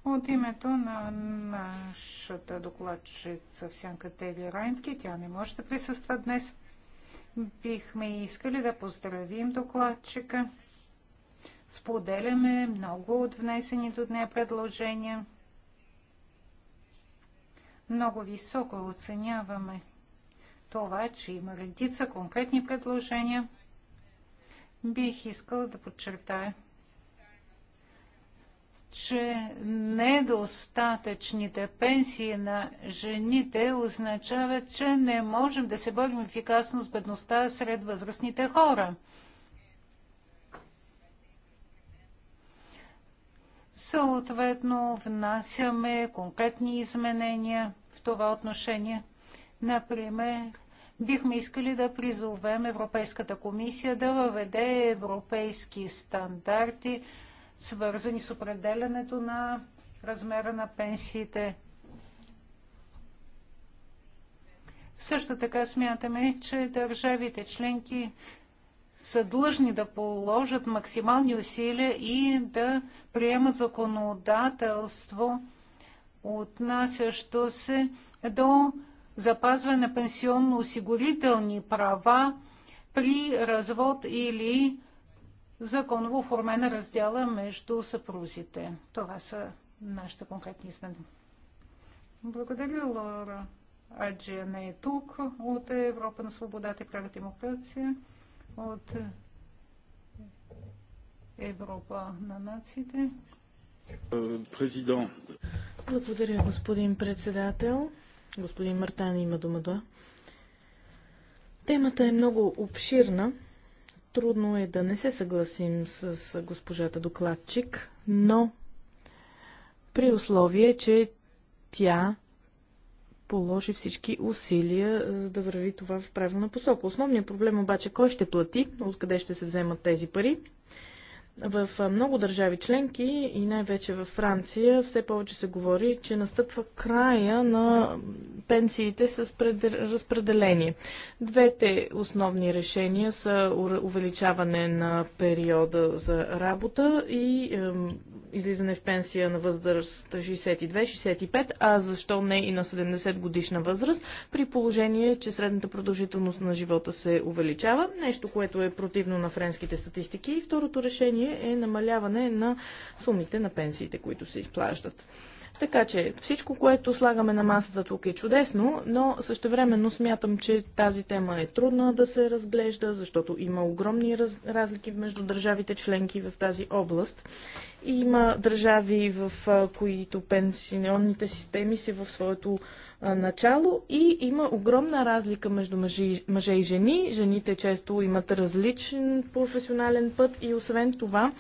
от името на нашата докладчица Сянка Тели Райнтки. Тя не може да присъства днес. Бихме искали да поздравим докладчика. Споделяме много от внесени до нея предложения. Много високо оценяваме това, че има редица конкретни предложения. Бих искала да подчертая, че недостатъчните пенсии на жените означават, че не можем да се борим ефикасно с бедността сред възрастните хора. Съответно, внасяме конкретни изменения в това отношение. Например, бихме искали да призовем Европейската комисия да въведе европейски стандарти – свързани с определенето на размера на пенсиите. Също така смятаме, че държавите членки са длъжни да положат максимални усилия и да приемат законодателство, отнасящо се до запазване на пенсионно-осигурителни права при развод или законово оформена раздела между съпрузите. Това са нашите конкретни изменения. Благодаря, Лора. Аджия не е тук от Европа на свободата и права демокрация, от Европа на нациите. Президент. Благодаря, господин председател. Господин Мартан има думата. Темата е много обширна. Трудно е да не се съгласим с госпожата докладчик, но при условие, че тя положи всички усилия, за да върви това в правилна посока. Основният проблем обаче кой ще плати, откъде ще се вземат тези пари в много държави членки и най-вече във Франция все повече се говори, че настъпва края на пенсиите с разпределение. Двете основни решения са увеличаване на периода за работа и излизане в пенсия на възраст 62-65, а защо не и на 70 годишна възраст, при положение, че средната продължителност на живота се увеличава, нещо, което е противно на френските статистики. И второто решение е намаляване на сумите на пенсиите, които се изплаждат. Така че всичко, което слагаме на масата тук е чудесно, но същевременно смятам, че тази тема е трудна да се разглежда, защото има огромни раз... разлики между държавите членки в тази област. Има държави, в които пенсионните системи са в своето начало и има огромна разлика между мъже и жени. Жените често имат различен професионален път и освен това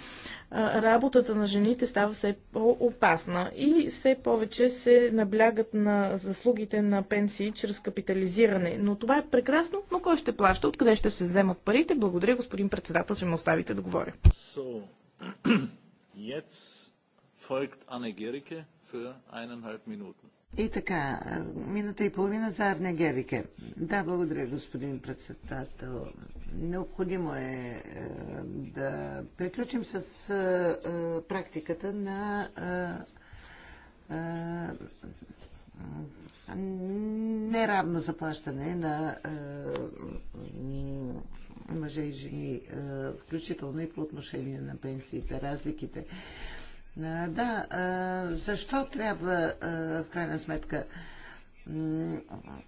работата на жените става все по-опасна и все повече се наблягат на заслугите на пенсии чрез капитализиране. Но това е прекрасно, но кой ще плаща? Откъде ще се вземат парите? Благодаря, господин председател, че ме оставите да говоря. So... Jetzt folgt Anne Gericke für eineinhalb Minuten. И така, минута и половина за Арне Герике. Да, благодаря, господин председател. Необходимо е, е да приключим с е, е, практиката на неравно заплащане на мъже и жени, е, включително и по отношение на пенсиите, разликите. Е, да, е, защо трябва в крайна сметка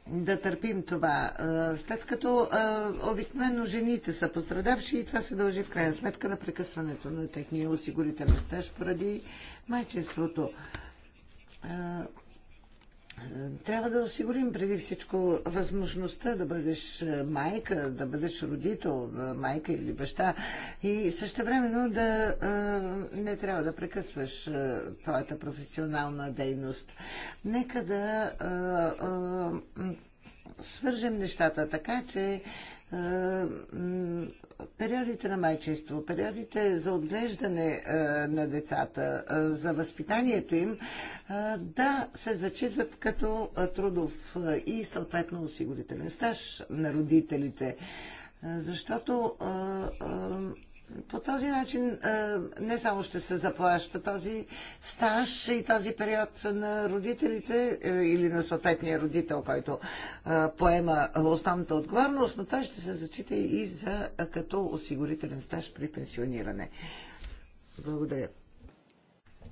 да търпим това, след като обикновено жените са пострадавши и това се дължи в крайна сметка на прекъсването на техния осигурителен стаж поради майчеството трябва да осигурим преди всичко възможността да бъдеш е, майка, да бъдеш родител, е, майка или баща и също времено да е, не трябва да прекъсваш твоята професионална дейност. Нека да свържем нещата така, че периодите на майчество, периодите за отглеждане на децата, за възпитанието им, да се зачитат като трудов и съответно осигурителен стаж на родителите. Защото по този начин не само ще се заплаща този стаж и този период на родителите е, или на съответния родител, който поема основната отговорност, но той ще се зачита и за като осигурителен стаж при пенсиониране. Благодаря.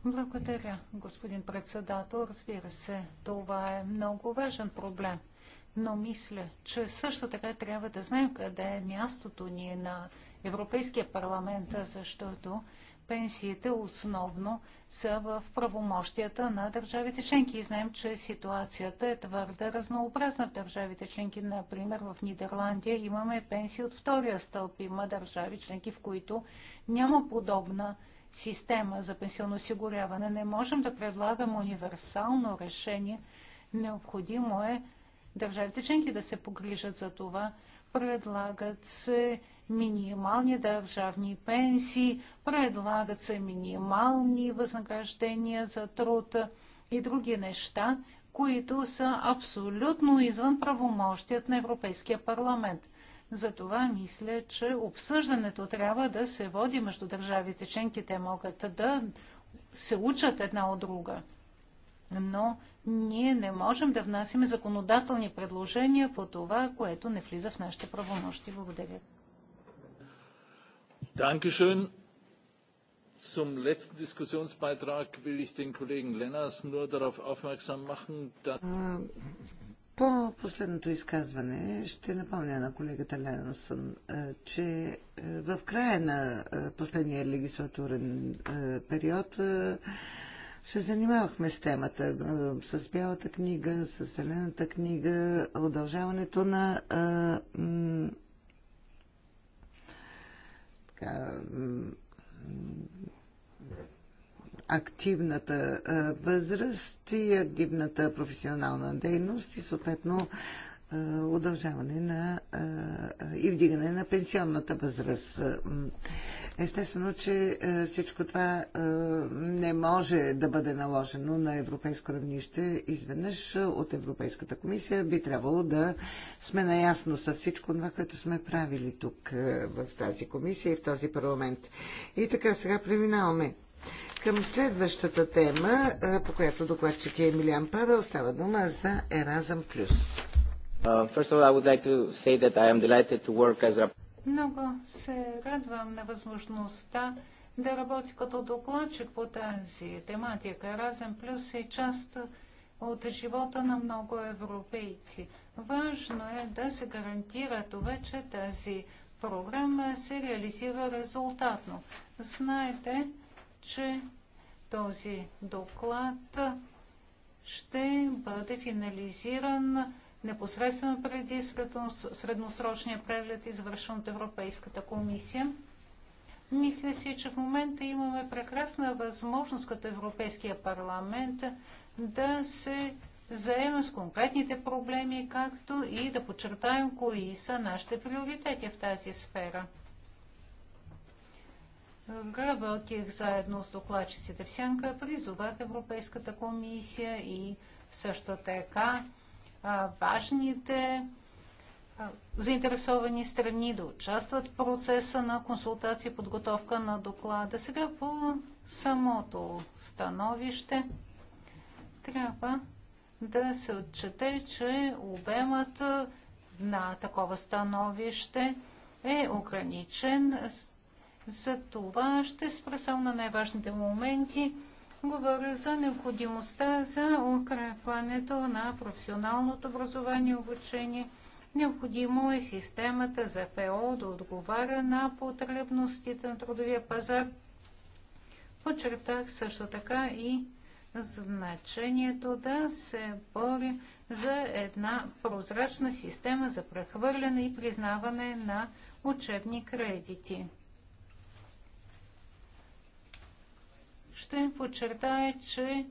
Благодаря, господин председател. Разбира се, това е много важен проблем. Но мисля, че също така трябва да знаем къде е мястото ни на Европейския парламент, защото пенсиите основно са в правомощията на държавите членки. И знаем, че ситуацията е твърде разнообразна в държавите членки. Например, в Нидерландия имаме пенсии от втория стълб. Има държави членки, в които няма подобна система за пенсионно осигуряване. Не можем да предлагаме универсално решение. Необходимо е държавите членки да се погрижат за това. Предлагат се минимални държавни пенсии, предлагат се минимални възнаграждения за труд и други неща, които са абсолютно извън правомощият на Европейския парламент. Затова мисля, че обсъждането трябва да се води между държавите членки. Те могат да се учат една от друга. Но ние не можем да внасяме законодателни предложения по това, което не влиза в нашите правомощи. Благодаря. Danke schön. Zum letzten Diskussionsbeitrag will ich den Kollegen Lenners nur darauf aufmerksam machen, dass... По последното изказване ще напомня на колегата Ленсън, че в края на последния легислатурен период се занимавахме с темата, с бялата книга, с зелената книга, удължаването на така, активната възраст и активната професионална дейност и съответно е, удължаване на е, и вдигане на пенсионната възраст. Естествено, че е, всичко това не може да бъде наложено на европейско равнище изведнъж от Европейската комисия. Би трябвало да сме наясно с всичко това, което сме правили тук в тази комисия и в този парламент. И така, сега преминаваме към следващата тема, по която докладчик е Емилиан Павел, става дума за Еразъм Плюс. Uh, много се радвам на възможността да работя като докладчик по тази тематика. Разен плюс е част от живота на много европейци. Важно е да се гарантира това, че тази програма се реализира резултатно. Знаете, че този доклад ще бъде финализиран непосредствено преди средносрочния преглед, извършен от Европейската комисия. Мисля си, че в момента имаме прекрасна възможност като Европейския парламент да се заемем с конкретните проблеми, както и да подчертаем кои са нашите приоритети в тази сфера. Работих заедно с докладчиците в Сянка, призовах Европейската комисия и също така важните заинтересовани страни да участват в процеса на консултация и подготовка на доклада. Сега по самото становище трябва да се отчете, че обемът на такова становище е ограничен. За това ще спра само на най-важните моменти говоря за необходимостта за укрепването на професионалното образование и обучение. Необходимо е системата за ПО да отговаря на потребностите на трудовия пазар. Почертах също така и значението да се бори за една прозрачна система за прехвърляне и признаване на учебни кредити. ще подчертая, че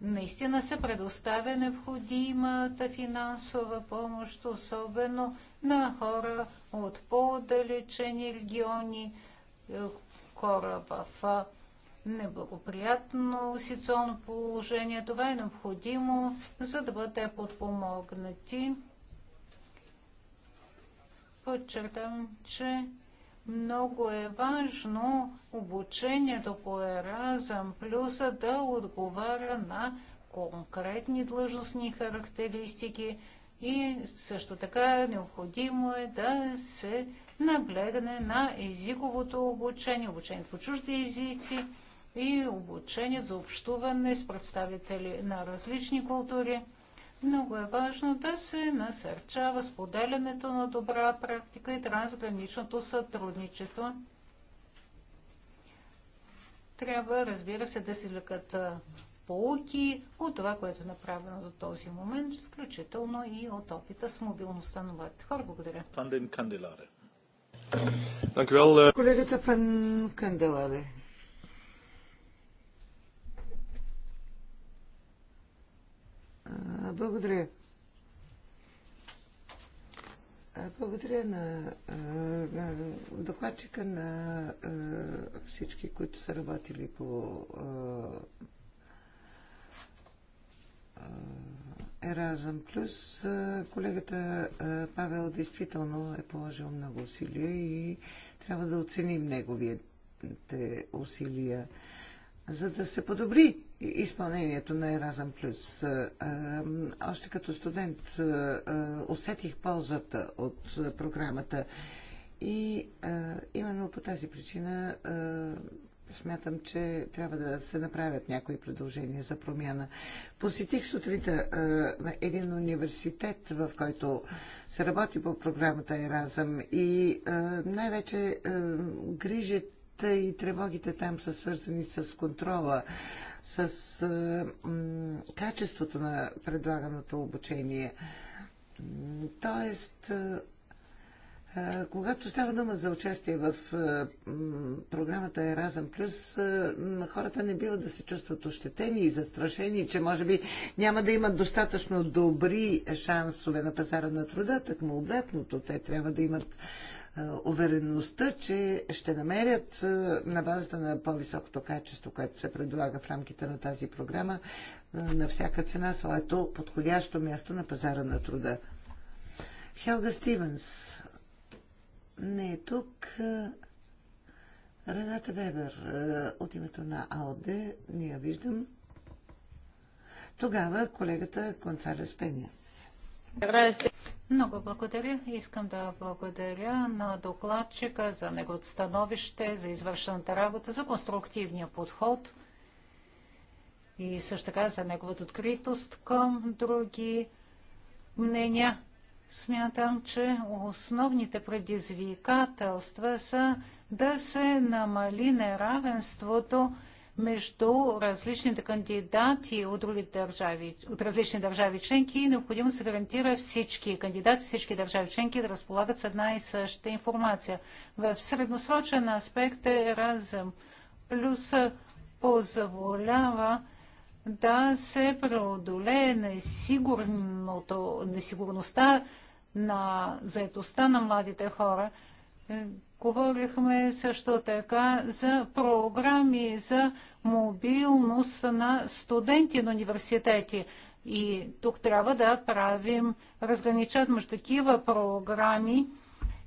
наистина се предоставя необходимата финансова помощ, особено на хора от по-далечени региони, хора в неблагоприятно ситуационно положение. Това е необходимо, за да бъдат подпомогнати. Подчертавам, че много е важно обучението по Еразъм Плюса да отговаря на конкретни длъжностни характеристики и също така необходимо е да се наблегне на езиковото обучение, обучение по чужди езици и обучение за общуване с представители на различни култури. Много е важно да се насърчава споделянето на добра практика и трансграничното сътрудничество. Трябва, разбира се, да се лекат полуки от това, което е направено до този момент, включително и от опита с мобилността на младите хора. Благодаря. Фанден Канделаре. Eh. Колегата Фан Канделаре. Благодаря. Благодаря на, на докладчика, на всички, които са работили по Еразъм Плюс. Колегата Павел действително е положил много усилия и трябва да оценим неговите усилия за да се подобри изпълнението на Еразъм Плюс. Е, е, още като студент е, усетих ползата от програмата и именно по тази причина смятам, че трябва да се направят някои предложения за промяна. Посетих сутрита на един университет, в който се работи по програмата Еразъм и най-вече грижат и тревогите там са свързани с контрола, с качеството на предлаганото обучение. Тоест, когато става дума за участие в програмата Еразъм Плюс, хората не бива да се чувстват ощетени и застрашени, че може би няма да имат достатъчно добри шансове на пазара на труда, так му обратното. Те трябва да имат е, увереността, че ще намерят е, на базата на по-високото качество, което се предлага в рамките на тази програма, е, на всяка цена своето подходящо място на пазара на труда. Хелга Стивенс не е тук. Рената Вебер от името на АОД не я виждам. Тогава колегата Концарес Пениас. Много благодаря. Искам да благодаря на докладчика за неговото становище, за извършената работа, за конструктивния подход и също така за неговата откритост към други мнения. Смятам, че основните предизвикателства са да се намали неравенството между различните кандидати от, други държави, от различни държави членки и необходимо да се гарантира всички кандидати, всички държави членки да разполагат с една и съща информация. В средносрочен аспект е разъм. Плюс позволява да се преодолее несигурността на заедостта на младите хора. Говорихме също така за програми за мобилност на студенти на университети. И тук трябва да правим разграничат между такива програми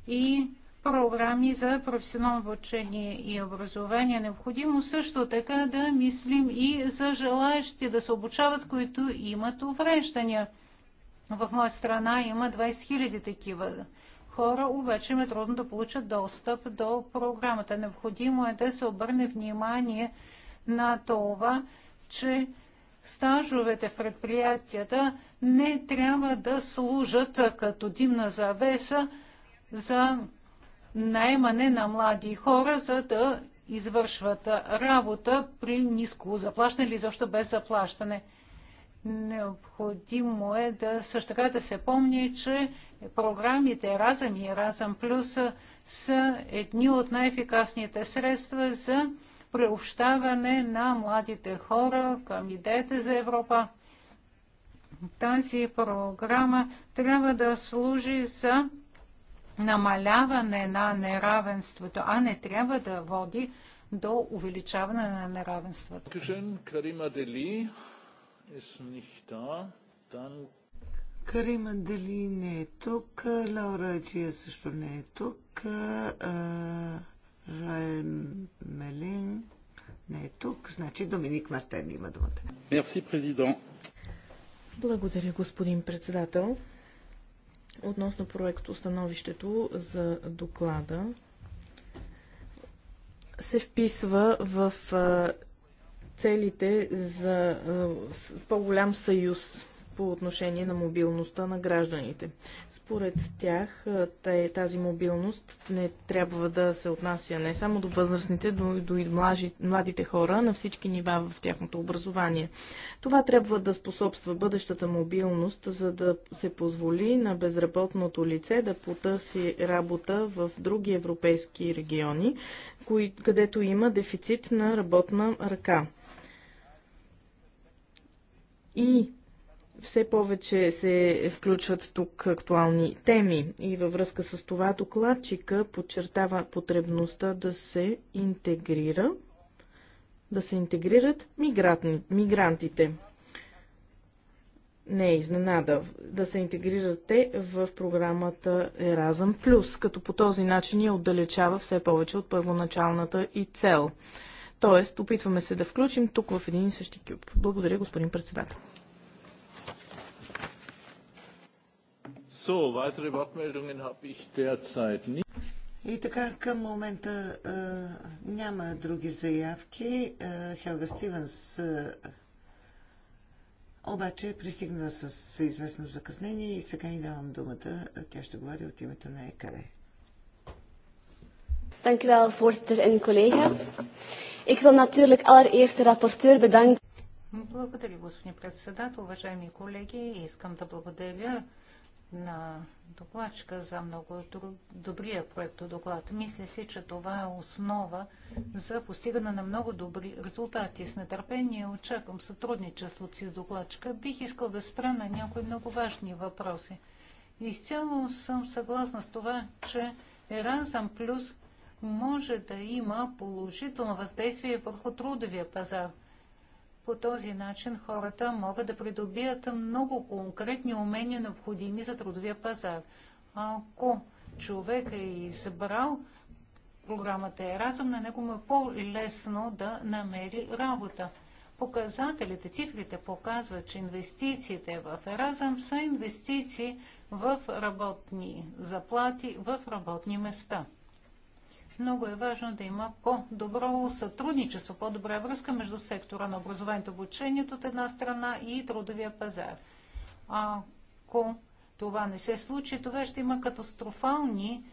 и програми за професионално обучение и образование. Необходимо също така да мислим и за желаящи да се обучават, които имат увреждания. В моя страна има 20 000 такива хора обаче им е трудно да получат достъп до програмата. Необходимо е да се обърне внимание на това, че стажовете в предприятията не трябва да служат като димна завеса за найемане на млади хора, за да извършват работа при ниско заплащане или защо без заплащане. Необходимо е да също така да се помни, че програмите Разъм и Разъм Плюс са едни от най-ефикасните средства за приобщаване на младите хора към идеята за Европа. Тази програма трябва да служи за намаляване на неравенството, а не трябва да води до увеличаване на неравенството. Карима дали не е тук, Лаура Чия също не е тук, Жаен Мелин не е тук, значи Доминик Мартен има думата. Мерси, президент. Благодаря, господин председател. Относно проект установището за доклада се вписва в целите за по-голям съюз по отношение на мобилността на гражданите. Според тях тази мобилност не трябва да се отнася не само до възрастните, но и до и младите хора на всички нива в тяхното образование. Това трябва да способства бъдещата мобилност, за да се позволи на безработното лице да потърси работа в други европейски региони, където има дефицит на работна ръка и все повече се включват тук актуални теми и във връзка с това докладчика подчертава потребността да се интегрира, да се интегрират мигрантни, мигрантите. Не е изненада да се интегрират те в програмата Erasmus+, Плюс, като по този начин я отдалечава все повече от първоначалната и цел. Тоест, опитваме се да включим тук в един и същи кюб. Благодаря, господин председател. И така, към момента а, няма други заявки. А, Хелга Стивенс а, обаче е пристигна с известно закъснение и сега ни давам думата. Тя ще говори от името на ЕКАРЕ. Dank u wel, voorzitter en collega's. Ik wil natuurlijk allereerst de rapporteur bedanken. Благодаря, господин председател. Уважаеми колеги, искам да благодаря на докладчика за много добрия проекто доклад. Мисля си, че това е основа за постигане на много добри резултати. С нетърпение очаквам сътрудничеството си с докладчика. Бих искал да спра на някои много важни въпроси. Изцяло съм съгласна с това, че Еразъм плюс може да има положително въздействие върху трудовия пазар. По този начин хората могат да придобият много конкретни умения, необходими за трудовия пазар. Ако човек е избрал програмата Еразъм, на него му е по-лесно да намери работа. Показателите, цифрите показват, че инвестициите в Еразъм са инвестиции в работни заплати, в работни места много е важно да има по-добро сътрудничество, по-добра връзка между сектора на образованието, обучението от една страна и трудовия пазар. Ако това не се случи, това ще има катастрофални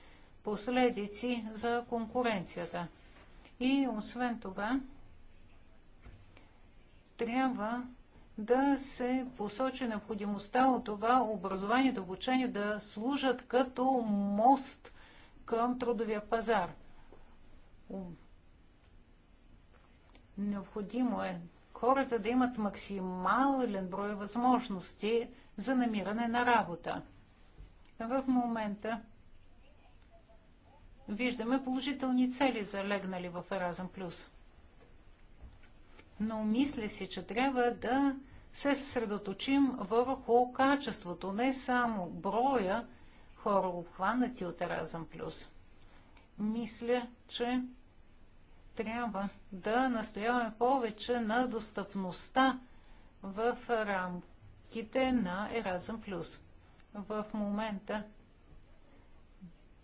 последици за конкуренцията. И освен това, трябва да се посочи необходимостта от това образованието, обучение да служат като мост към трудовия пазар. Необходимо е хората да имат максимален брой възможности за намиране на работа. В момента виждаме положителни цели, залегнали в Еразъм Плюс. Но мисля си, че трябва да се съсредоточим върху качеството, не само броя хора, обхванати от Еразъм Плюс. Мисля, че трябва да настояваме повече на достъпността в рамките на Еразъм Плюс. В момента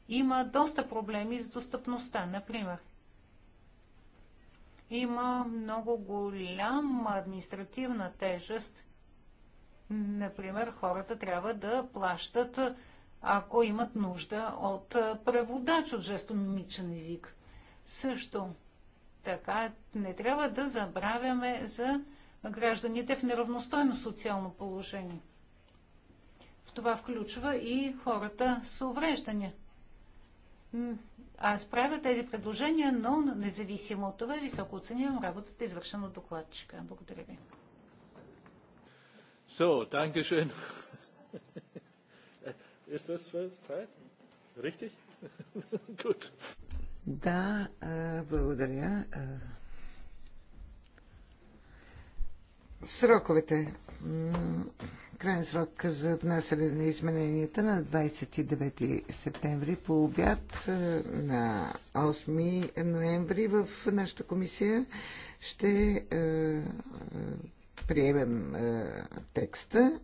има доста проблеми с достъпността. Например, има много голяма административна тежест. Например, хората трябва да плащат, ако имат нужда от преводач от жестомимичен език. Също така не трябва да забравяме за гражданите в неравностойно социално положение. В това включва и хората с увреждания. Аз правя тези предложения, но независимо от това високо оценявам работата, извършена от докладчика. Благодаря ви. So, danke schön. <laughs> Ist das für Zeit? Richtig? <laughs> Gut. Да, благодаря. Сроковете. Крайен срок за внасяне на измененията на 29 септември по обяд на 8 ноември в нашата комисия ще приемем текста.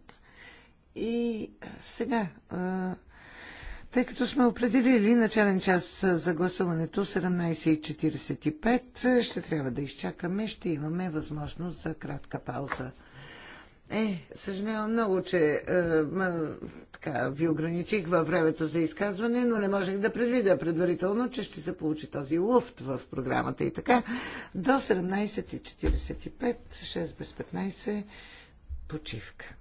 И сега тъй като сме определили начален час за гласуването 17.45, ще трябва да изчакаме, ще имаме възможност за кратка пауза. Е, съжалявам много, че е, ма, така, ви ограничих във времето за изказване, но не можех да предвидя предварително, че ще се получи този луфт в програмата и така. До 17.45, 6 без 15, почивка.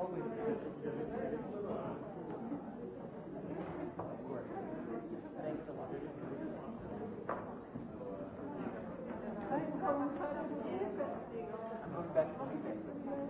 Thanks Thank you.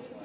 Thank you.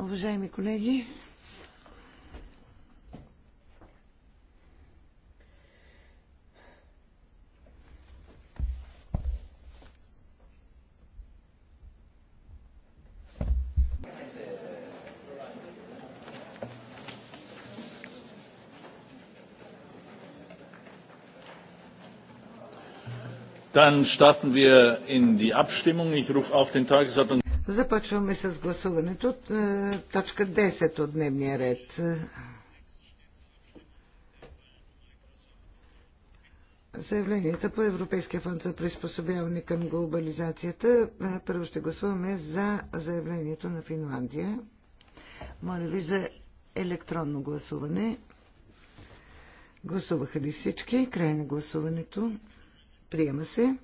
Уважаеми колеги, Dann starten wir in die Abstimmung. Ich rufe auf den Tagesordnung. Започваме с гласуването. Е, точка 10 от дневния ред. Заявленията по Европейския фонд за приспособяване към глобализацията. Е, първо ще гласуваме за заявлението на Финландия. Моля ви за електронно гласуване. Гласуваха ли всички? Край на гласуването. Приема се.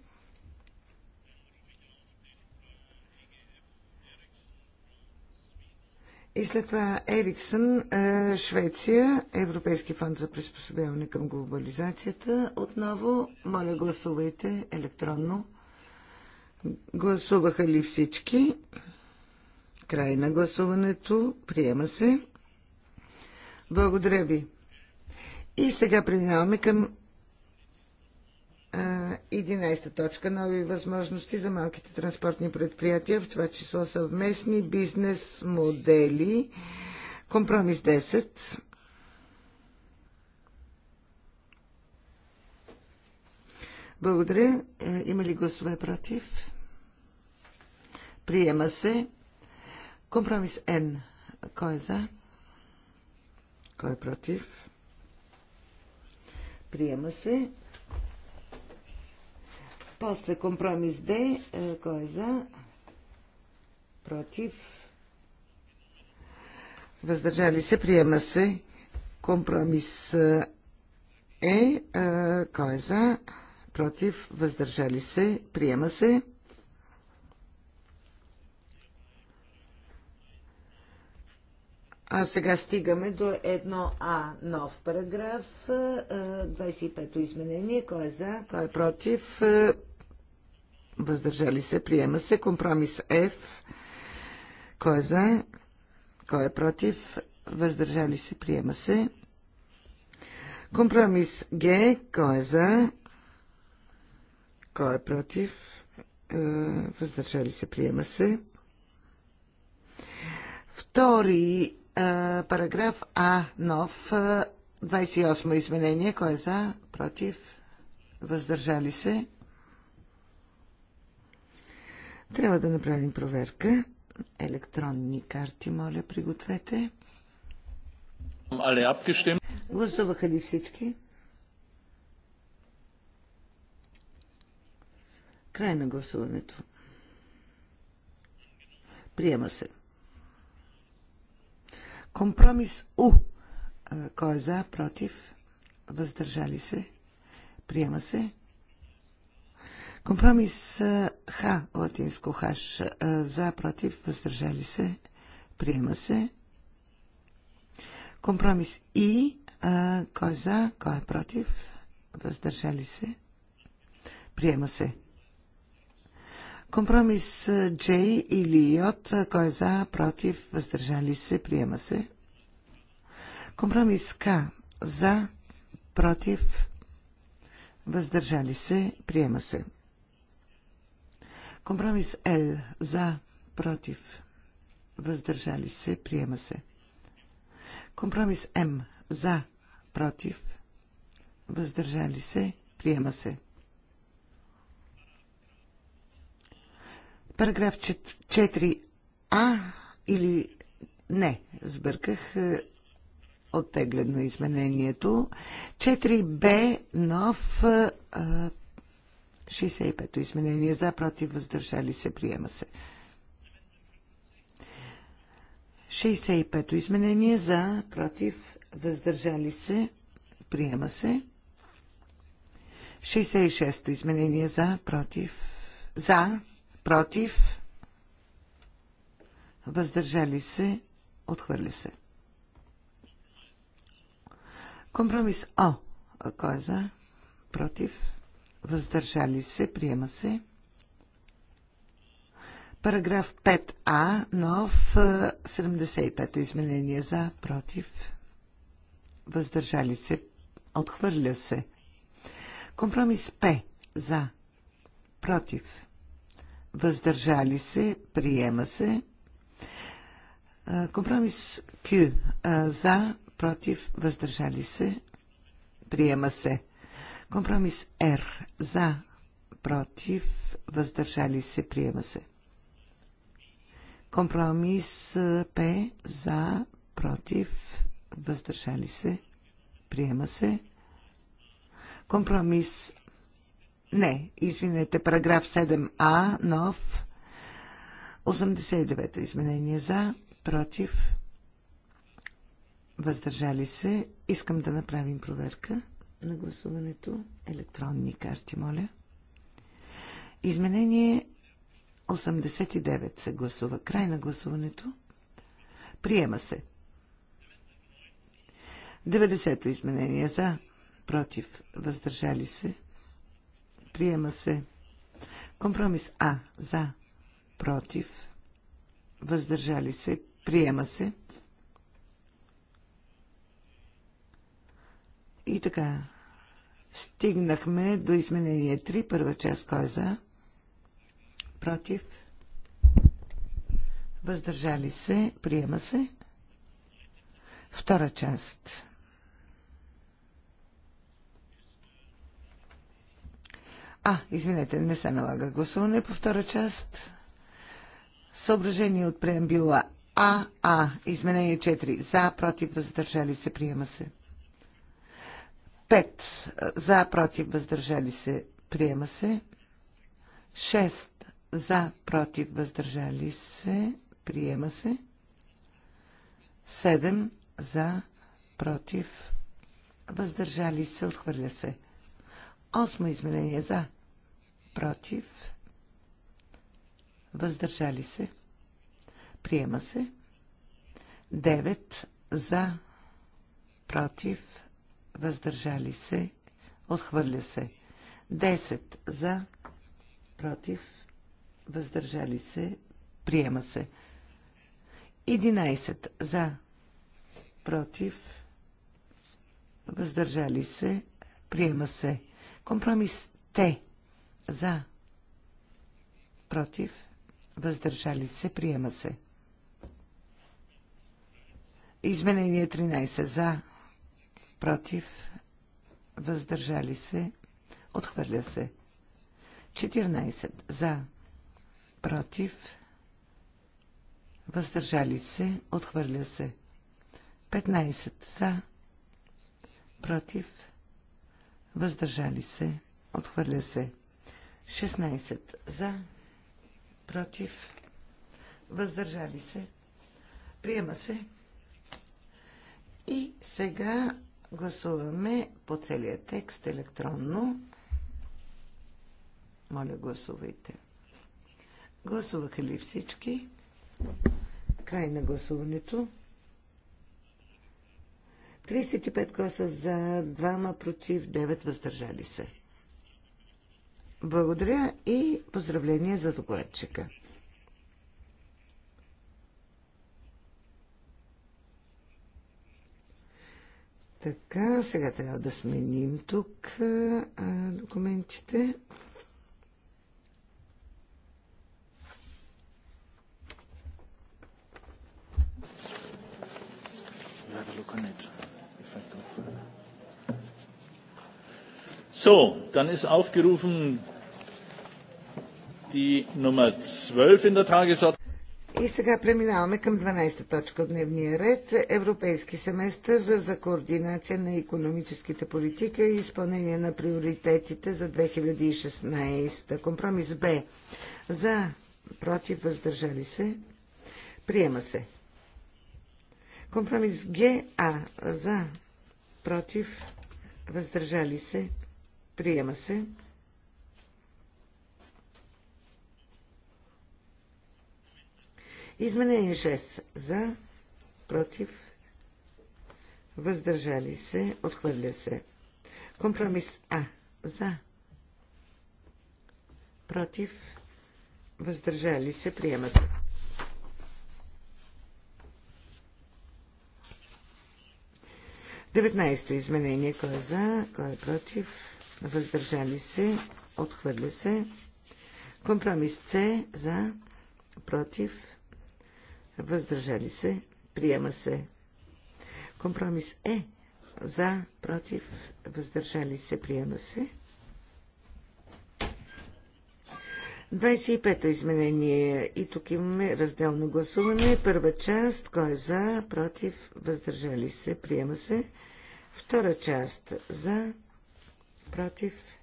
И след това Ериксън, е, Швеция, Европейски фонд за приспособяване към глобализацията. Отново, моля, гласувайте електронно. Гласуваха ли всички? Край на гласуването. Приема се. Благодаря ви. И сега преминаваме към 11 точка нови възможности за малките транспортни предприятия, в това число съвместни бизнес модели. Компромис 10. Благодаря. Е, има ли гласове против? Приема се. Компромис Н. Кой е за? Кой е против? Приема се. После компромис Д. Е, кой е за? Против. Въздържали се. Приема се. Компромис Е. е кой е за? Против. Въздържали се. Приема се. А сега стигаме до едно а нов параграф, 25-то изменение. Кой е за, кой е против? Въздържали се, приема се. Компромис F. Кой е за, кой е против? Въздържали се, приема се. Компромис Г. Кой е за, кой е против? Въздържали се, приема се. Втори параграф А, нов, 28 изменение. Кой е за? Против? Въздържали се? Трябва да направим проверка. Електронни карти, моля, пригответе. Гласуваха ли всички? Край на гласуването. Приема се. Компромис У. Е, кой е за, против, въздържали се, приема се. Компромис е, Х, латинско Х, е, за, против, въздържали се, приема се. Компромис И, кой е за, кой е против, въздържали се, приема се. Компромис J или J, кой е за, против, въздържали се, приема се. Компромис К, за, против, въздържали се, приема се. Компромис Л, за, против, въздържали се, приема се. Компромис М, за, против, въздържали се, приема се. Параграф 4а или не, сбърках е, оттеглено изменението. 4Б, нов 65-то е, е, изменение за, против, въздържали се, приема се. 65-то изменение за, против, въздържали се, приема се. 66-то изменение за, против, за, против, въздържали се, отхвърля се. Компромис О. Кой е за? Против. Въздържали се. Приема се. Параграф 5а, нов 75-то изменение за, против, въздържали се, отхвърля се. Компромис П за, против, въздържали се, приема се. Компромис Q за, против, въздържали се, приема се. Компромис R за, против, въздържали се, приема се. Компромис П за, против, въздържали се, приема се. Компромис не, извинете, параграф 7а, нов. 89-то изменение за, против, въздържали се. Искам да направим проверка на гласуването. Електронни карти, моля. Изменение 89 се гласува. Край на гласуването. Приема се. 90-то изменение за, против, въздържали се. Приема се. Компромис А. За. Против. Въздържали се. Приема се. И така. Стигнахме до изменение 3, първа част. Кой е за? Против. Въздържали се. Приема се. Втора част. А, извинете, не се налага гласуване по втора част. Съображение от преамбюла А, А, изменение 4. За, против, въздържали се, приема се. 5. За, против, въздържали се, приема се. 6. За, против, въздържали се, приема се. 7. За, против, въздържали се, отхвърля се. 8 изменение за, против, въздържали се, приема се. 9 за, против, въздържали се, отхвърля се. 10 за, против, въздържали се, приема се. 11 за, против, въздържали се, приема се. Компромис Т за. Против. Въздържали се. Приема се. Изменение 13. За. Против. Въздържали се. Отхвърля се. 14. За. Против. Въздържали се. Отхвърля се. 15. За. Против. Въздържали се. Отхвърля се. 16 за, против, въздържали се, приема се. И сега гласуваме по целия текст електронно. Моля, гласувайте. Гласуваха ли всички? Край на гласуването. 35 гласа за, 2 против, 9 въздържали се. Благодаря и поздравление за докладчика. Така, сега трябва да сменим тук а, документите. Look on So, dann ist aufgerufen die Nummer 12 in der Tagesordnung. И сега преминаваме към 12-та точка от дневния ред. Европейски семестър за, за координация на економическите политики и изпълнение на приоритетите за 2016. Компромис Б. За, против, въздържали се. Приема се. Компромис Г. А. За, против, въздържали се. Приема се. Изменение 6. За, против, въздържали се, отхвърля се. Компромис А. За, против, въздържали се, приема се. Деветнайсто изменение. Кой е за, кой е против? въздържали се, отхвърля се. Компромис С за, против, въздържали се, приема се. Компромис Е за, против, въздържали се, приема се. 25-то изменение. И тук имаме разделно гласуване. Първа част, кой е за, против, въздържали се, приема се. Втора част, за, против,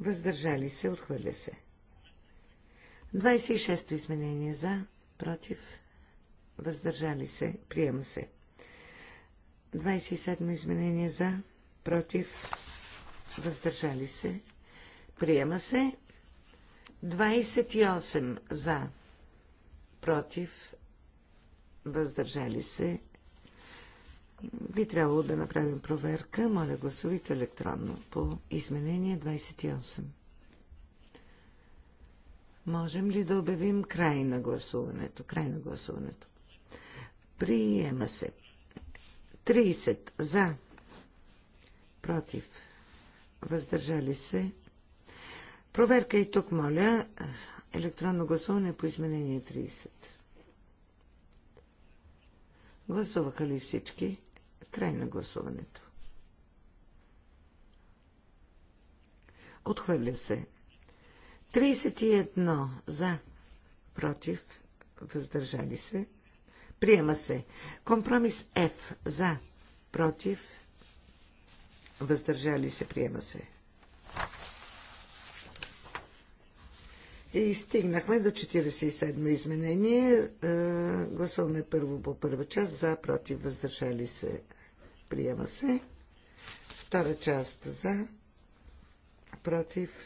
въздържали се, отхвърля се. 26-то изменение за, против, въздържали се, приема се. 27-то изменение за, против, въздържали се, приема се. 28 за, против, въздържали се, би трябвало да направим проверка. Моля, гласувайте електронно по изменение 28. Можем ли да обявим край на гласуването? Край на гласуването. Приема се. 30 за. Против. Въздържали се. Проверка и тук, моля. Електронно гласуване по изменение 30. Гласуваха ли всички? Край на гласуването. Отхвърля се. 31 за, против, въздържали се. Приема се. Компромис F за, против, въздържали се. Приема се. И стигнахме до 47 изменение. Е, гласуваме първо по първа част за, против, въздържали се. Приема се. Втора част за. Против.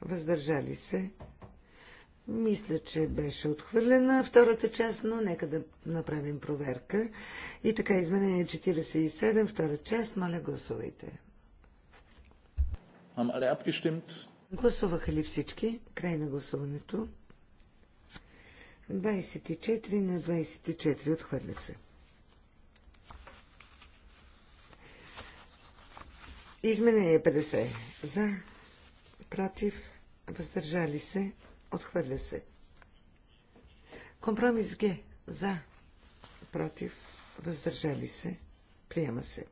Въздържали се. Мисля, че беше отхвърлена втората част, но нека да направим проверка. И така, изменение 47, втора част. Моля, гласувайте. Гласуваха ли всички? Край на гласуването. 24 на 24 отхвърля се. Изменение 50. За, против, въздържали се, отхвърля се. Компромис Г. За, против, въздържали се, приема се.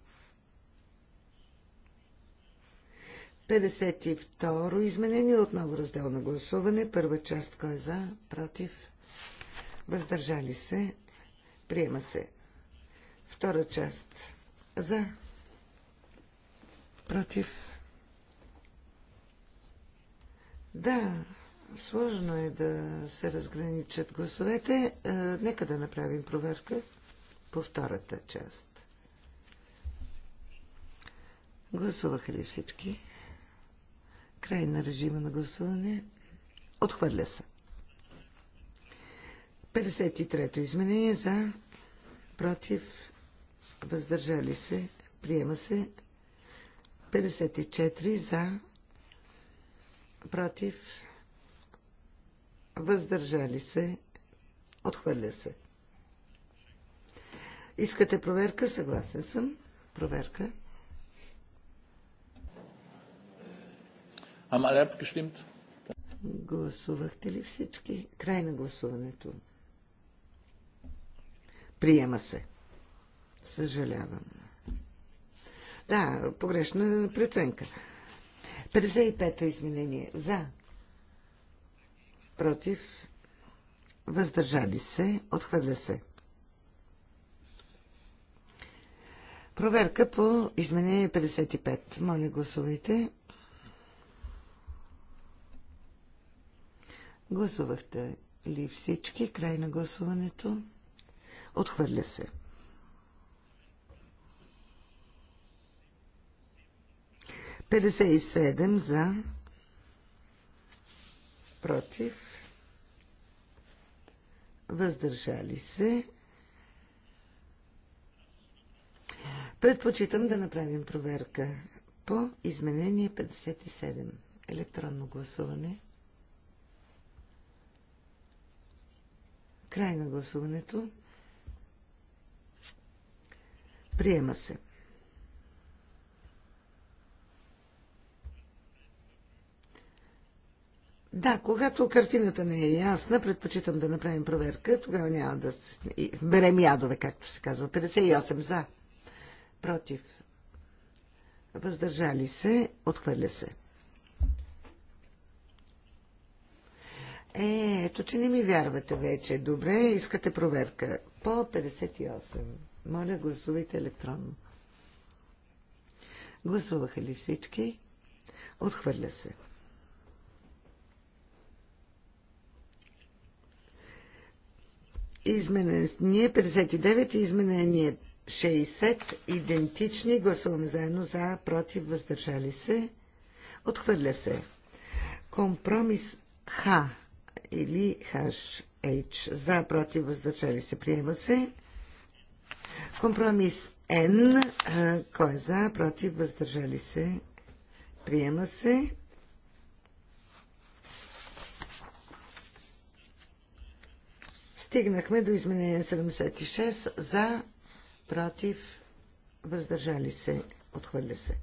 52. Изменение отново раздел на гласуване. Първа част кой е за, против, въздържали се, приема се. Втора част за, Против. Да, сложно е да се разграничат гласовете. Е, нека да направим проверка по втората част. Гласуваха ли всички? Край на режима на гласуване. Отхвърля се. 53-то изменение за против въздържали се. Приема се 54 за, против, въздържали се, отхвърля се. Искате проверка? Съгласен съм. Проверка. Haben alle abgestimmt? Гласувахте ли всички? Край на гласуването. Приема се. Съжалявам. Да, погрешна преценка. 55-то изменение. За. Против. Въздържали се. Отхвърля се. Проверка по изменение 55. Моля, гласувайте. Гласувахте ли всички? Край на гласуването. Отхвърля се. 57 за, против, въздържали се. Предпочитам да направим проверка по изменение 57. Електронно гласуване. Край на гласуването. Приема се. Да, когато картината не е ясна, предпочитам да направим проверка. Тогава няма да с... берем ядове, както се казва. 58 за. Против. Въздържали се. Отхвърля се. Е, ето, че не ми вярвате вече. Добре, искате проверка. По 58. Моля, гласувайте електронно. Гласуваха ли всички? Отхвърля се. Изменение 59 и изменение 60 идентични. Гласуваме заедно за, против, въздържали се. Отхвърля се. Компромис Х или HH. За, против, въздържали се. Приема се. Компромис Н. Кой е за, против, въздържали се. Приема се. Стигнахме до изменение 76 за, против, въздържали се, отхвърля се.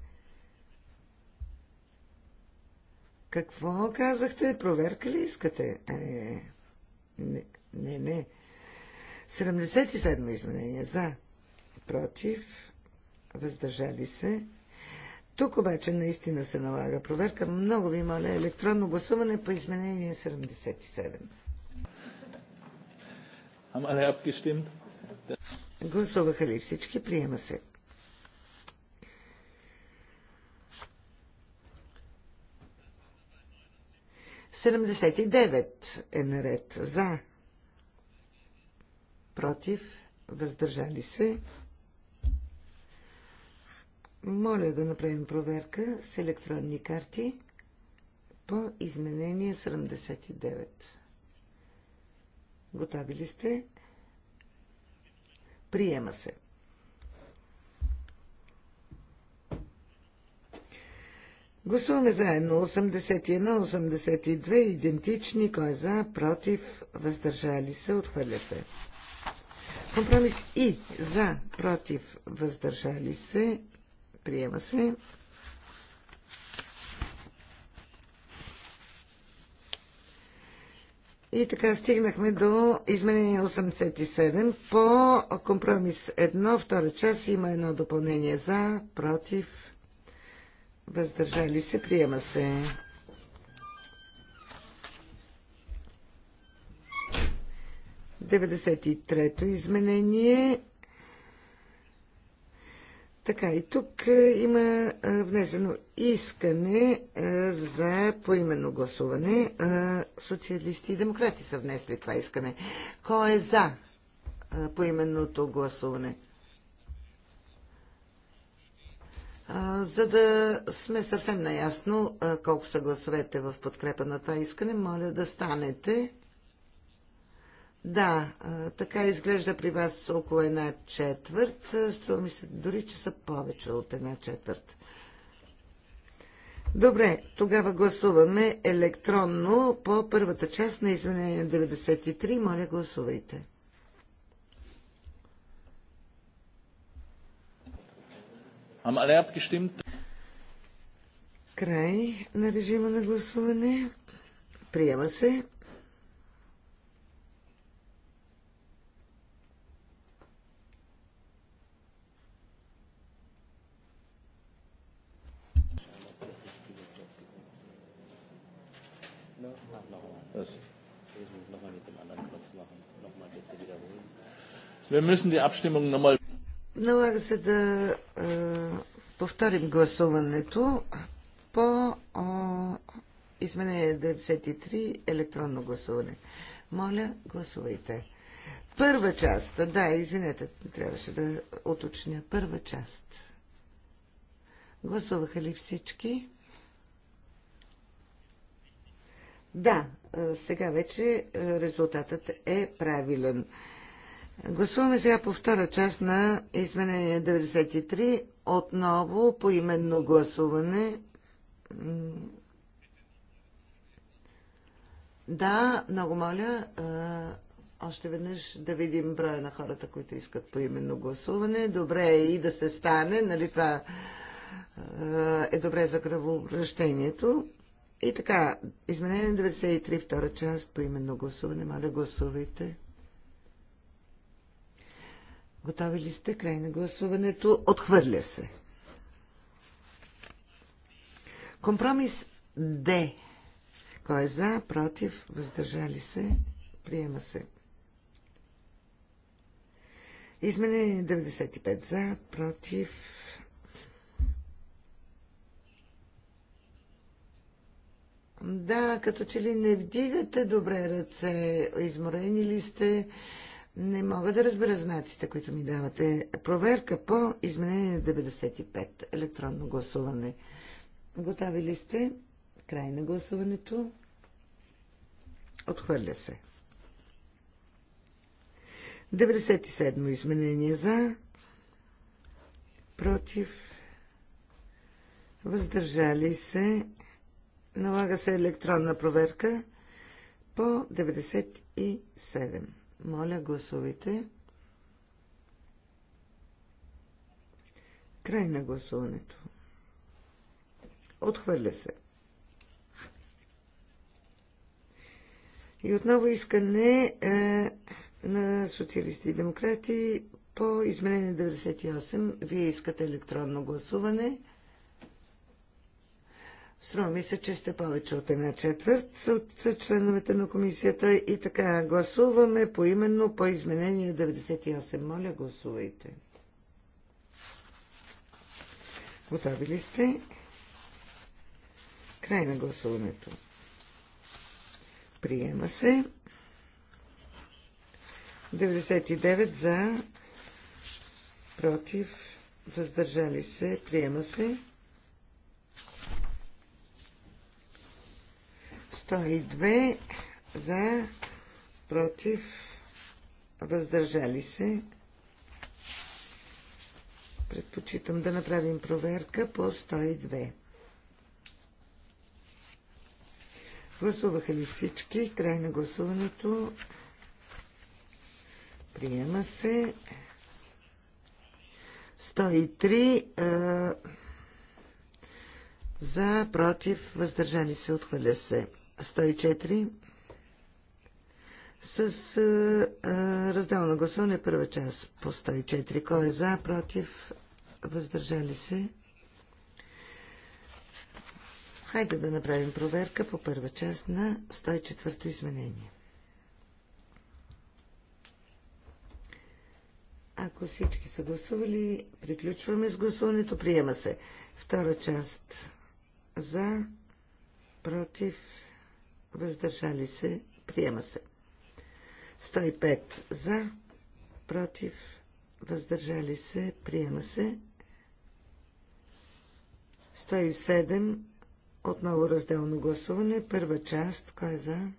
Какво казахте? Проверка ли искате? Е, не, не, не. 77 изменение за, против, въздържали се. Тук обаче наистина се налага проверка. Много ви моля електронно гласуване по изменение 77. Гласуваха ли всички? Приема се. Седемдесет и девет е наред. За. Против. Въздържали се. Моля да направим проверка с електронни карти по изменение 79. Готови ли сте? Приема се. Гласуваме заедно 81, 82, идентични, кой е за, против, въздържали се, отхвърля се. Компромис И, за, против, въздържали се, приема се. И така стигнахме до изменение 87 по компромис 1, втора част има едно допълнение за, против, въздържали се, приема се. Деветдесет и трето изменение така и тук е, има е, внесено искане е, за поименно гласуване. Социалисти и демократи са внесли това искане. Кой е за поименното гласуване? За да сме съвсем наясно колко са гласовете в подкрепа на това искане, моля да станете. Да, така изглежда при вас около една четвърт. Струва ми се дори, че са повече от една четвърт. Добре, тогава гласуваме електронно по първата част на изменение 93. Моля, гласувайте. Край на режима на гласуване. Приема се. Wir müssen die Abstimmung nochmal... Налага се да е, повторим гласуването по о, изменение 93 електронно гласуване. Моля, гласувайте. Първа част. Да, извинете, трябваше да уточня. Първа част. Гласуваха ли всички? Да, е, сега вече е, резултатът е правилен. Гласуваме сега по втора част на изменение 93. Отново по именно гласуване. Да, много моля, още веднъж да видим броя на хората, които искат по именно гласуване. Добре е и да се стане, нали това е добре за кръвообращението. И така, изменение 93, втора част по именно гласуване. Моля, гласувайте. Готови ли сте? Край на гласуването. Отхвърля се. Компромис Д. Кой е за, против, въздържали се, приема се. Изменение 95 за, против. Да, като че ли не вдигате добре ръце, изморени ли сте? Не мога да разбера знаците, които ми давате. Проверка по изменение на 95. Електронно гласуване. Готови ли сте? Край на гласуването. Отхвърля се. 97 изменение за. Против. Въздържали се. Налага се електронна проверка по 97. Моля, гласувайте. Край на гласуването. Отхвърля се. И отново искане е, на социалисти и демократи по изменение 98. Вие искате електронно гласуване. Струва ми се, че сте повече от една четвърт от членовете на комисията и така гласуваме по именно по изменение 98. Моля, гласувайте. Готови ли сте? Край на гласуването. Приема се. 99 за, против, въздържали се, приема се. 102 за, против, въздържали се. Предпочитам да направим проверка по 102. Гласуваха ли всички? Край на гласуването. Приема се. 103 за, против, въздържали се, отхвърля се. 104 с а, разделно гласуване първа част по 104. Кой е за, против, въздържали се? Хайде да направим проверка по първа част на 104-то изменение. Ако всички са гласували, приключваме с гласуването. Приема се. Втора част за, против, въздържали се, приема се. 105 за, против, въздържали се, приема се. 107 отново разделно гласуване. Първа част, кой е за,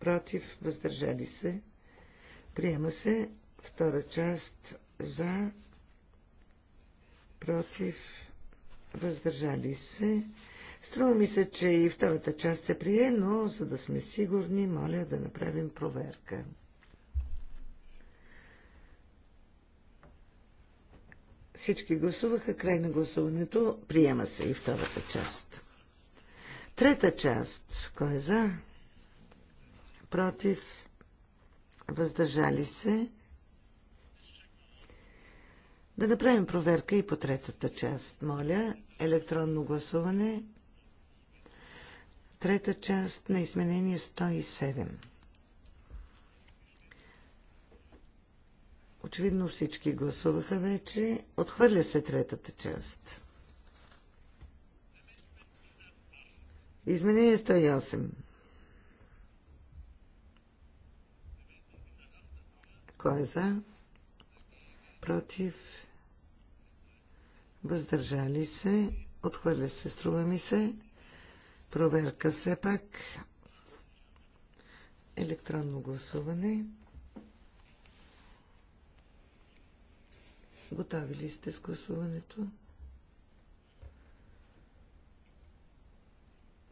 против, въздържали се, приема се. Втора част за, против, въздържали се, Струва ми се, че и втората част се прие, но за да сме сигурни, моля да направим проверка. Всички гласуваха край на гласуването. Приема се и втората част. Трета част. Кой е за? Против? Въздържали се? Да направим проверка и по третата част. Моля, електронно гласуване трета част на изменение 107. Очевидно всички гласуваха вече. Отхвърля се третата част. Изменение 108. Кой е за? Против? Въздържали се? Отхвърля се, струва ми се проверка все пак. Електронно гласуване. Готови ли сте с гласуването?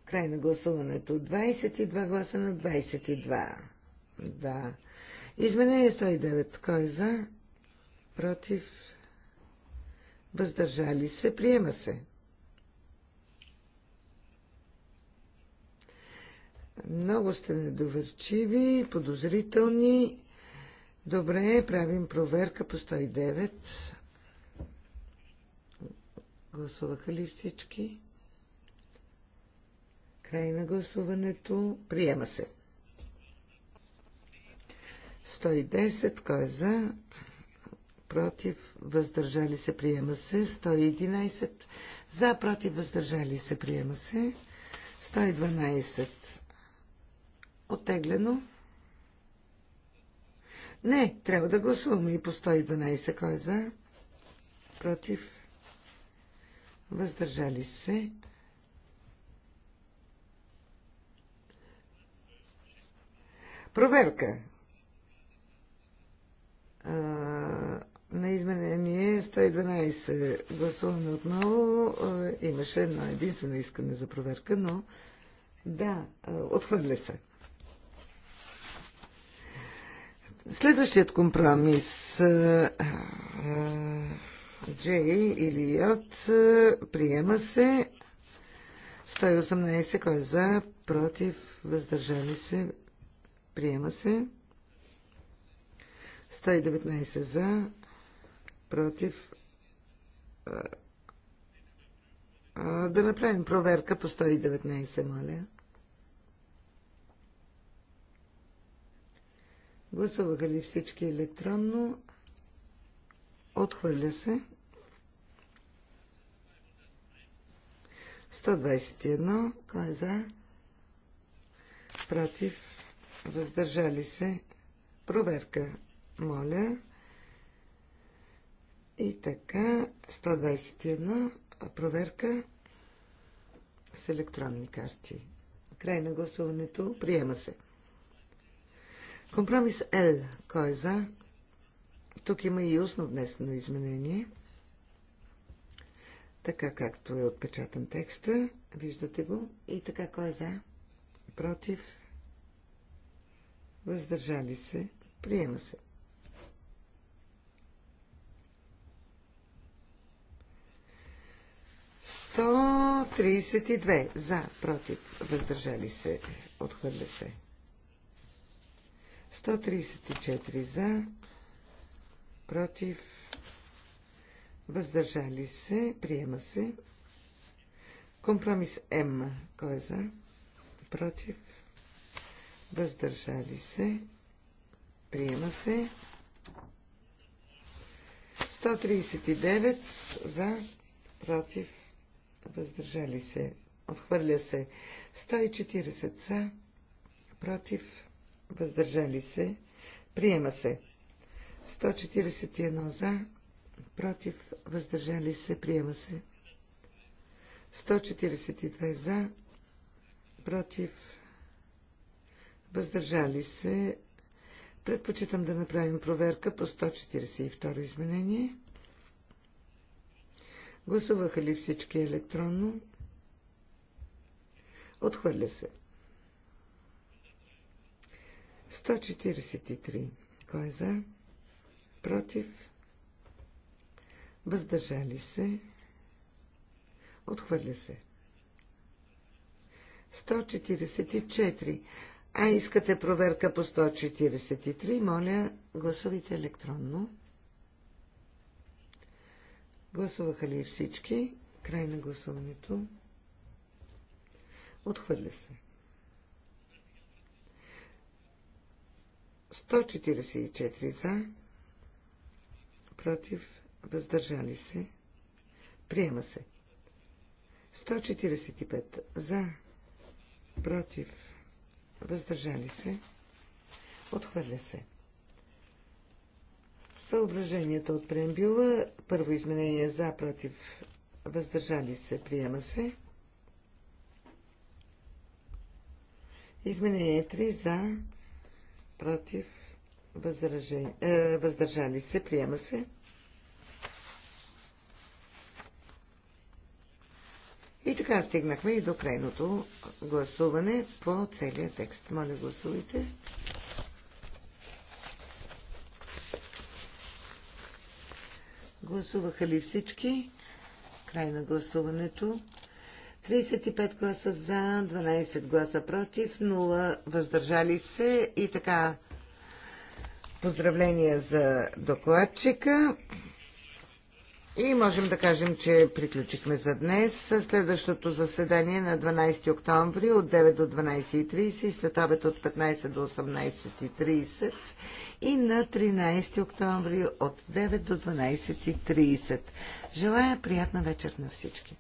Край на гласуването. 22 гласа на 22. Да. Изменение 109. Кой е за? Против? Въздържали се? Приема се. Много сте недоверчиви, подозрителни. Добре, правим проверка по 109. Гласуваха ли всички? Край на гласуването. Приема се. 110. Кой е за? Против. Въздържали се. Приема се. 111. За. Против. Въздържали се. Приема се. 112. Оттеглено. Не, трябва да гласуваме и по 112. Кой е за? Против? Въздържали се? Проверка а, на изменение 112 гласуваме отново. А, имаше едно единствено искане за проверка, но да, отхвърля се. Следващият компромис J или J приема се 118, кой е за, против, въздържали се, приема се 119 за, против. Да направим проверка по 119, моля. Гласуваха ли всички електронно? Отхвърля се. 121. Кой е за? Против. Въздържали се. Проверка. Моля. И така. 121. Проверка с електронни карти. Край на гласуването. Приема се. Компромис Л. Кой е за? Тук има и устно внесено изменение. Така както е отпечатан текста. Виждате го. И така кой е за? Против? Въздържали се? Приема се. Сто тридесет и две. За, против, въздържали се, отхвърля се. 134 за, против, въздържали се, приема се. Компромис М, кой е за, против, въздържали се, приема се. 139 за, против, въздържали се, отхвърля се. 140 за, против, въздържали се, приема се. 141 за, против, въздържали се, приема се. 142 за, против, въздържали се. Предпочитам да направим проверка по 142 изменение. Гласуваха ли всички електронно? Отхвърля се. 143. 143. Кой е за? Против? Въздържали се? Отхвърля се. 144. А искате проверка по 143, моля, гласувайте електронно. Гласуваха ли всички? Край на гласуването. Отхвърля се. 144 за, против, въздържали се, приема се. 145 за, против, въздържали се, отхвърля се. Съображенията от преамбюла, първо изменение за, против, въздържали се, приема се. Изменение 3 за, против, възражени, е, въздържали се, приема се. И така стигнахме и до крайното гласуване по целия текст. Моля, гласувайте. Гласуваха ли всички? Край на гласуването. 35 гласа за, 12 гласа против, 0 въздържали се и така. Поздравления за докладчика. И можем да кажем, че приключихме за днес. Следващото заседание на 12 октомври от 9 до 12.30 и след обед от 15 до 18.30 и на 13 октомври от 9 до 12.30. Желая приятна вечер на всички!